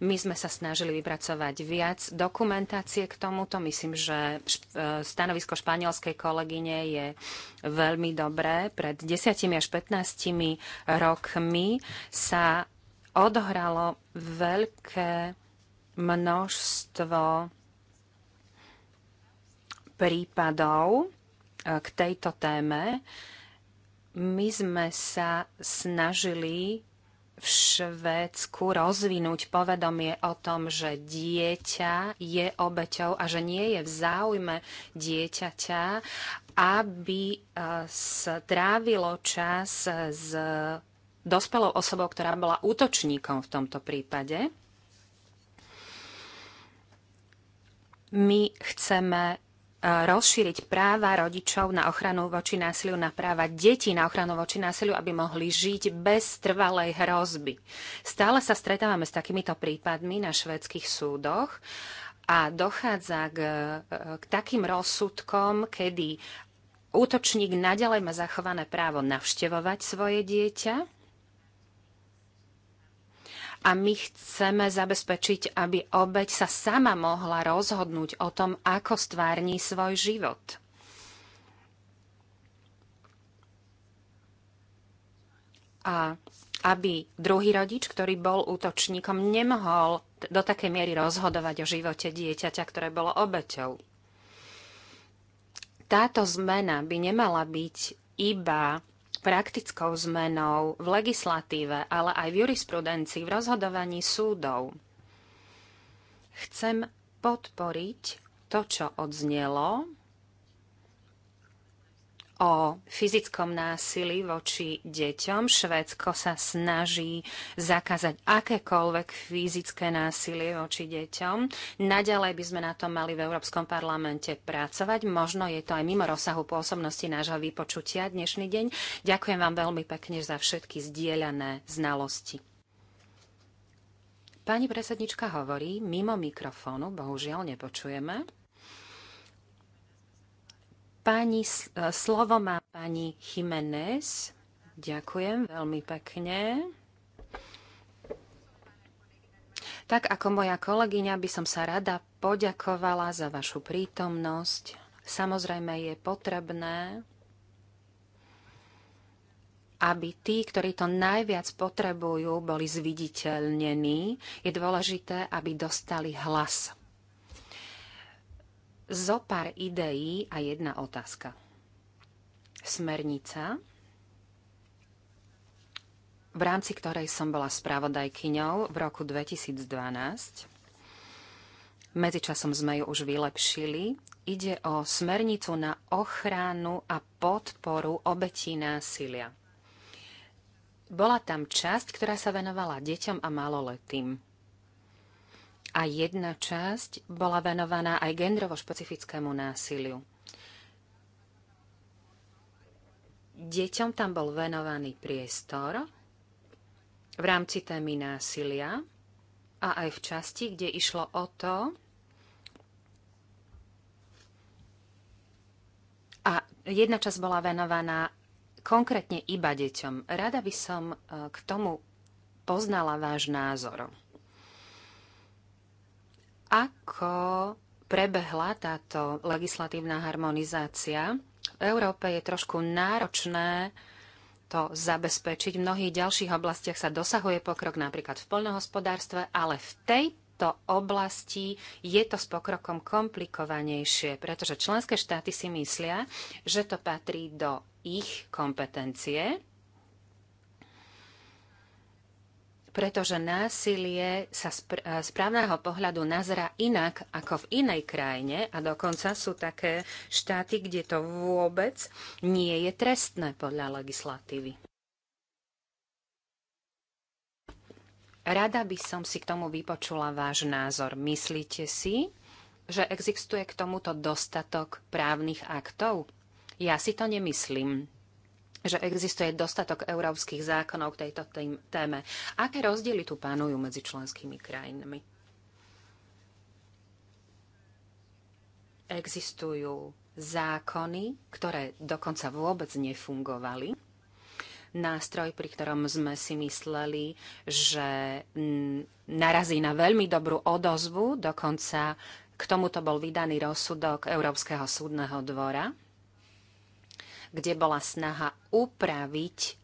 My sme sa snažili vypracovať viac dokumentácie k tomuto. Myslím, že e, stanovisko španielskej kolegyne je veľmi dobré. Pred 10 až 15 rokmi sa odohralo veľké množstvo prípadov e, k tejto téme. My sme sa snažili v Švédsku rozvinúť povedomie o tom, že dieťa je obeťou a že nie je v záujme dieťaťa, aby e, strávilo čas s dospelou osobou, ktorá bola útočníkom v tomto prípade. My chceme rozšíriť práva rodičov na ochranu voči násiliu, na práva detí na ochranu voči násiliu, aby mohli žiť bez trvalej hrozby. Stále sa stretávame s takýmito prípadmi na švedských súdoch a dochádza k, k takým rozsudkom, kedy útočník nadalej má zachované právo navštevovať svoje dieťa a my chceme zabezpečiť, aby obeď sa sama mohla rozhodnúť o tom, ako stvárni svoj život. A aby druhý rodič, ktorý bol útočníkom, nemohol do takej miery rozhodovať o živote dieťaťa, ktoré bolo obeťou. Táto zmena by nemala byť iba praktickou zmenou v legislatíve, ale aj v jurisprudencii, v rozhodovaní súdov. Chcem podporiť to, čo odznelo o fyzickom násilí voči deťom. Švédsko sa snaží zakázať akékoľvek fyzické násilie voči deťom. Naďalej by sme na tom mali v Európskom parlamente pracovať. Možno je to aj mimo rozsahu pôsobnosti nášho vypočutia dnešný deň. Ďakujem vám veľmi pekne za všetky zdieľané znalosti. Pani predsednička hovorí, mimo mikrofónu, bohužiaľ nepočujeme. Pani, e, slovo má pani Jiménez. Ďakujem veľmi pekne. Tak ako moja kolegyňa by som sa rada poďakovala za vašu prítomnosť. Samozrejme je potrebné, aby tí, ktorí to najviac potrebujú, boli zviditeľnení. Je dôležité, aby dostali hlas zopár ideí a jedna otázka. Smernica, v rámci ktorej som bola spravodajkyňou v roku 2012, medzičasom sme ju už vylepšili, ide o smernicu na ochranu a podporu obetí násilia. Bola tam časť, ktorá sa venovala deťom a maloletým a jedna časť bola venovaná aj gendrovo špecifickému násiliu. Deťom tam bol venovaný priestor v rámci témy násilia a aj v časti, kde išlo o to, a jedna časť bola venovaná konkrétne iba deťom. Rada by som eh, k tomu poznala váš názor. Ako prebehla táto legislatívna harmonizácia? V Európe je trošku náročné to zabezpečiť. V mnohých ďalších oblastiach sa dosahuje pokrok, napríklad v poľnohospodárstve, ale v tejto oblasti je to s pokrokom komplikovanejšie, pretože členské štáty si myslia, že to patrí do ich kompetencie pretože násilie sa z právneho pohľadu nazera inak ako v inej krajine a dokonca sú také štáty, kde to vôbec nie je trestné podľa legislatívy. Rada by som si k tomu vypočula váš názor. Myslíte si, že existuje k tomuto dostatok právnych aktov? Ja si to nemyslím že existuje dostatok európskych zákonov k tejto téme. Aké rozdiely tu pánujú medzi členskými krajinami? Existujú zákony, ktoré dokonca vôbec nefungovali. Nástroj, pri ktorom sme si mysleli, že mm, narazí na veľmi dobrú odozvu, dokonca k tomuto bol vydaný rozsudok Európskeho súdneho dvora kde bola snaha upraviť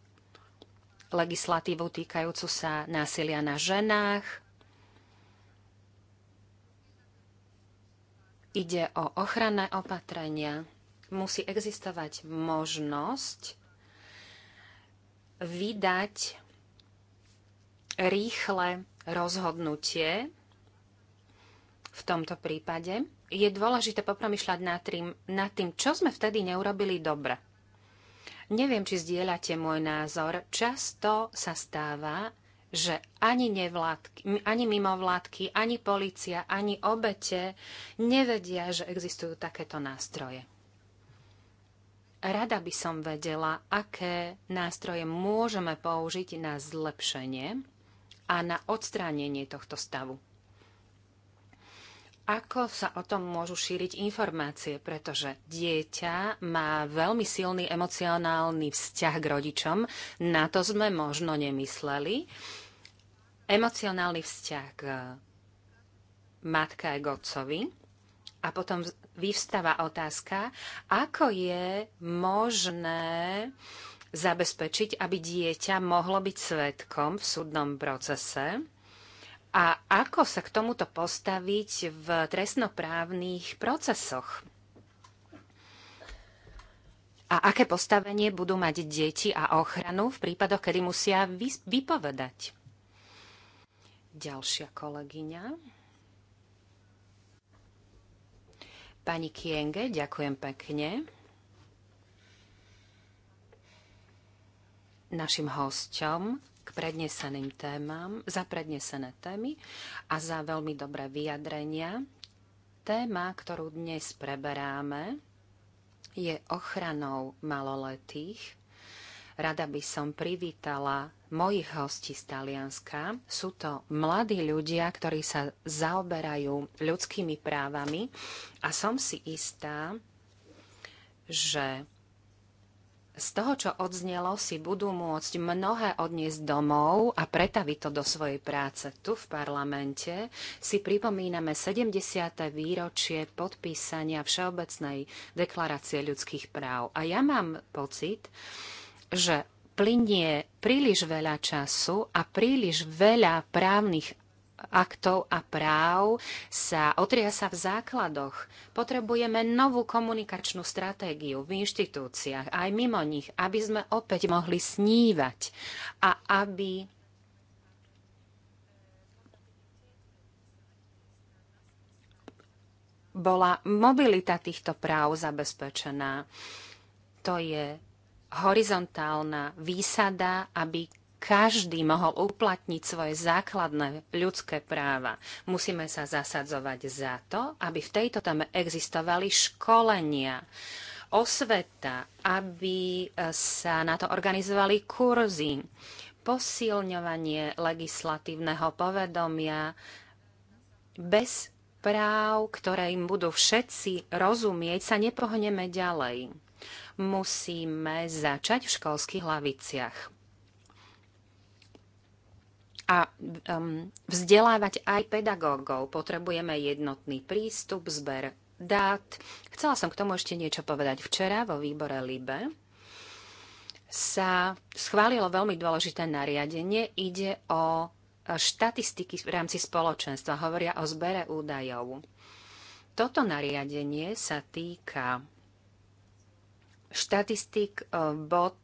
legislatívu týkajúcu sa násilia na ženách. Ide o ochranné opatrenia. Musí existovať možnosť vydať rýchle rozhodnutie v tomto prípade, je dôležité popromýšľať nad tým, nad tým, čo sme vtedy neurobili dobre. Neviem, či zdieľate môj názor. Často sa stáva, že ani, nevládky, ani mimovládky, ani policia, ani obete nevedia, že existujú takéto nástroje. Rada by som vedela, aké nástroje môžeme použiť na zlepšenie a na odstránenie tohto stavu ako sa o tom môžu šíriť informácie, pretože dieťa má veľmi silný emocionálny vzťah k rodičom, na to sme možno nemysleli. Emocionálny vzťah e, k matke a godcovi a potom vyvstáva otázka, ako je možné zabezpečiť, aby dieťa mohlo byť svetkom v súdnom procese, a ako sa k tomuto postaviť v trestnoprávnych procesoch? A aké postavenie budú mať deti a ochranu v prípadoch, kedy musia vypovedať? Ďalšia kolegyňa. Pani Kienge, ďakujem pekne. Našim hosťom predneseným témam, za prednesené témy a za veľmi dobré vyjadrenia. Téma, ktorú dnes preberáme, je ochranou maloletých. Rada by som privítala mojich hostí z Talianska. Sú to mladí ľudia, ktorí sa zaoberajú ľudskými právami a som si istá, že z toho, čo odznelo, si budú môcť mnohé odniesť domov a pretaviť to do svojej práce. Tu v parlamente si pripomíname 70. výročie podpísania Všeobecnej deklarácie ľudských práv. A ja mám pocit, že plinie príliš veľa času a príliš veľa právnych aktov a práv sa otria sa v základoch. Potrebujeme novú komunikačnú stratégiu v inštitúciách, aj mimo nich, aby sme opäť mohli snívať a aby bola mobilita týchto práv zabezpečená. To je horizontálna výsada, aby každý mohol uplatniť svoje základné ľudské práva. Musíme sa zasadzovať za to, aby v tejto téme existovali školenia, osveta, aby e, sa na to organizovali kurzy, posilňovanie legislatívneho povedomia bez práv, ktoré im budú všetci rozumieť, sa nepohneme ďalej. Musíme začať v školských laviciach a um, vzdelávať aj pedagógov. Potrebujeme jednotný prístup, zber dát. Chcela som k tomu ešte niečo povedať. Včera vo výbore LIBE sa schválilo veľmi dôležité nariadenie. Ide o štatistiky v rámci spoločenstva. Hovoria o zbere údajov. Toto nariadenie sa týka štatistik eh, bod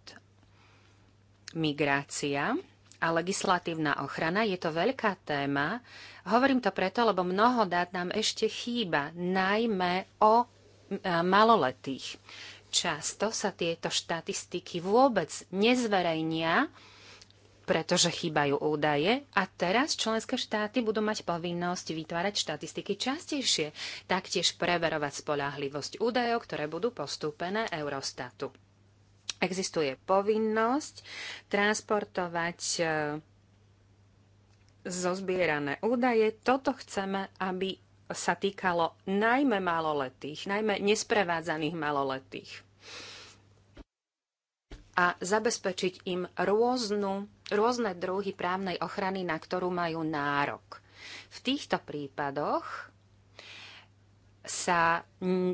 migrácia a legislatívna ochrana. Je to veľká téma. Hovorím to preto, lebo mnoho dát nám ešte chýba, najmä o e, maloletých. Často sa tieto štatistiky vôbec nezverejnia, pretože chýbajú údaje a teraz členské štáty budú mať povinnosť vytvárať štatistiky častejšie, taktiež preverovať spolahlivosť údajov, ktoré budú postúpené Eurostatu. Existuje povinnosť transportovať eh, zozbierané údaje. Toto chceme, aby sa týkalo najmä maloletých, najmä nesprevádzaných maloletých. A zabezpečiť im rôznu, rôzne druhy právnej ochrany, na ktorú majú nárok. V týchto prípadoch sa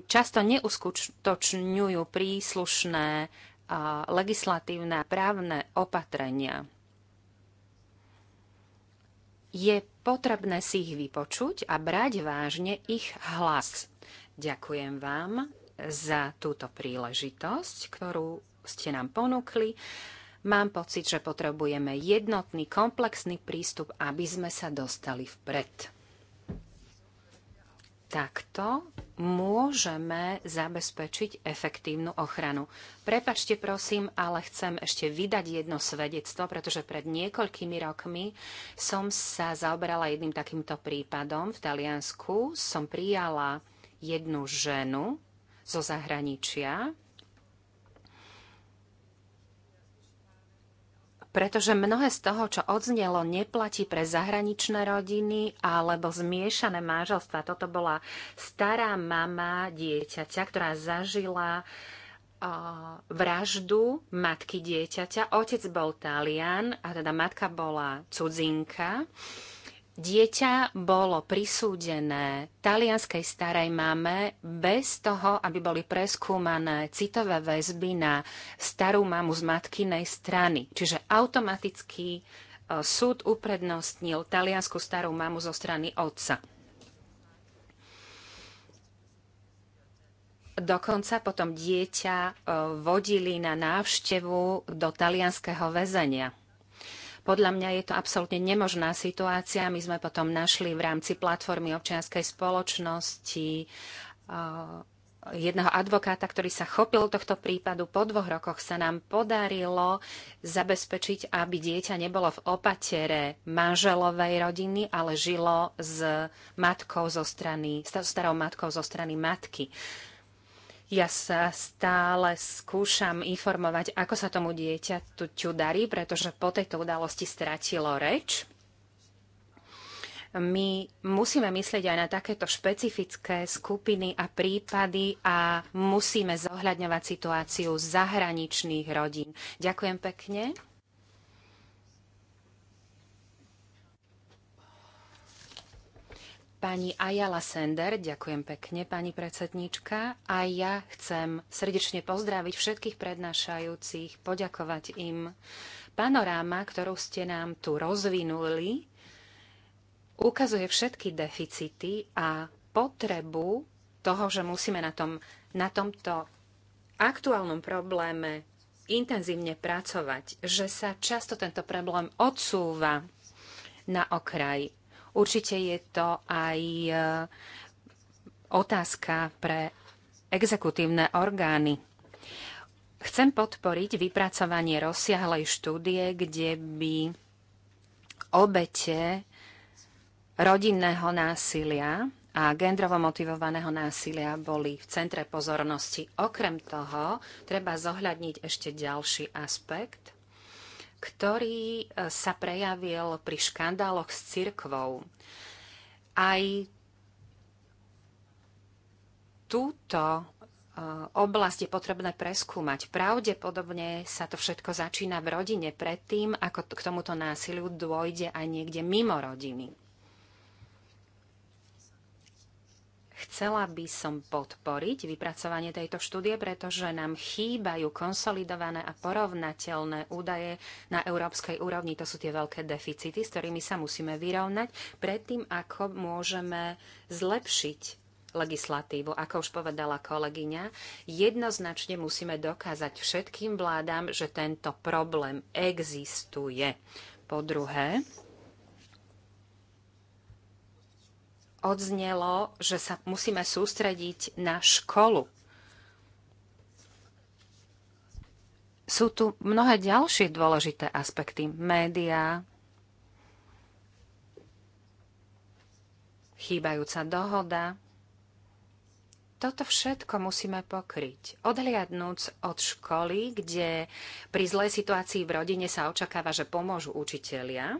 často neuskutočňujú príslušné legislatívne a právne opatrenia. Je potrebné si ich vypočuť a brať vážne ich hlas. Ďakujem vám za túto príležitosť, ktorú ste nám ponúkli. Mám pocit, že potrebujeme jednotný, komplexný prístup, aby sme sa dostali vpred takto môžeme zabezpečiť efektívnu ochranu. Prepačte prosím, ale chcem ešte vydať jedno svedectvo, pretože pred niekoľkými rokmi som sa zaoberala jedným takýmto prípadom v Taliansku. Som prijala jednu ženu zo zahraničia, pretože mnohé z toho, čo odznelo, neplatí pre zahraničné rodiny alebo zmiešané manželstva. Toto bola stará mama dieťaťa, ktorá zažila vraždu matky dieťaťa. Otec bol Talian, a teda matka bola cudzinka. Dieťa bolo prisúdené talianskej starej mame bez toho, aby boli preskúmané citové väzby na starú mamu z matkinej strany. Čiže automaticky e, súd uprednostnil taliansku starú mamu zo strany otca. Dokonca potom dieťa e, vodili na návštevu do talianského väzenia. Podľa mňa je to absolútne nemožná situácia. My sme potom našli v rámci platformy občianskej spoločnosti eh, jedného advokáta, ktorý sa chopil tohto prípadu. Po dvoch rokoch sa nám podarilo zabezpečiť, aby dieťa nebolo v opatere manželovej rodiny, ale žilo s matkou zo strany, starou matkou zo strany matky. Ja sa stále skúšam informovať, ako sa tomu dieťaťu darí, pretože po tejto udalosti stratilo reč. My musíme myslieť aj na takéto špecifické skupiny a prípady a musíme zohľadňovať situáciu zahraničných rodín. Ďakujem pekne. Pani Ajala Sender, ďakujem pekne, pani predsedníčka. A ja chcem srdečne pozdraviť všetkých prednášajúcich, poďakovať im. Panoráma, ktorú ste nám tu rozvinuli, ukazuje všetky deficity a potrebu toho, že musíme na, tom, na tomto aktuálnom probléme intenzívne pracovať, že sa často tento problém odsúva na okraj Určite je to aj eh, otázka pre exekutívne orgány. Chcem podporiť vypracovanie rozsiahlej štúdie, kde by obete rodinného násilia a gendrovo motivovaného násilia boli v centre pozornosti. Okrem toho treba zohľadniť ešte ďalší aspekt, ktorý e, sa prejavil pri škandáloch s cirkvou. Aj túto e, oblasť je potrebné preskúmať. Pravdepodobne sa to všetko začína v rodine predtým, ako k tomuto násiliu dôjde aj niekde mimo rodiny. Chcela by som podporiť vypracovanie tejto štúdie, pretože nám chýbajú konsolidované a porovnateľné údaje na európskej úrovni. To sú tie veľké deficity, s ktorými sa musíme vyrovnať predtým, ako môžeme zlepšiť legislatívu. Ako už povedala kolegyňa, jednoznačne musíme dokázať všetkým vládám, že tento problém existuje. Po druhé, odznelo, že sa musíme sústrediť na školu. Sú tu mnohé ďalšie dôležité aspekty. Média, chýbajúca dohoda. Toto všetko musíme pokryť. Odhliadnúc od školy, kde pri zlej situácii v rodine sa očakáva, že pomôžu učitelia,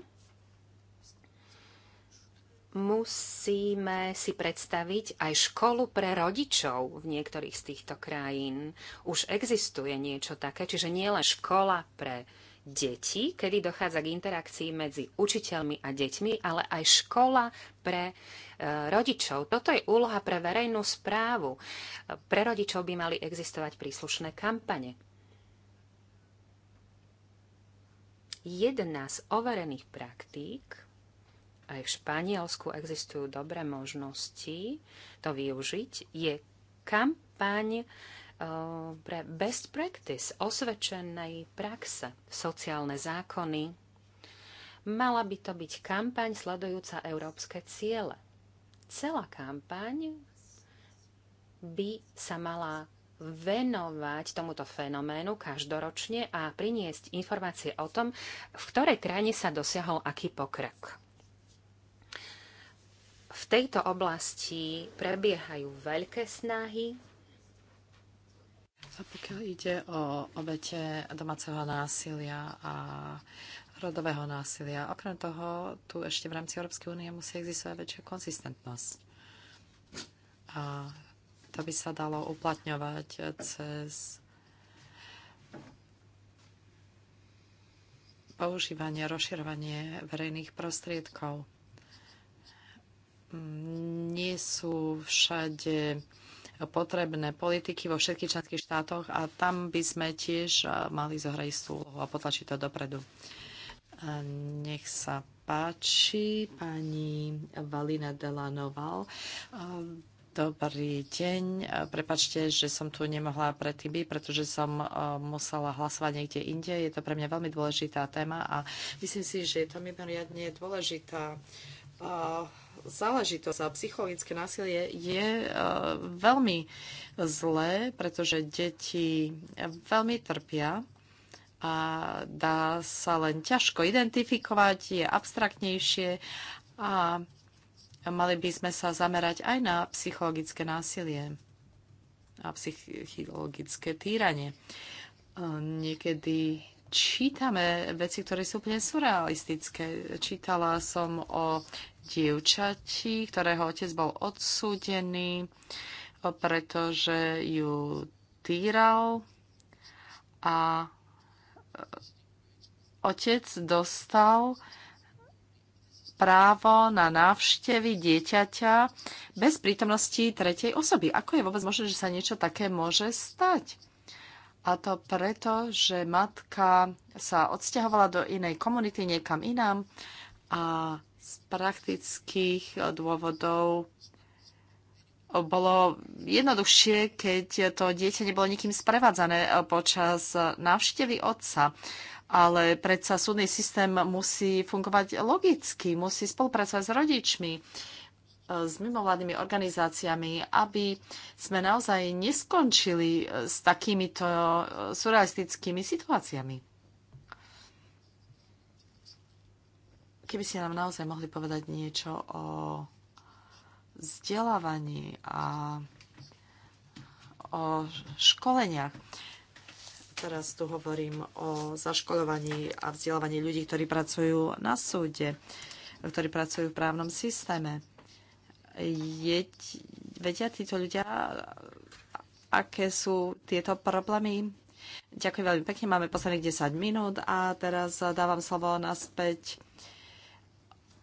musíme si predstaviť aj školu pre rodičov v niektorých z týchto krajín. Už existuje niečo také, čiže nie len škola pre deti, kedy dochádza k interakcii medzi učiteľmi a deťmi, ale aj škola pre e, rodičov. Toto je úloha pre verejnú správu. Pre rodičov by mali existovať príslušné kampane. Jedna z overených praktík aj v Španielsku existujú dobré možnosti to využiť, je kampaň eh, pre best practice, osvedčenej praxe, sociálne zákony. Mala by to byť kampaň sledujúca európske ciele. Celá kampaň by sa mala venovať tomuto fenoménu každoročne a priniesť informácie o tom, v ktorej krajine sa dosiahol aký pokrok. V tejto oblasti prebiehajú veľké snahy. A pokiaľ ide o obete domáceho násilia a rodového násilia, okrem toho tu ešte v rámci Európskej únie musí existovať väčšia konsistentnosť. A to by sa dalo uplatňovať cez používanie, rozširovanie verejných prostriedkov nie sú všade potrebné politiky vo všetkých členských štátoch a tam by sme tiež eh, mali zohrať istú úlohu a potlačiť to dopredu. A nech sa páči, pani Valina Delanoval. Eh, dobrý deň. Eh, prepačte, že som tu nemohla predtým byť, pretože som musela hlasovať niekde inde. Je to pre mňa veľmi dôležitá téma a myslím si, že je to mimoriadne dôležitá záležitosť a psychologické násilie je e, veľmi zlé, pretože deti veľmi trpia a dá sa len ťažko identifikovať, je abstraktnejšie a mali by sme sa zamerať aj na psychologické násilie a psychologické týranie. E, niekedy čítame veci, ktoré sú úplne surrealistické. Čítala som o dievčati, ktorého otec bol odsúdený, pretože ju týral a e, otec dostal právo na návštevy dieťaťa bez prítomnosti tretej osoby. Ako je vôbec možné, že sa niečo také môže stať? A to preto, že matka sa odsťahovala do inej komunity, niekam inám a z praktických dôvodov bolo jednoduchšie, keď to dieťa nebolo nikým sprevádzané počas návštevy otca. Ale predsa súdny systém musí fungovať logicky, musí spolupracovať s rodičmi. E, s mimovládnymi organizáciami, aby sme naozaj neskončili e, s takýmito e, surrealistickými situáciami. Keby ste nám naozaj mohli povedať niečo o vzdelávaní a o školeniach. Teraz tu hovorím o zaškolovaní a vzdelávaní ľudí, ktorí pracujú na súde, ktorí pracujú v právnom systéme je, vedia títo ľudia, aké sú tieto problémy? Ďakujem veľmi pekne, máme posledných 10 minút a teraz dávam slovo naspäť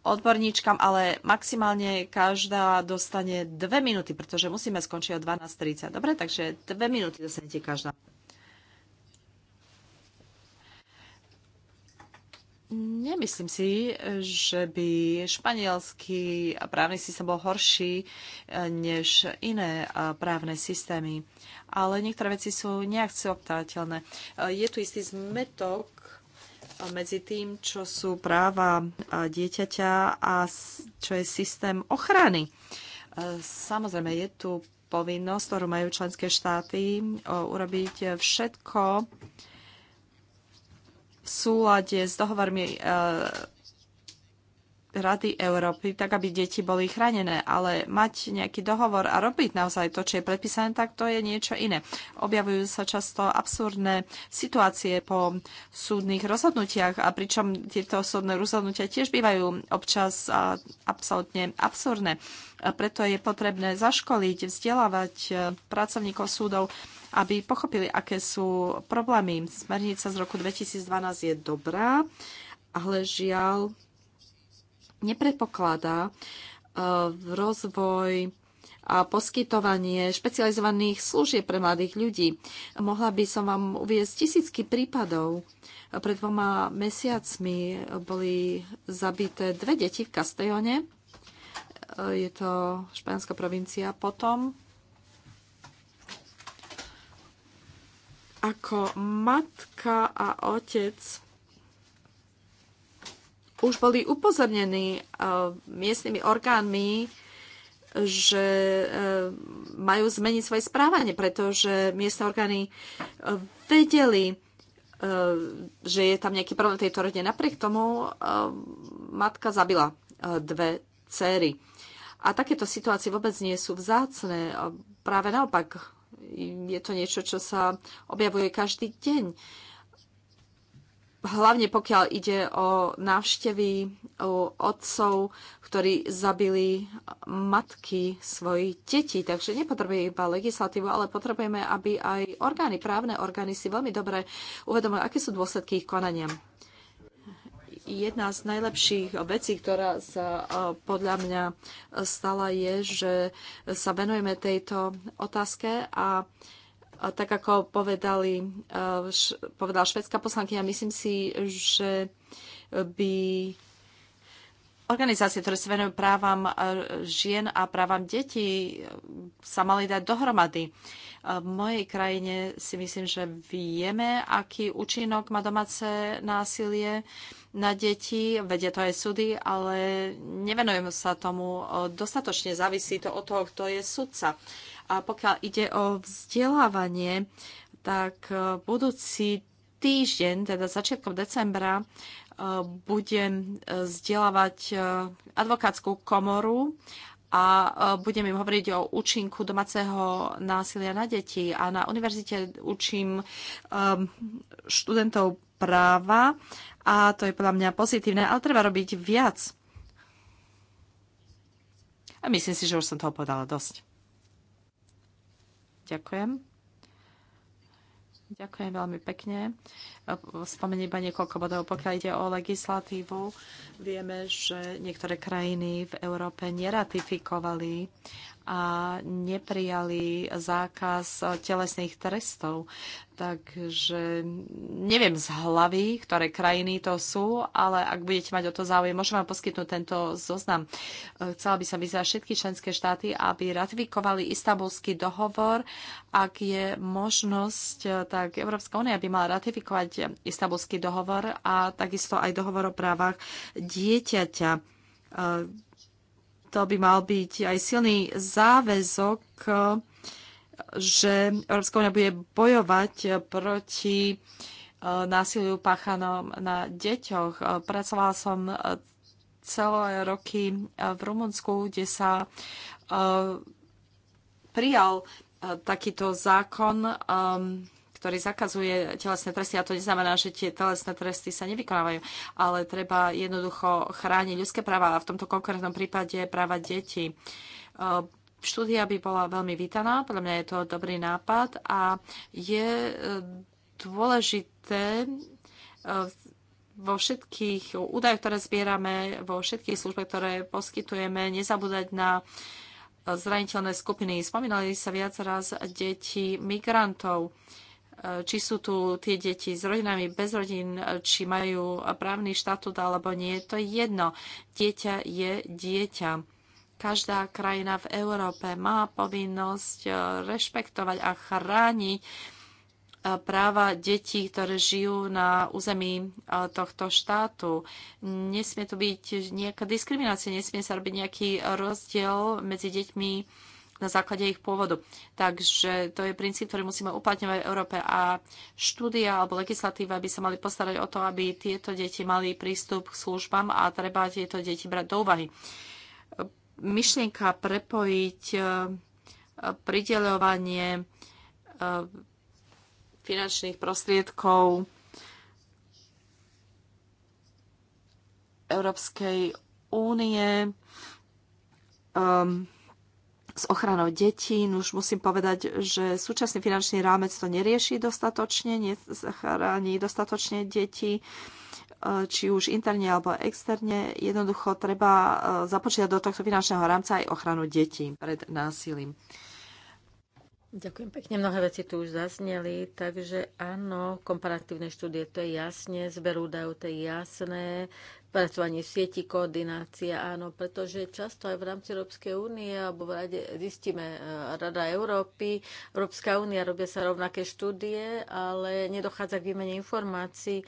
odborníčkam, ale maximálne každá dostane 2 minúty, pretože musíme skončiť o 12.30. Dobre, takže 2 minúty dostanete každá. Nemyslím si, že by španielský právny systém bol horší eh, než iné eh, právne systémy, ale niektoré veci sú neakceptovateľné. Eh, je tu istý zmetok medzi tým, čo sú práva dieťaťa a čo je systém ochrany. Samozrejme, je tu povinnosť, ktorú majú členské štáty urobiť všetko, súlade s dohovormi e, Rady Európy, tak aby deti boli chránené, ale mať nejaký dohovor a robiť naozaj to, čo je predpísané, tak to je niečo iné. Objavujú sa často absurdné situácie po súdnych rozhodnutiach a pričom tieto súdne rozhodnutia tiež bývajú občas e, absolútne absurdné. A preto je potrebné zaškoliť, vzdelávať e, pracovníkov súdov aby pochopili, aké sú problémy. Smernica z roku 2012 je dobrá, ale žiaľ nepredpokladá e, rozvoj a poskytovanie špecializovaných služieb pre mladých ľudí. Mohla by som vám uviezť tisícky prípadov. Pred dvoma mesiacmi boli zabité dve deti v Castellone. E, je to španielská provincia. Potom ako matka a otec už boli upozornení eh, miestnymi orgánmi, že eh, majú zmeniť svoje správanie, pretože miestne orgány eh, vedeli, že je tam nejaký problém tejto rodine. Napriek tomu matka zabila dve céry. A takéto situácie vôbec nie sú vzácne. Práve naopak, je to niečo, čo sa objavuje každý deň. Hlavne pokiaľ ide o návštevy u otcov, ktorí zabili matky svojich detí. Takže nepotrebujeme iba legislatívu, ale potrebujeme, aby aj orgány, právne orgány si veľmi dobre uvedomili, aké sú dôsledky ich konania jedna z najlepších vecí, ktorá sa e, podľa mňa stala, je, že sa venujeme tejto otázke a tak ako povedali, e, povedala švedská poslankyňa, myslím si, že by organizácie, ktoré sa venujú právam e, žien a právam detí, sa mali dať dohromady. V mojej krajine si myslím, že vieme, aký účinok má domáce násilie na deti, vedia to aj súdy, ale nevenujeme sa tomu e, dostatočne. Závisí to od toho, kto je sudca. A pokiaľ ide o vzdelávanie, tak e, budúci týždeň, teda začiatkom decembra, e, budem vzdelávať advokátsku komoru a budem im hovoriť o účinku domáceho násilia na deti. A na univerzite učím študentov práva a to je podľa mňa pozitívne, ale treba robiť viac. A myslím si, že už som toho povedala dosť. Ďakujem. Ďakujem veľmi pekne spomeniem iba niekoľko bodov. Pokiaľ ide o legislatívu, vieme, že niektoré krajiny v Európe neratifikovali a neprijali zákaz telesných trestov. Takže neviem z hlavy, ktoré krajiny to sú, ale ak budete mať o to záujem, môžem vám poskytnúť tento zoznam. Chcela by sa vyzvať všetky členské štáty, aby ratifikovali istambulský dohovor. Ak je možnosť, tak Európska únia by mala ratifikovať rešpektovať istambulský dohovor a takisto aj dohovor o právach dieťaťa. E, to by mal byť aj silný záväzok, že Európska únia bude bojovať proti e, násiliu páchanom na deťoch. E, pracovala som celé roky v Rumunsku, kde sa prijal takýto zákon. Ehm, ktorý zakazuje telesné tresty a to neznamená, že tie telesné tresty sa nevykonávajú, ale treba jednoducho chrániť ľudské práva a v tomto konkrétnom prípade práva detí. Štúdia by bola veľmi vítaná, podľa mňa je to dobrý nápad a je e, dôležité e, vo všetkých údajoch, ktoré zbierame, vo všetkých službách, ktoré poskytujeme, nezabúdať na zraniteľné skupiny. Spomínali sa viac raz deti migrantov. E, či sú tu tie deti s rodinami, bez rodín, e, či majú právny štatút alebo nie. To je jedno. Dieťa je dieťa. Každá krajina v Európe má povinnosť e, rešpektovať a chrániť práva detí, ktoré žijú na území tohto štátu. Nesmie tu byť nejaká diskriminácia, nesmie sa robiť nejaký rozdiel medzi deťmi na základe ich pôvodu. Takže to je princíp, ktorý musíme uplatňovať v Európe a štúdia alebo legislatíva by sa mali postarať o to, aby tieto deti mali prístup k službám a treba tieto deti brať do úvahy. Myšlienka prepojiť e, prideľovanie e, finančných prostriedkov Európskej únie um, s ochranou detí. Už musím povedať, že súčasný finančný rámec to nerieši dostatočne, nezachráni dostatočne deti e, či už interne alebo externe. Jednoducho treba e, započítať do tohto finančného rámca aj ochranu detí pred násilím. Ďakujem pekne, mnohé veci tu už zazneli, takže áno, komparatívne štúdie, to je jasne, zberú dajú, to je jasné, pracovanie sieti, koordinácia, áno, pretože často aj v rámci Európskej únie alebo v rade, zistíme, e, Rada Európy, Európska únia robia sa rovnaké štúdie, ale nedochádza k výmene informácií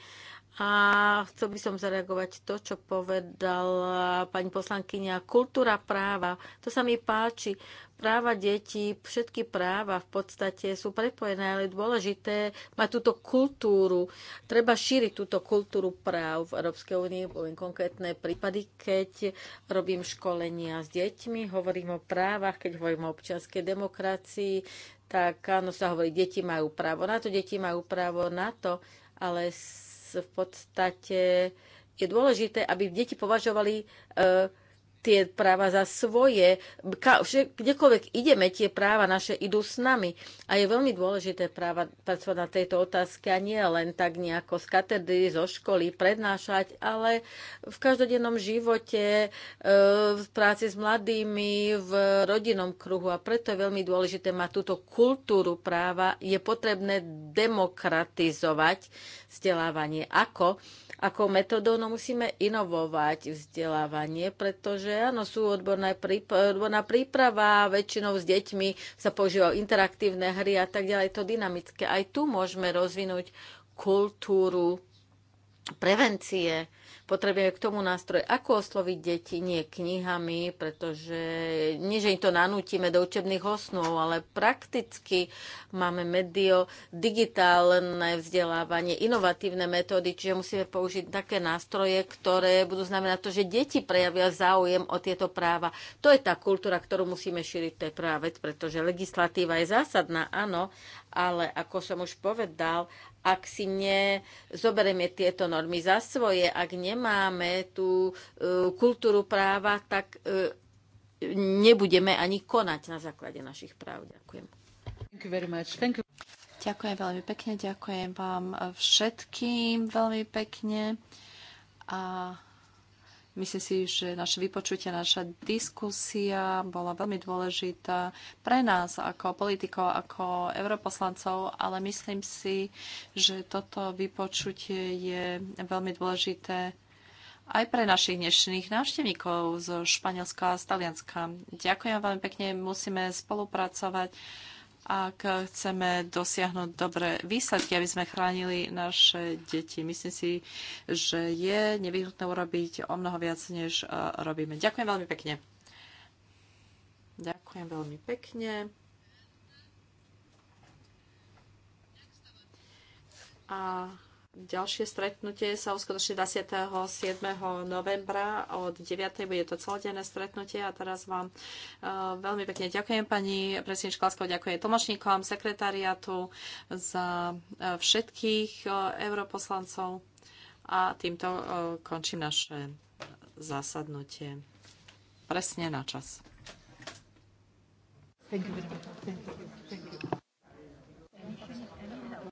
a chcel by som zareagovať to, čo povedala pani poslankyňa. Kultúra práva, to sa mi páči. Práva detí, všetky práva v podstate sú prepojené, ale dôležité mať túto kultúru. Treba šíriť túto kultúru práv v Európskej únii. Poviem konkrétne prípady, keď robím školenia s deťmi, hovorím o právach, keď hovorím o občianskej demokracii, tak áno, sa hovorí, deti majú právo na to, deti majú právo na to, ale v podstate je dôležité, aby deti považovali e, tie práva za svoje. Kdekoľvek ideme, tie práva naše idú s nami. A je veľmi dôležité práva pracovať na tejto otázke a nie len tak nejako z katedry, zo školy prednášať, ale v každodennom živote, e, v práci s mladými, v rodinnom kruhu. A preto je veľmi dôležité mať túto kultúru práva. Je potrebné demokratizovať vzdelávanie. Ako? Ako metodou? No musíme inovovať vzdelávanie, pretože áno, sú odborná príprava, odborná príprava, väčšinou s deťmi sa používajú interaktívne hry a tak ďalej, to dynamické. Aj tu môžeme rozvinúť kultúru prevencie, Potrebujeme k tomu nástroj, ako osloviť deti, nie knihami, pretože nie, že im to nanútime do učebných osnov, ale prakticky máme medio, digitálne vzdelávanie, inovatívne metódy, čiže musíme použiť také nástroje, ktoré budú znamenať to, že deti prejavia záujem o tieto práva. To je tá kultúra, ktorú musíme šíriť, to je prvá vec, pretože legislatíva je zásadná, áno, ale ako som už povedal, ak si nezoberieme tieto normy za svoje, ak nemáme tú e, kultúru práva, tak e, nebudeme ani konať na základe našich práv. Ďakujem. Ďakujem veľmi pekne, ďakujem vám všetkým veľmi pekne. A Myslím si, že naše vypočutie, naša diskusia bola veľmi dôležitá pre nás ako politikov, ako europoslancov, ale myslím si, že toto vypočutie je veľmi dôležité aj pre našich dnešných návštevníkov zo Španielska a z Talianska. Ďakujem veľmi pekne, musíme spolupracovať ak chceme dosiahnuť dobré výsledky, aby sme chránili naše deti. Myslím si, že je nevyhnutné urobiť o mnoho viac, než e, robíme. Ďakujem veľmi pekne. Ďakujem veľmi pekne. A Ďalšie stretnutie sa uskutoční 27. novembra od 9. Bude to celodenné stretnutie a teraz vám uh, veľmi pekne ďakujem pani predsednička Laskov, ďakujem tlmočníkom, sekretariatu za uh, všetkých uh, europoslancov a týmto končím naše zasadnutie. Presne na čas. Thank you. Thank you. Thank you.